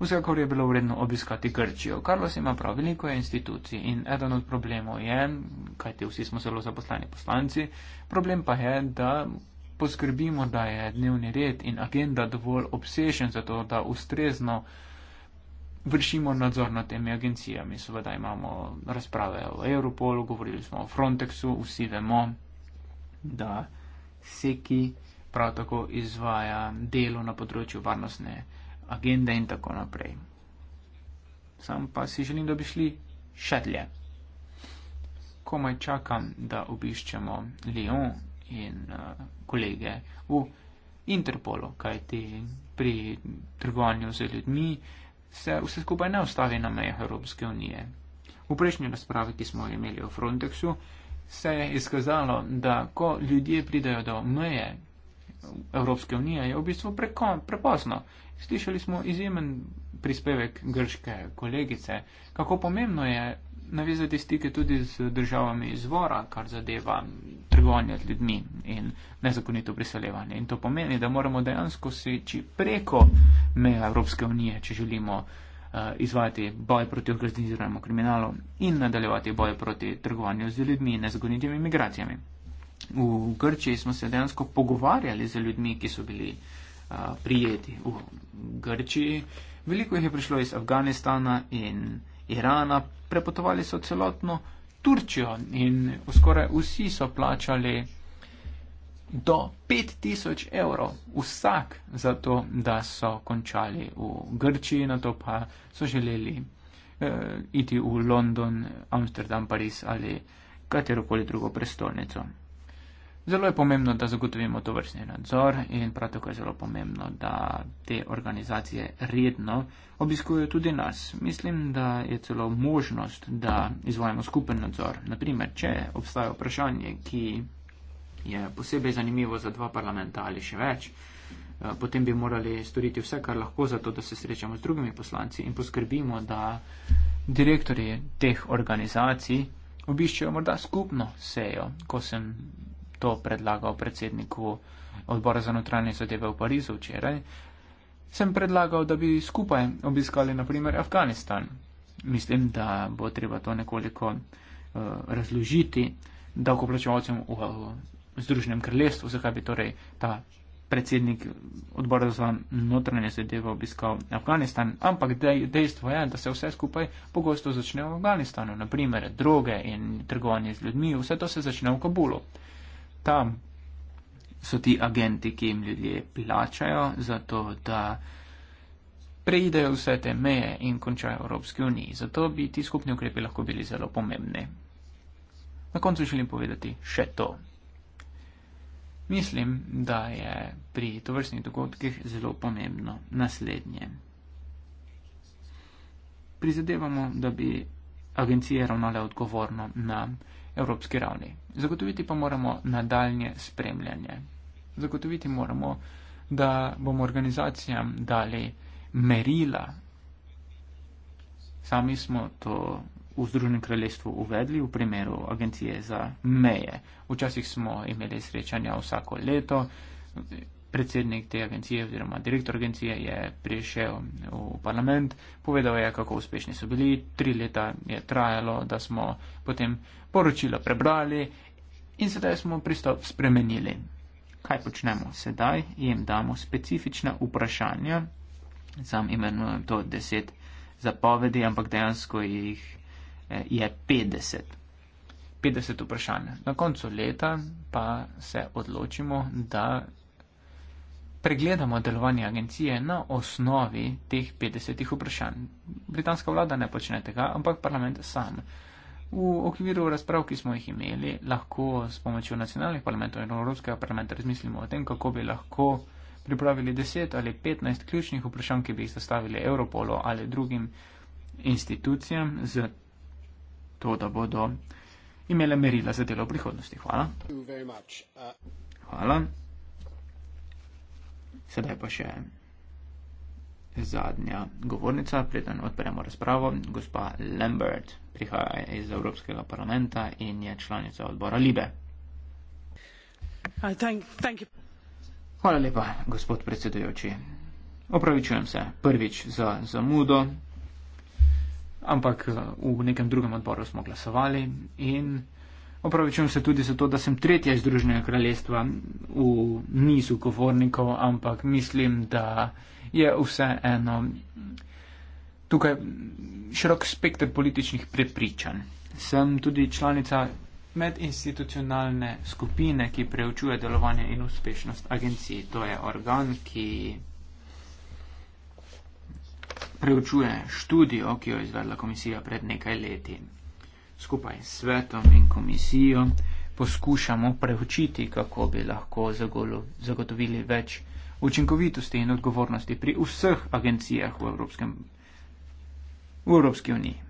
Vsekakor je bilo vredno obiskati Grčijo. Karlos ima prav veliko institucij in eden od problemov je, kajti vsi smo zelo zaposleni poslanci, problem pa je, da poskrbimo, da je dnevni red in agenda dovolj obsežen za to, da ustrezno vršimo nadzor nad temi agencijami. Seveda imamo razprave o Europolu, govorili smo o Frontexu, vsi vemo, da SECI prav tako izvaja delo na področju varnostne agende in tako naprej. Sam pa si želim, da bi šli še dlje. Komaj čakam, da obiščemo Lyon in uh, kolege v Interpolu, kajti pri trgovanju z ljudmi uh, se vse skupaj ne ostavi na mejah Evropske unije. V prejšnji razpravi, ki smo imeli o Frontexu, se je izkazalo, da ko ljudje pridajo do meje Evropske unije, je v bistvu preko, prepozno. Slišali smo izjemen prispevek grške kolegice, kako pomembno je navezati stike tudi z državami izvora, kar zadeva trgovanje z ljudmi in nezakonito priseljevanje. In to pomeni, da moramo dejansko seči preko meja Evropske unije, če želimo eh, izvajati boj proti organiziranemu kriminalu in nadaljevati boj proti trgovanju z ljudmi in nezakonitimi migracijami. V Grčiji smo se dejansko pogovarjali z ljudmi, ki so bili uh, prijeti v Grčiji. Veliko jih je prišlo iz Afganistana in Irana, prepotovali so celotno Turčijo in skoraj vsi so plačali do 5000 evrov vsak za to, da so končali v Grčiji, na to pa so želeli eh, iti v London, Amsterdam, Pariz ali katerokoli drugo prestolnico. Zelo je pomembno, da zagotovimo to vrstni nadzor in prav tako je zelo pomembno, da te organizacije redno obiskujejo tudi nas. Mislim, da je celo možnost, da izvajamo skupen nadzor. Naprimer, če obstaja vprašanje, ki je posebej zanimivo za dva parlamenta ali še več, eh, potem bi morali storiti vse, kar lahko, zato da se srečamo z drugimi poslanci in poskrbimo, da direktori teh organizacij obiščejo morda skupno sejo, ko sem to predlagal predsedniku odbora za notranje zadeve v Parizu včeraj, sem predlagal, da bi skupaj obiskali naprimer Afganistan. Mislim, da bo treba to nekoliko uh, razložiti davkoplačevalcem v, v eh, Združenem kraljestvu, zakaj bi torej ta predsednik odbora za notranje zadeve obiskal Afganistan, ampak dej, dejstvo je, da se vse skupaj pogosto začne v Afganistanu, naprimer droge in trgovanje z ljudmi, vse to se začne v Kabulu. Uh, ta, so ti agenti, ki jim ljudje plačajo za to, da preidejo vse te meje in končajo v Evropski uniji. Zato bi ti skupni ukrepi lahko bili zelo pomembni. Na koncu želim povedati še to. Mislim, da je pri tovrstnih dogodkih zelo pomembno naslednje. Prizadevamo, da bi agencije ravnale odgovorno nam evropski ravni. Zagotoviti pa moramo nadaljne spremljanje. Zagotoviti moramo, da bomo organizacijam dali merila. Sami smo to v Združenem kraljestvu uvedli v primeru agencije za meje. Včasih smo imeli srečanja vsako leto, predsednik te agencije oziroma direktor agencije je prišel v parlament, povedal je, kako uspešni so bili, tri leta je trajalo, da smo potem poročilo prebrali in sedaj smo pristop spremenili. Kaj počnemo sedaj? Jem damo specifična vprašanja, sam imenujem to deset zapovedi, ampak dejansko jih eh, je 50. 50 vprašanj. Na koncu leta pa se odločimo, da pregledamo delovanje agencije na osnovi teh 50 vprašanj. Britanska vlada ne počne tega, ampak parlament sam. V okviru razprav, ki smo jih imeli, lahko s pomočjo nacionalnih parlamentov in Evropskega parlamenta razmislimo o tem, kako bi lahko pripravili 10 ali 15 ključnih vprašanj, ki bi jih zastavili Europolu ali drugim institucijam z to, da bodo imele merila za delo v prihodnosti. Hvala. Uh, Hvala. Sedaj pa še zadnja govornica, preden odpremo razpravo. Gospa Lambert prihaja iz Evropskega parlamenta in je članica odbora Libe. Thank, thank Hvala lepa, gospod predsedujoči. Opravičujem se prvič za zamudo, ampak eh, v nekem drugem odboru smo glasovali in. Opravičujem se tudi za to, da sem tretja iz Združenega kraljestva v nizu govornikov, ampak mislim, da je vse eno tukaj širok spektr političnih prepričanj. Sem tudi članica medinstitucionalne skupine, ki preučuje delovanje in uspešnost agencij. To je organ, ki preučuje študijo, ki jo je izvedla komisija pred nekaj leti skupaj s svetom in komisijo poskušamo preučiti, kako bi lahko zagotovili več učinkovitosti in odgovornosti pri vseh agencijah v, Evropskem, v Evropski uniji.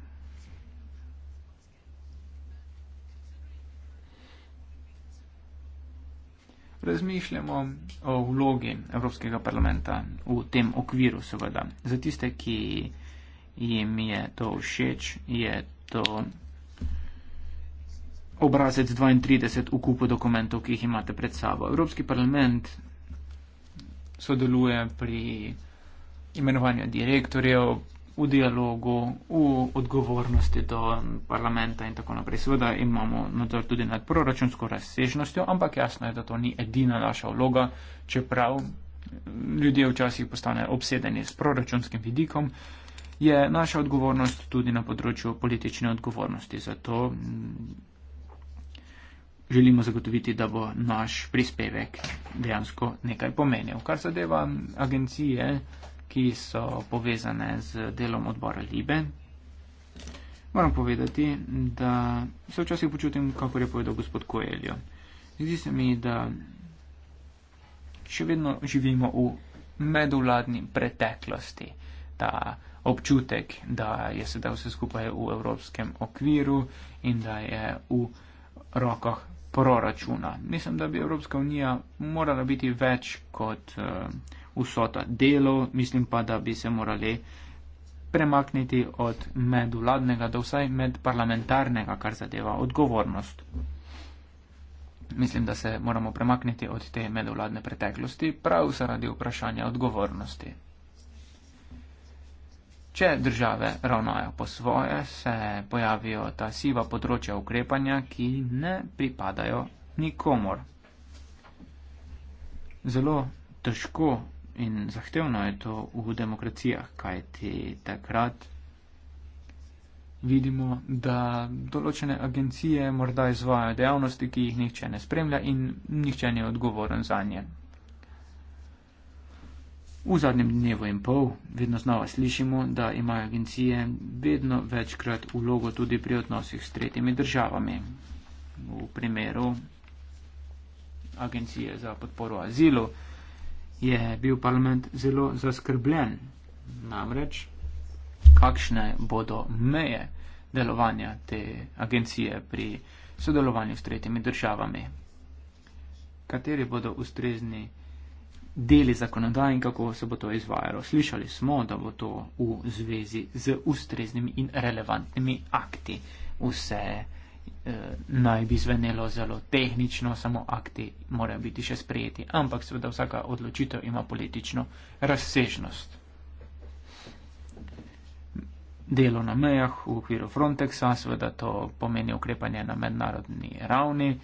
Razmišljamo o vlogi Evropskega parlamenta v tem okviru, seveda. Za tiste, ki jim je to všeč, je to obrazec 32 v kupu dokumentov, ki jih imate pred sabo. Evropski parlament sodeluje pri imenovanju direktorjev, v dialogu, v odgovornosti do parlamenta in tako naprej. Seveda imamo nadzor tudi nad proračunsko razsežnostjo, ampak jasno je, da to ni edina naša vloga, čeprav ljudje včasih postanejo obsedeni s proračunskim vidikom. Je naša odgovornost tudi na področju politične odgovornosti. Zato želimo zagotoviti, da bo naš prispevek dejansko nekaj pomenil. Kar zadeva agencije, ki so povezane z delom odbora Libe, moram povedati, da se včasih počutim, kako je povedal gospod Koeljo. Zdi se mi, da še vedno živimo v medvladni preteklosti. Ta občutek, da je sedaj vse skupaj v evropskem okviru in da je v rokah proračuna. Mislim, da bi Evropska unija morala biti več kot eh, vsota delov, mislim pa, da bi se morali premakniti od medvladnega do vsaj medparlamentarnega, kar zadeva odgovornost. Mislim, da se moramo premakniti od te medvladne preteklosti prav zaradi vprašanja odgovornosti. Če države ravnajo po svoje, se pojavijo ta siva področja ukrepanja, ki ne pripadajo nikomor. Zelo težko in zahtevno je to v demokracijah, kajti takrat vidimo, da določene agencije morda izvajo dejavnosti, ki jih nihče ne spremlja in nihče ni odgovoren za njen. V zadnjem dnevu in pol vedno znova slišimo, da imajo agencije vedno večkrat ulogo tudi pri odnosih s tretjimi državami. V primeru agencije za podporo azilu je bil parlament zelo zaskrbljen. Namreč, kakšne bodo meje delovanja te agencije pri sodelovanju s tretjimi državami? Kateri bodo ustrezni? deli zakonodaje in kako se bo to izvajalo. Slišali smo, da bo to v zvezi z ustreznimi in relevantnimi akti. Vse eh, naj bi zvenelo zelo tehnično, samo akti morajo biti še sprejeti, ampak seveda vsaka odločitev ima politično razsežnost. Delo na mejah v okviru Frontexa, seveda to pomeni ukrepanje na mednarodni ravni. Eh,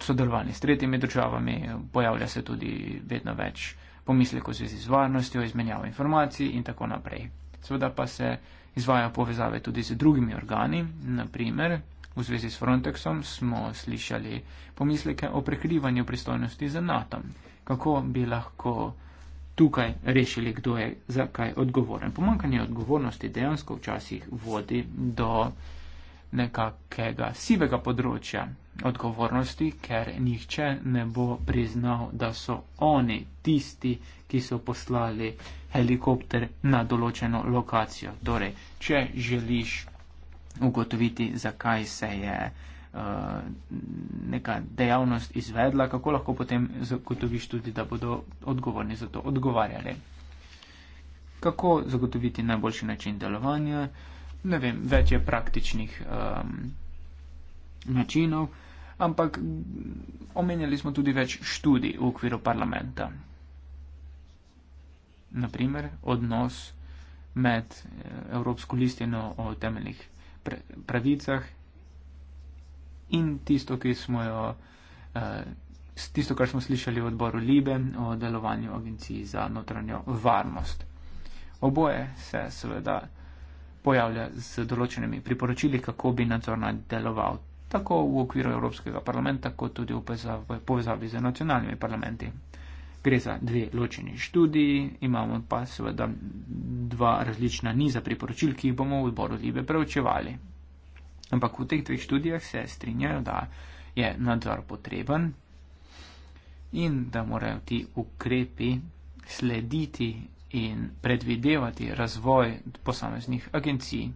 sodelovanje s tretjimi državami, pojavlja se tudi vedno več pomislekov v zvezi z varnostjo, izmenjavo informacij in tako naprej. Seveda pa se izvajo povezave tudi z drugimi organi, naprimer v zvezi s Frontexom smo slišali pomisleke o prekrivanju pristojnosti z NATO. Kako bi lahko tukaj rešili, kdo je za kaj odgovoren? Pomankanje odgovornosti dejansko včasih vodi do nekakega sivega področja odgovornosti, ker nihče ne bo priznal, da so oni tisti, ki so poslali helikopter na določeno lokacijo. Torej, če želiš ugotoviti, zakaj se je uh, neka dejavnost izvedla, kako lahko potem zagotoviš tudi, da bodo odgovorni za to odgovarjali. Kako zagotoviti najboljši način delovanja? Uh, ne vem, več je praktičnih um, načinov, ampak omenjali smo tudi več študij v okviru parlamenta. Naprimer, odnos med eh, Evropsko listino o temeljnih pravicah in tisto, ki smo jo. Eh, tisto, kar smo slišali v odboru Libe o delovanju Agenciji za notranjo varnost. Oboje se seveda pojavlja z določenimi priporočili, kako bi nadzor nad deloval tako v okviru Evropskega parlamenta, kot tudi v povezavi z nacionalnimi parlamenti. Gre za dve ločeni študiji, imamo pa seveda dva različna niza priporočil, ki jih bomo v odboru Libe preučevali. Ampak v teh dveh študijah se strinjajo, da je nadzor potreben in da morajo ti ukrepi slediti in predvidevati razvoj posameznih agencij.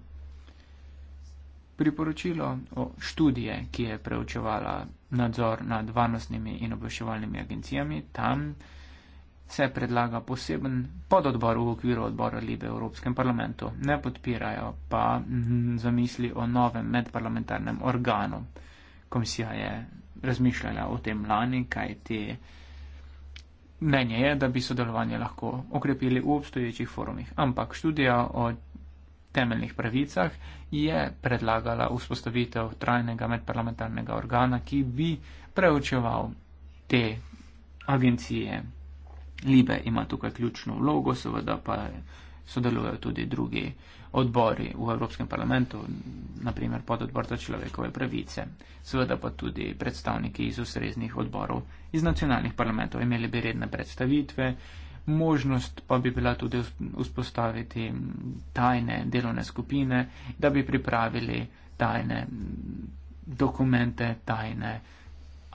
Priporočilo o študije, ki je preučevala nadzor nad varnostnimi in obveščevalnimi agencijami, tam se predlaga poseben pododbor v okviru odbora Libe v Evropskem parlamentu. Ne podpirajo pa hm, zamisli o novem medparlamentarnem organu. Komisija je razmišljala o tem lani, kaj te. Mnenje je, da bi sodelovanje lahko okrepili v obstoječih forumih, ampak študija o temeljnih pravicah je predlagala vzpostavitev trajnega medparlamentarnega organa, ki bi preučeval te agencije. Libe ima tukaj ključno vlogo, seveda pa sodelujejo tudi drugi odbori v Evropskem parlamentu, naprimer pododbor za človekove pravice, seveda pa tudi predstavniki iz ustreznih odborov iz nacionalnih parlamentov. Imeli bi redne predstavitve, možnost pa bi bila tudi vzpostaviti tajne delovne skupine, da bi pripravili tajne dokumente, tajne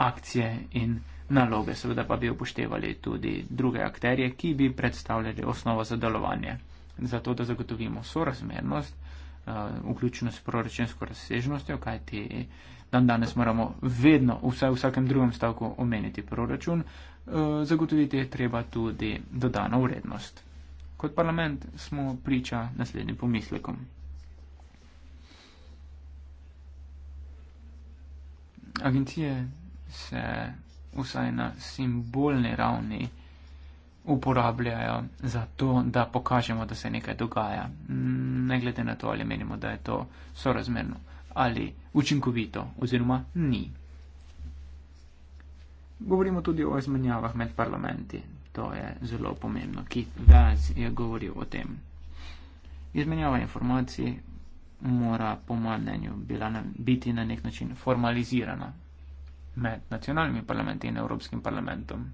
akcije in naloge, seveda pa bi upoštevali tudi druge akterje, ki bi predstavljali osnovo za delovanje zato, da zagotovimo sorazmernost, eh, vključno s proračunsko razsežnostjo, kajti dan danes moramo vedno, vsaj v vsakem drugem stavku, omeniti proračun, eh, zagotoviti je treba tudi dodano vrednost. Kot parlament smo priča naslednjim pomislekom. Agencije se vsaj na simbolni ravni uporabljajo za to, da pokažemo, da se nekaj dogaja. Ne glede na to, ali menimo, da je to sorazmerno ali učinkovito, oziroma ni. Govorimo tudi o izmenjavah med parlamenti. To je zelo pomembno. Keith Vaz je govoril o tem. Izmenjava informacij mora po mojem mnenju bila na, biti na nek način formalizirana med nacionalnimi parlamenti in Evropskim parlamentom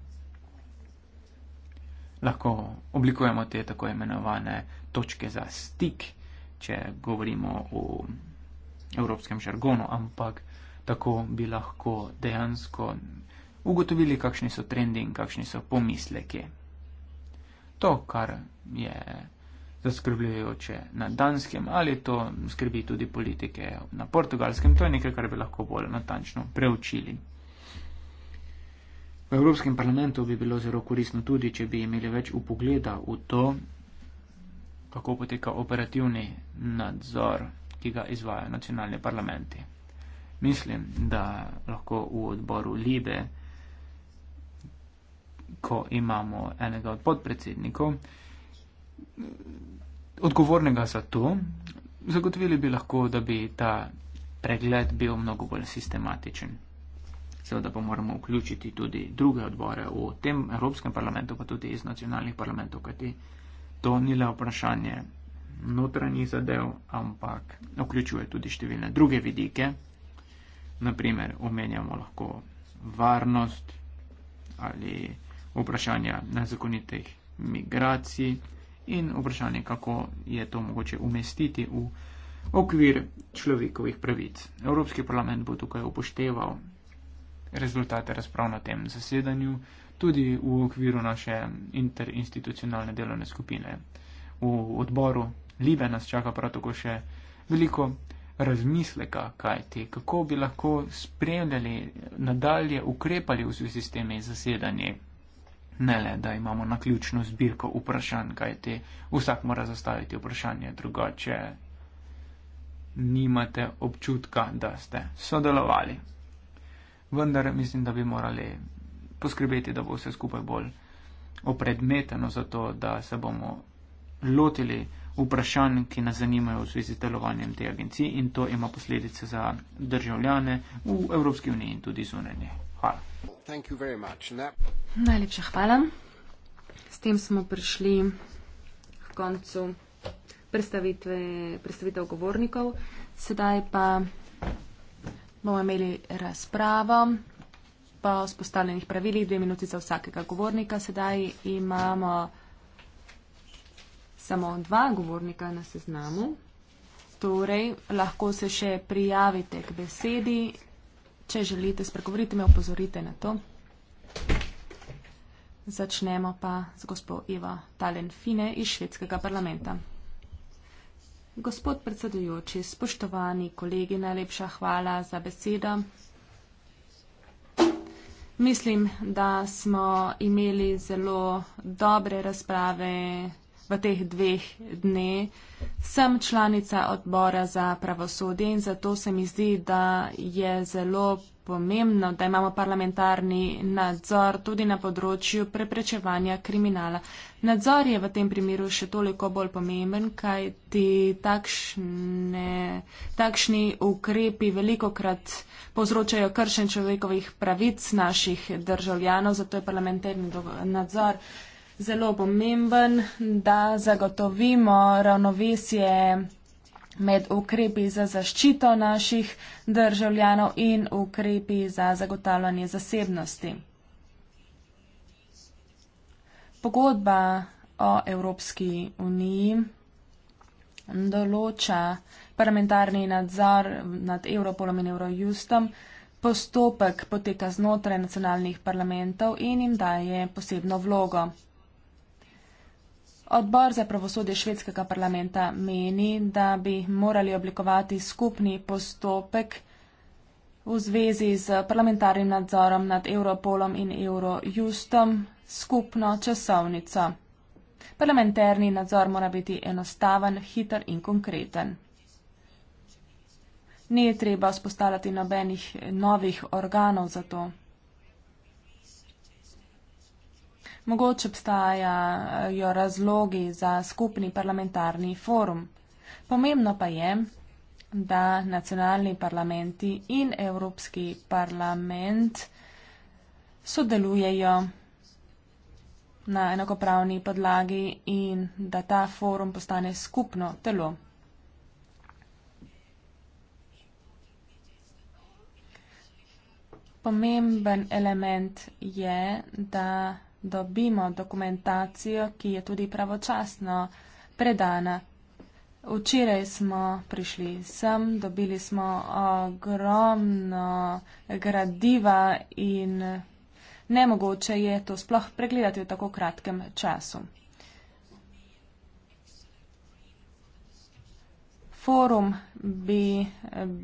lahko oblikujemo te tako imenovane točke za stik, če govorimo o evropskem žargonu, ampak tako bi lahko dejansko ugotovili, kakšni so trendi in kakšni so pomisleki. To, kar je zaskrbljujoče na danskem ali to skrbi tudi politike na portugalskem, to je nekaj, kar bi lahko bolj natančno preučili. V Evropskem parlamentu bi bilo zelo korisno tudi, če bi imeli več upogleda v to, kako poteka operativni nadzor, ki ga izvajajo nacionalni parlamenti. Mislim, da lahko v odboru Libe, ko imamo enega od podpredsednikov, odgovornega za to, zagotovili bi lahko, da bi ta pregled bil mnogo bolj sistematičen seveda pa moramo vključiti tudi druge odbore v tem Evropskem parlamentu, pa tudi iz nacionalnih parlamentov, kajti to ni le vprašanje notranjih zadev, ampak vključuje tudi številne druge vidike. Naprimer, omenjamo lahko varnost ali vprašanja nezakonitih migracij in vprašanje, kako je to mogoče umestiti v okvir človekovih pravic. Evropski parlament bo tukaj upošteval rezultate razprav na tem zasedanju, tudi v okviru naše interinstitucionalne delovne skupine. V odboru Libe nas čaka prav tako še veliko razmisleka, kaj ti, kako bi lahko spremljali, nadalje ukrepali v vsi sistemi zasedanje. Ne le, da imamo na ključno zbirko vprašanj, kaj ti, vsak mora zastaviti vprašanje, drugače nimate občutka, da ste sodelovali vendar mislim, da bi morali poskrbeti, da bo vse skupaj bolj opredmeteno za to, da se bomo lotili vprašanj, ki nas zanimajo v zvezi z delovanjem te agencije in to ima posledice za državljane v Evropski uniji in tudi zunanje. Hvala. Najlepša hvala. S tem smo prišli k koncu predstavitev govornikov. Sedaj pa bomo imeli razpravo po spostavljenih pravilih, dve minuti za vsakega govornika. Sedaj imamo samo dva govornika na seznamu. Torej, lahko se še prijavite k besedi. Če želite spregovoriti, me opozorite na to. Začnemo pa z gospod Ivo Talenfine iz švedskega parlamenta. Gospod predsedujoči, spoštovani kolegi, najlepša hvala za besedo. Mislim, da smo imeli zelo dobre razprave, v teh dveh dneh. Sem članica odbora za pravosodje in zato se mi zdi, da je zelo pomembno, da imamo parlamentarni nadzor tudi na področju preprečevanja kriminala. Nadzor je v tem primeru še toliko bolj pomemben, kaj ti takšne, takšni ukrepi veliko krat povzročajo kršen človekovih pravic naših državljanov, zato je parlamentarni nadzor zelo pomemben, da zagotovimo ravnovesje med ukrepi za zaščito naših državljanov in ukrepi za zagotavljanje zasebnosti. Pogodba o Evropski uniji določa parlamentarni nadzor nad Europolom in Eurojustom, postopek poteka znotraj nacionalnih parlamentov in jim daje posebno vlogo. Odbor za pravosodje švedskega parlamenta meni, da bi morali oblikovati skupni postopek v zvezi z parlamentarnim nadzorom nad Europolom in Eurojustom skupno časovnico. Parlamentarni nadzor mora biti enostaven, hiter in konkreten. Ni treba vzpostavljati nobenih novih organov za to. mogoče obstajajo razlogi za skupni parlamentarni forum. Pomembno pa je, da nacionalni parlamenti in Evropski parlament sodelujejo na enakopravni podlagi in da ta forum postane skupno telo. Pomemben element je, da dobimo dokumentacijo, ki je tudi pravočasno predana. Včeraj smo prišli sem, dobili smo ogromno gradiva in nemogoče je to sploh pregledati v tako kratkem času. Forum bi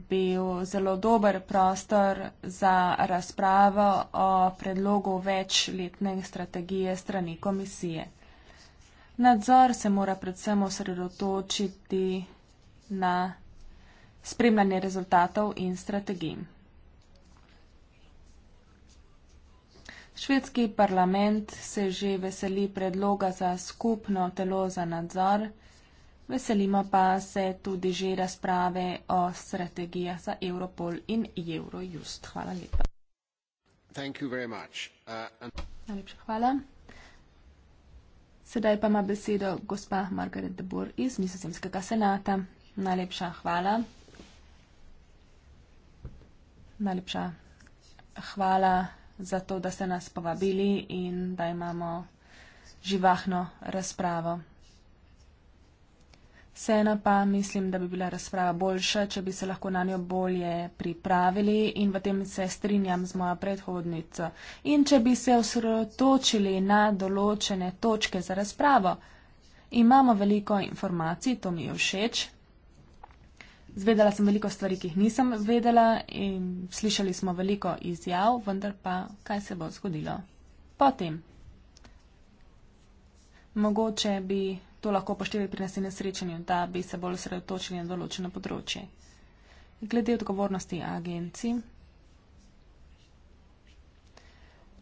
bil zelo dober prostor za razpravo o predlogu večletne strategije strani komisije. Nadzor se mora predvsem osredotočiti na spremljanje rezultatov in strategij. Švedski parlament se že veseli predloga za skupno telo za nadzor. Veselimo pa se tudi že razprave o strategijah za Europol in Eurojust. Hvala lepa. Uh, Najlepša hvala. Sedaj pa ima besedo gospa Margaret de Boer iz Nizozemskega senata. Najlepša hvala. Najlepša hvala za to, da ste nas povabili in da imamo živahno razpravo. Vseeno pa mislim, da bi bila razprava boljša, če bi se lahko na njo bolje pripravili in v tem se strinjam z mojo predhodnico. In če bi se osredotočili na določene točke za razpravo. Imamo veliko informacij, to mi je všeč. Zvedela sem veliko stvari, ki jih nisem vedela in slišali smo veliko izjav, vendar pa kaj se bo zgodilo potem. Mogoče bi to lahko upoštevali pri naslednjem srečanju, da bi se bolj sredotočili na določeno področje. Glede odgovornosti agencij.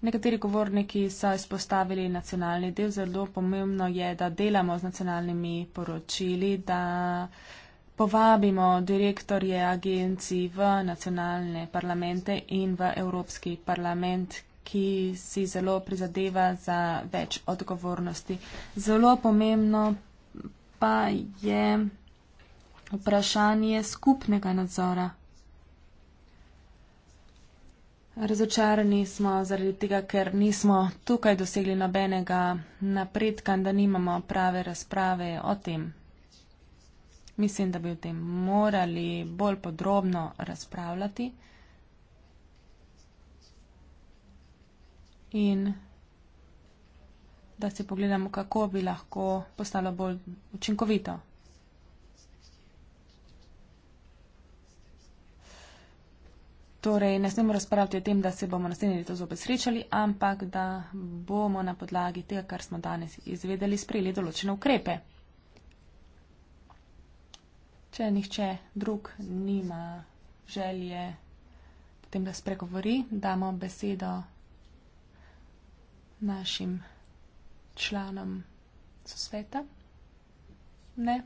Nekateri govorniki so izpostavili nacionalni del. Zelo pomembno je, da delamo z nacionalnimi poročili, da povabimo direktorje agencij v nacionalne parlamente in v Evropski parlament, ki si zelo prizadeva za več odgovornosti. Zelo pomembno pa je vprašanje skupnega nadzora. Razočarani smo zaradi tega, ker nismo tukaj dosegli nobenega napredka in da nimamo prave razprave o tem. Mislim, da bi o tem morali bolj podrobno razpravljati. in da si pogledamo, kako bi lahko postalo bolj učinkovito. Torej, ne smemo razpravljati o tem, da se bomo naslednje leto zopet srečali, ampak da bomo na podlagi tega, kar smo danes izvedeli, sprejeli določene ukrepe. Če nihče drug nima želje, potem da spregovori, damo besedo našim članom sosveta. Ne,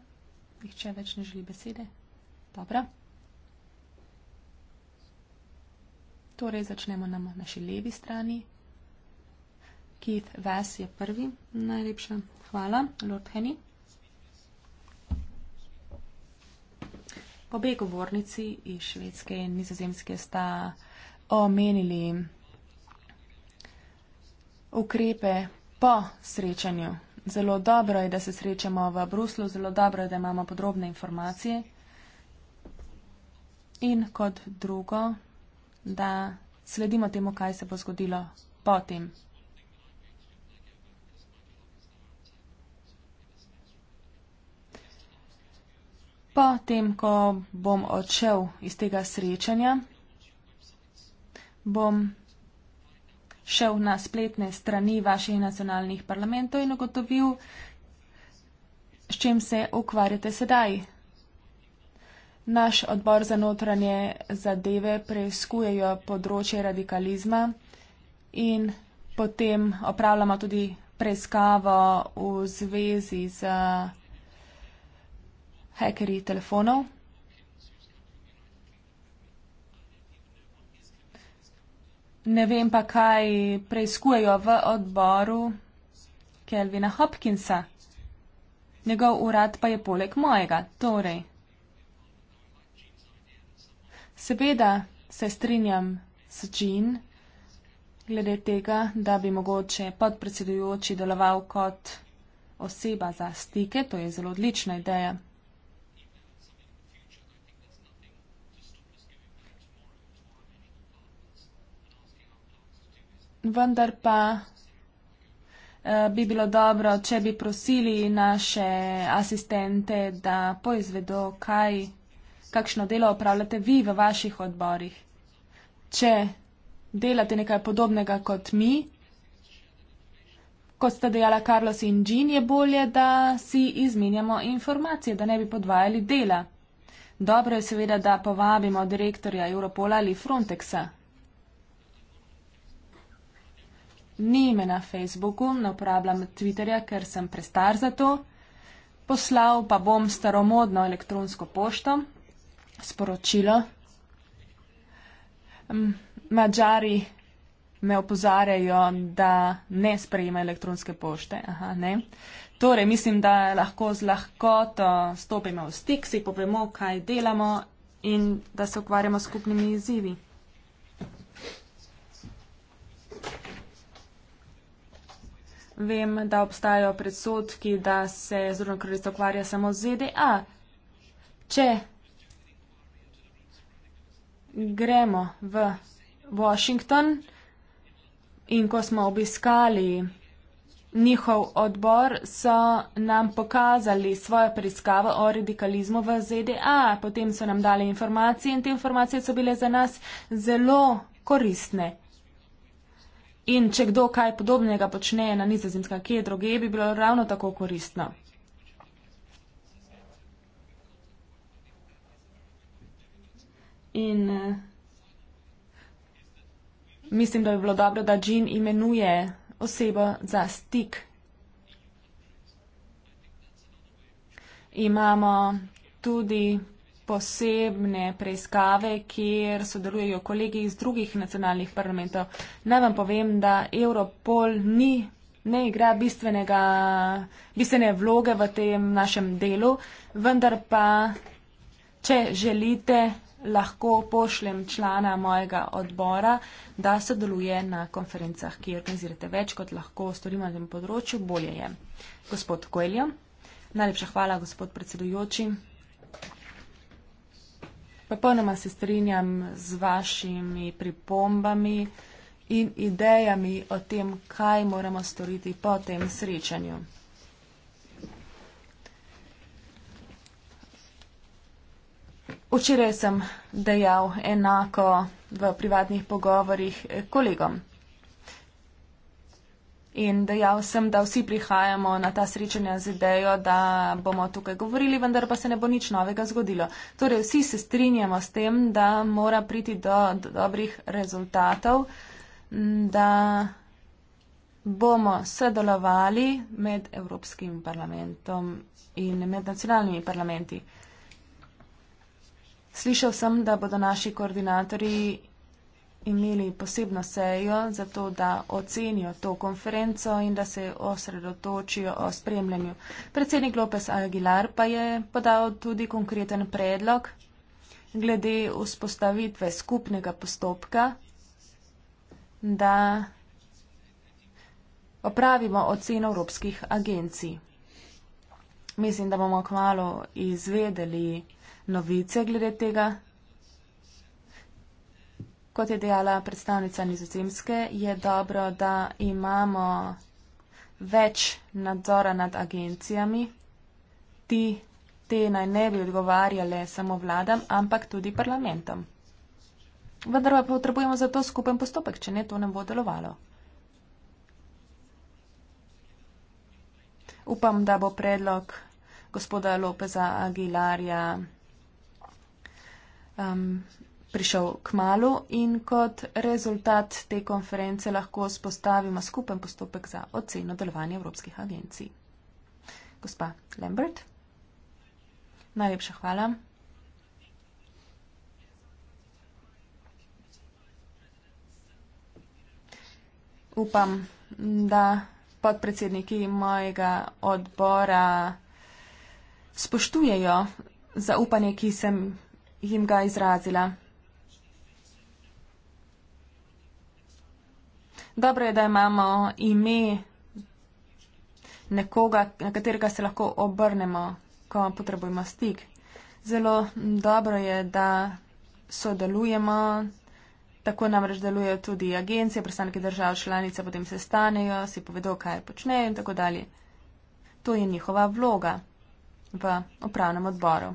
nihče več ne želi besede. Dobro. Torej, začnemo na naši levi strani. Keith Vass je prvi. Najlepša hvala, Lord Henny. Po obe govornici iz Švedske in Nizozemske sta omenili ukrepe po srečanju. Zelo dobro je, da se srečamo v Bruslu, zelo dobro je, da imamo podrobne informacije. In kot drugo, da sledimo temu, kaj se bo zgodilo potem. Po tem, ko bom odšel iz tega srečanja, bom šel na spletne strani vaših nacionalnih parlamentov in ugotovil, s čem se ukvarjate sedaj. Naš odbor za notranje zadeve preizkujejo področje radikalizma in potem opravljamo tudi preiskavo v zvezi z hekerji telefonov. ne vem pa, kaj preizkujejo v odboru Kelvina Hopkinsa. Njegov urad pa je poleg mojega, torej. Seveda se strinjam s Jean glede tega, da bi mogoče podpredsedujoči deloval kot oseba za stike, to je zelo odlična ideja. vendar pa eh, bi bilo dobro, če bi prosili naše asistente, da poizvedo, kaj, kakšno delo opravljate vi v vaših odborih. Če delate nekaj podobnega kot mi, kot sta dejala Carlos in Jean, je bolje, da si izmenjamo informacije, da ne bi podvajali dela. Dobro je seveda, da povabimo direktorja Europola ali Frontexa. ni ime na Facebooku, ne uporabljam Twitterja, ker sem prestar za to. Poslal pa bom staromodno elektronsko pošto, sporočilo. Mm, Mačari me opozarjajo, da ne sprejema elektronske pošte. Aha, ne. Torej, mislim, da lahko z lahkoto stopimo v stik, si povemo, kaj delamo in da se ukvarjamo s skupnimi izzivi. Vem, da obstajajo predsotki, da se zrno kraljestvo ukvarja samo z ZDA. Če gremo v Washington in ko smo obiskali njihov odbor, so nam pokazali svojo preiskavo o radikalizmu v ZDA. Potem so nam dali informacije in te informacije so bile za nas zelo koristne. In če kdo kaj podobnega počne na nizozemskem, kje druge, bi bilo ravno tako koristno. In uh, mislim, da bi bilo dobro, da Jean imenuje osebo za stik. Imamo tudi posebne preiskave, kjer sodelujejo kolegi iz drugih nacionalnih parlamentov. Naj vam povem, da Europol ni, ne igra bistvene vloge v tem našem delu, vendar pa, če želite, lahko pošljem člana mojega odbora, da sodeluje na konferencah, ki organizirate več, kot lahko storimo na tem področju, bolje je. Gospod Koeljo, najlepša hvala, gospod predsedujoči. Popolnoma se strinjam z vašimi pripombami in idejami o tem, kaj moramo storiti po tem srečanju. Včeraj sem dejal enako v privatnih pogovorih kolegom in dejal sem, da vsi prihajamo na ta srečanja z idejo, da bomo tukaj govorili, vendar pa se ne bo nič novega zgodilo. Torej, vsi se strinjamo s tem, da mora priti do, do dobrih rezultatov, da bomo sodelovali med Evropskim parlamentom in med nacionalnimi parlamenti. Slišal sem, da bodo naši koordinatorji imeli posebno sejo za to, da ocenijo to konferenco in da se osredotočijo o spremljanju. Predsednik Lopes Aguilar pa je podal tudi konkreten predlog glede vzpostavitve skupnega postopka, da opravimo oceno evropskih agencij. Mislim, da bomo kmalo izvedeli novice glede tega kot je dejala predstavnica nizozemske, je dobro, da imamo več nadzora nad agencijami. Ti, te naj ne bi odgovarjale samo vladam, ampak tudi parlamentom. Vendar pa potrebujemo za to skupen postopek, če ne, to ne bo delovalo. Upam, da bo predlog gospoda Lopeza Aguilarja um, prišel k malu in kot rezultat te konference lahko spostavimo skupen postopek za oceno delovanja evropskih agencij. Gospa Lambert, najlepša hvala. Upam, da podpredsedniki mojega odbora spoštujejo zaupanje, ki sem jim ga izrazila. Dobro je, da imamo ime nekoga, na katerega se lahko obrnemo, ko potrebujemo stik. Zelo dobro je, da sodelujemo. Tako namreč delujejo tudi agencije, predstavniki držav, članice, potem se stanejo, si povedo, kaj počnejo in tako dalje. To je njihova vloga v upravnem odboru.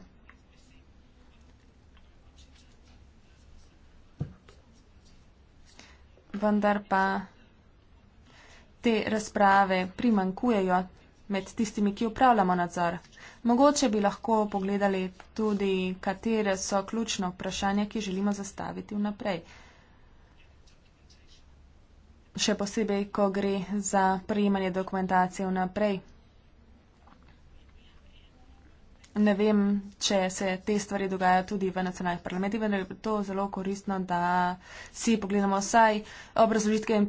vendar pa te razprave primankujejo med tistimi, ki upravljamo nadzor. Mogoče bi lahko pogledali tudi, katere so ključno vprašanja, ki želimo zastaviti vnaprej. Še posebej, ko gre za prijemanje dokumentacije vnaprej ne vem, če se te stvari dogajajo tudi v nacionalnih parlamentih, vendar je to zelo koristno, da si pogledamo vsaj obrazložitke in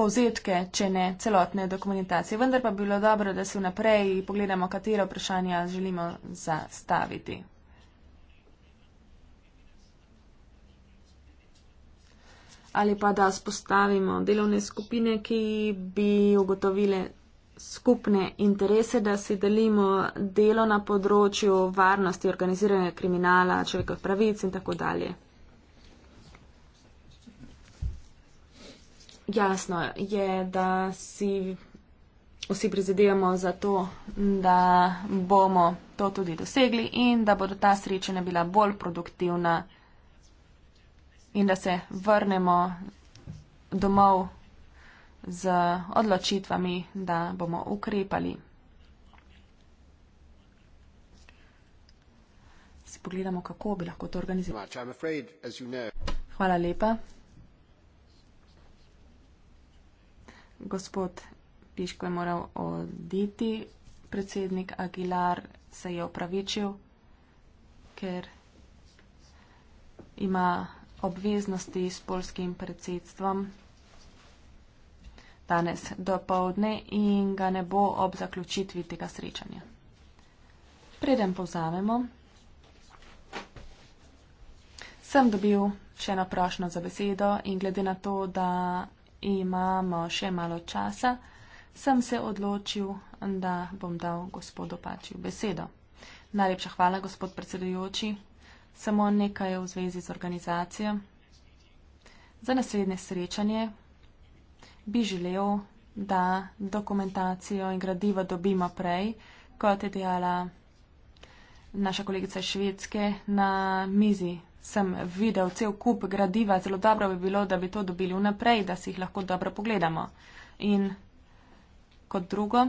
povzetke, če ne celotne dokumentacije. Vendar pa bi bilo dobro, da si vnaprej pogledamo, katera vprašanja želimo zastaviti. Ali pa da spostavimo delovne skupine, ki bi ugotovile skupne interese, da si delimo delo na področju varnosti, organiziranja kriminala, človekov pravic in tako dalje. Jasno je, da si vsi prizadevamo za to, da bomo to tudi dosegli in da bodo ta srečanja bila bolj produktivna in da se vrnemo domov z odločitvami, da bomo ukrepali. Si pogledamo, kako bi lahko to organizirali. Hvala lepa. Gospod Piško je moral oditi. Predsednik Aguilar se je opravičil, ker ima obveznosti s polskim predsedstvom danes do povdne in ga ne bo ob zaključitvi tega srečanja. Preden povzamemo, sem dobil še eno prošno za besedo in glede na to, da imamo še malo časa, sem se odločil, da bom dal gospodu Pačju besedo. Najlepša hvala, gospod predsedujoči. Samo nekaj v zvezi z organizacijo. Za naslednje srečanje bi želel, da dokumentacijo in gradivo dobimo prej, kot je dejala naša kolegica Švedske na mizi. Sem videl cel kup gradiva, zelo dobro bi bilo, da bi to dobili vnaprej, da si jih lahko dobro pogledamo. In kot drugo,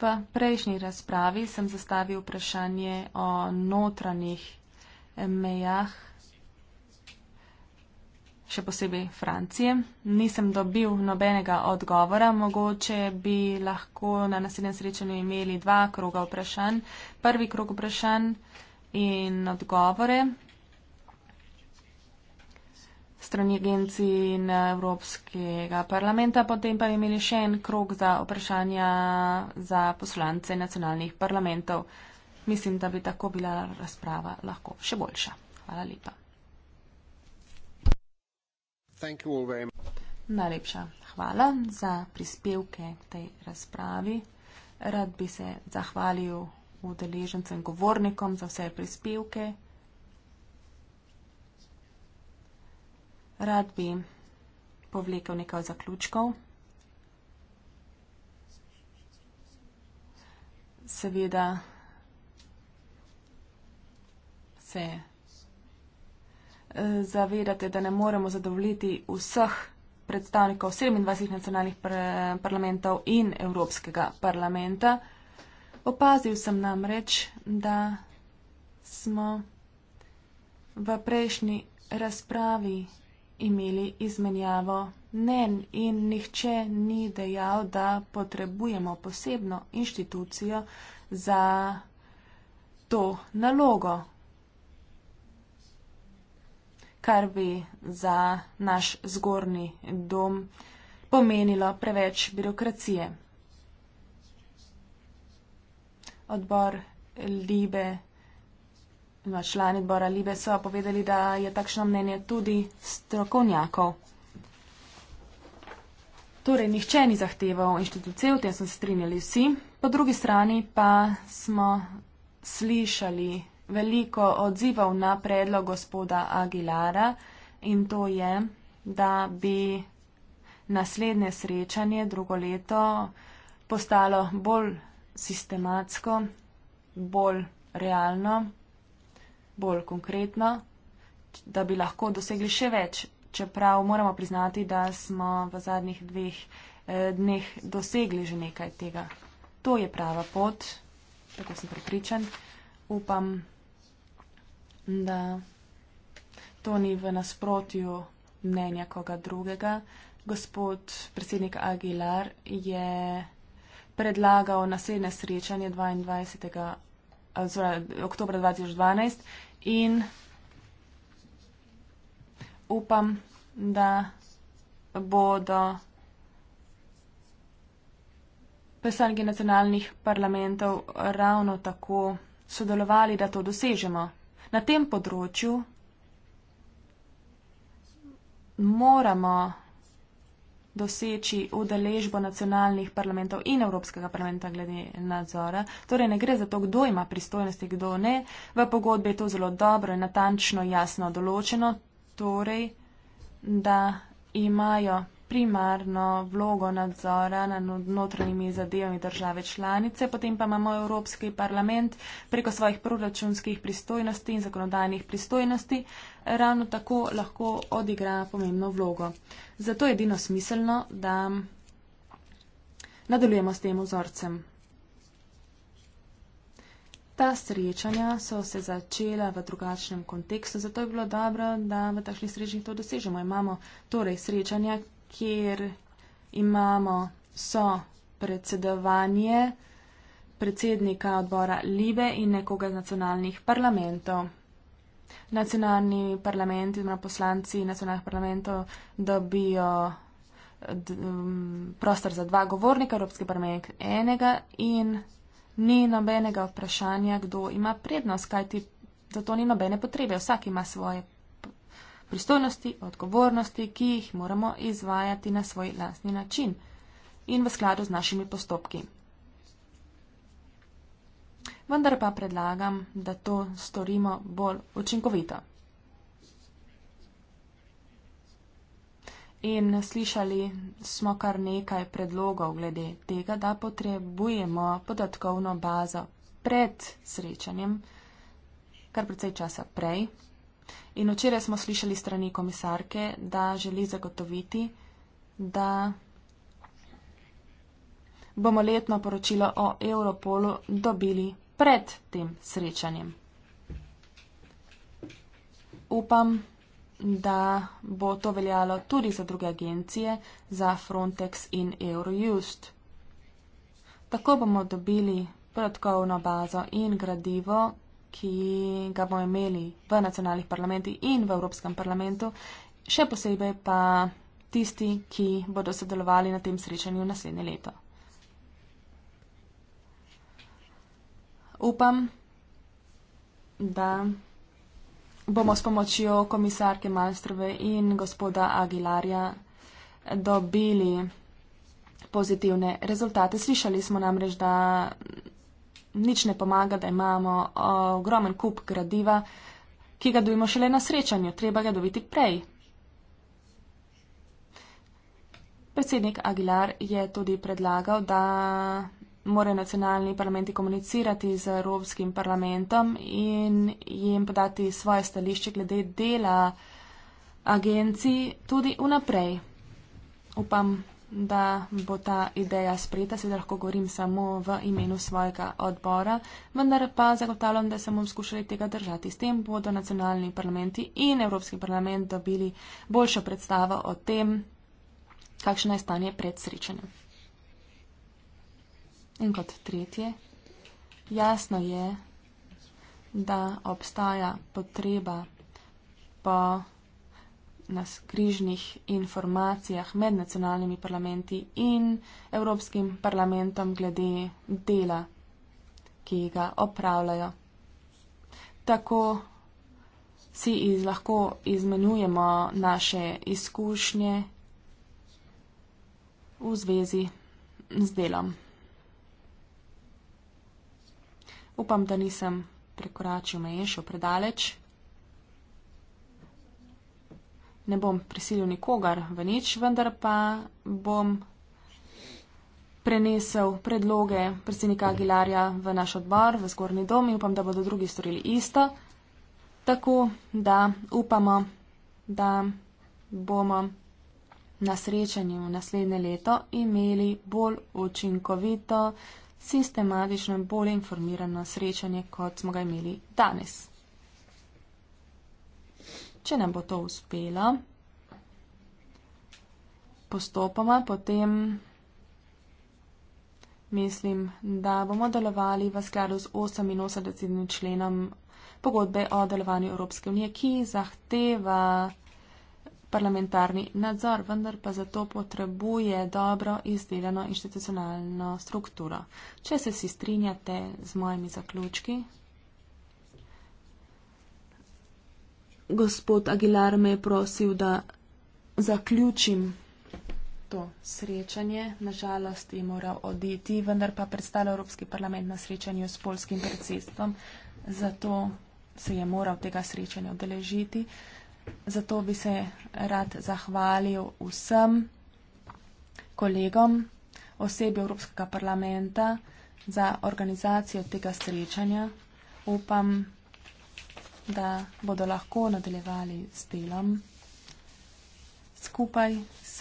v prejšnji razpravi sem zastavil vprašanje o notranjih mejah še posebej Francije. Nisem dobil nobenega odgovora. Mogoče bi lahko na naslednjem srečanju imeli dva kroga vprašanj. Prvi krog vprašanj in odgovore strani agencij in Evropskega parlamenta. Potem pa bi imeli še en krog za vprašanja za poslance nacionalnih parlamentov. Mislim, da bi tako bila razprava lahko še boljša. Hvala lepa. Najlepša hvala za prispevke k tej razpravi. Rad bi se zahvalil udeležencem govornikom za vse prispevke. Rad bi povlekel nekaj zaključkov. Seveda se zavedate, da ne moremo zadovoljiti vseh predstavnikov 27 nacionalnih parlamentov in Evropskega parlamenta. Opazil sem namreč, da smo v prejšnji razpravi imeli izmenjavo mnen in nihče ni dejal, da potrebujemo posebno inštitucijo za to nalogo kar bi za naš zgornji dom pomenilo preveč birokracije. Odbor Libe, člani odbora Libe so povedali, da je takšno mnenje tudi strokovnjakov. Torej, nihče ni zahteval inštitucije, v tem smo se strinjali vsi, po drugi strani pa smo slišali veliko odzivov na predlog gospoda Aguilara in to je, da bi naslednje srečanje drugo leto postalo bolj sistematsko, bolj realno, bolj konkretno, da bi lahko dosegli še več, čeprav moramo priznati, da smo v zadnjih dveh eh, dneh dosegli že nekaj tega. To je prava pot, tako sem pripričan. Upam, da to ni v nasprotju mnenja koga drugega. Gospod predsednik Aguilar je predlagal naslednje srečanje 22. Zora, oktober 2012 in upam, da bodo predstavniki nacionalnih parlamentov ravno tako sodelovali, da to dosežemo na tem področju moramo doseči udeležbo nacionalnih parlamentov in Evropskega parlamenta glede nadzora. Torej ne gre za to, kdo ima pristojnosti, kdo ne. V pogodbi je to zelo dobro in natančno jasno določeno, torej da imajo primarno vlogo nadzora nad notranjimi zadevami države članice, potem pa imamo Evropski parlament preko svojih proračunskih pristojnosti in zakonodajnih pristojnosti ravno tako lahko odigra pomembno vlogo. Zato je edino smiselno, da nadaljujemo s tem vzorcem. Ta srečanja so se začela v drugačnem kontekstu, zato je bilo dobro, da v takšnih srečanjih to dosežemo. Imamo torej srečanja, kjer imamo so predsedovanje predsednika odbora Libe in nekoga iz nacionalnih parlamentov. Nacionalni parlamenti, oziroma poslanci nacionalnih parlamentov, dobijo d, um, prostor za dva govornika, Evropski parlament enega in ni nobenega vprašanja, kdo ima prednost, kajti zato ni nobene potrebe. Vsak ima svoje pristojnosti, odgovornosti, ki jih moramo izvajati na svoj lastni način in v skladu z našimi postopki. Vendar pa predlagam, da to storimo bolj učinkovito. In slišali smo kar nekaj predlogov glede tega, da potrebujemo podatkovno bazo pred srečanjem, kar precej časa prej, In včeraj smo slišali strani komisarke, da želi zagotoviti, da bomo letno poročilo o Europolu dobili pred tem srečanjem. Upam, da bo to veljalo tudi za druge agencije, za Frontex in Eurojust. Tako bomo dobili podatkovno bazo in gradivo, ki ga bomo imeli v nacionalnih parlamentih in v Evropskem parlamentu, še posebej pa tisti, ki bodo sodelovali na tem srečanju naslednje leto. Upam, da bomo s pomočjo komisarke Malstrove in gospoda Aguilarja dobili pozitivne rezultate. Slišali smo namreč, da nič ne pomaga, da imamo ogromen kup gradiva, ki ga dobimo šele na srečanju. Treba ga dobiti prej. Predsednik Aguilar je tudi predlagal, da morajo nacionalni parlamenti komunicirati z Evropskim parlamentom in jim podati svoje stališče glede dela agencij tudi vnaprej. Upam, da bo ta ideja sprejeta, se da lahko govorim samo v imenu svojega odbora, vendar pa zagotavljam, da se bomo skušali tega držati. S tem bodo nacionalni parlamenti in Evropski parlament dobili boljšo predstavo o tem, kakšno je stanje pred srečanjem. In kot tretje, jasno je, da obstaja potreba po na skrižnih informacijah med nacionalnimi parlamenti in Evropskim parlamentom glede dela, ki ga opravljajo. Tako si iz, lahko izmenjujemo naše izkušnje v zvezi z delom. Upam, da nisem prekoračil meje še predaleč ne bom prisilil nikogar v nič, vendar pa bom prenesel predloge predsednika Aguilarja v naš odbor, v zgornji dom in upam, da bodo drugi storili isto. Tako da upamo, da bomo na srečanju naslednje leto imeli bolj učinkovito, sistematično in bolj informirano srečanje, kot smo ga imeli danes če nam bo to uspelo, postopoma potem mislim, da bomo delovali v skladu z 88. členom pogodbe o delovanju Evropske unije, ki zahteva parlamentarni nadzor, vendar pa zato potrebuje dobro izdelano institucionalno strukturo. Če se si strinjate z mojimi zaključki. gospod Aguilar me je prosil, da zaključim to srečanje. Nažalost je moral oditi, vendar pa predstavlja Evropski parlament na srečanju s polskim predsedstvom, zato se je moral tega srečanja odeležiti. Zato bi se rad zahvalil vsem kolegom, osebi Evropskega parlamenta za organizacijo tega srečanja. Upam, da bodo lahko nadaljevali s delom skupaj s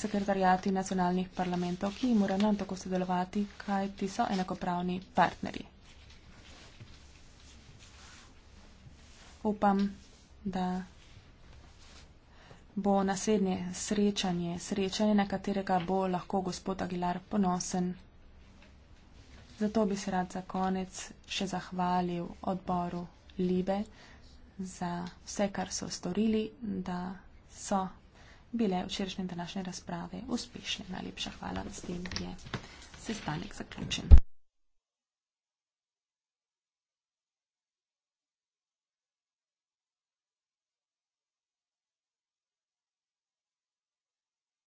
sekretarjati nacionalnih parlamentov, ki morajo nam tako sodelovati, kaj ti so enakopravni partnerji. Upam, da bo naslednje srečanje, srečanje, na katerega bo lahko gospod Aguilar ponosen. Zato bi se rad za konec še zahvalil odboru Libe za vse, kar so storili, da so bile včerajšnje današnje razprave uspešne. Najlepša hvala, s tem je sestanek zaključen.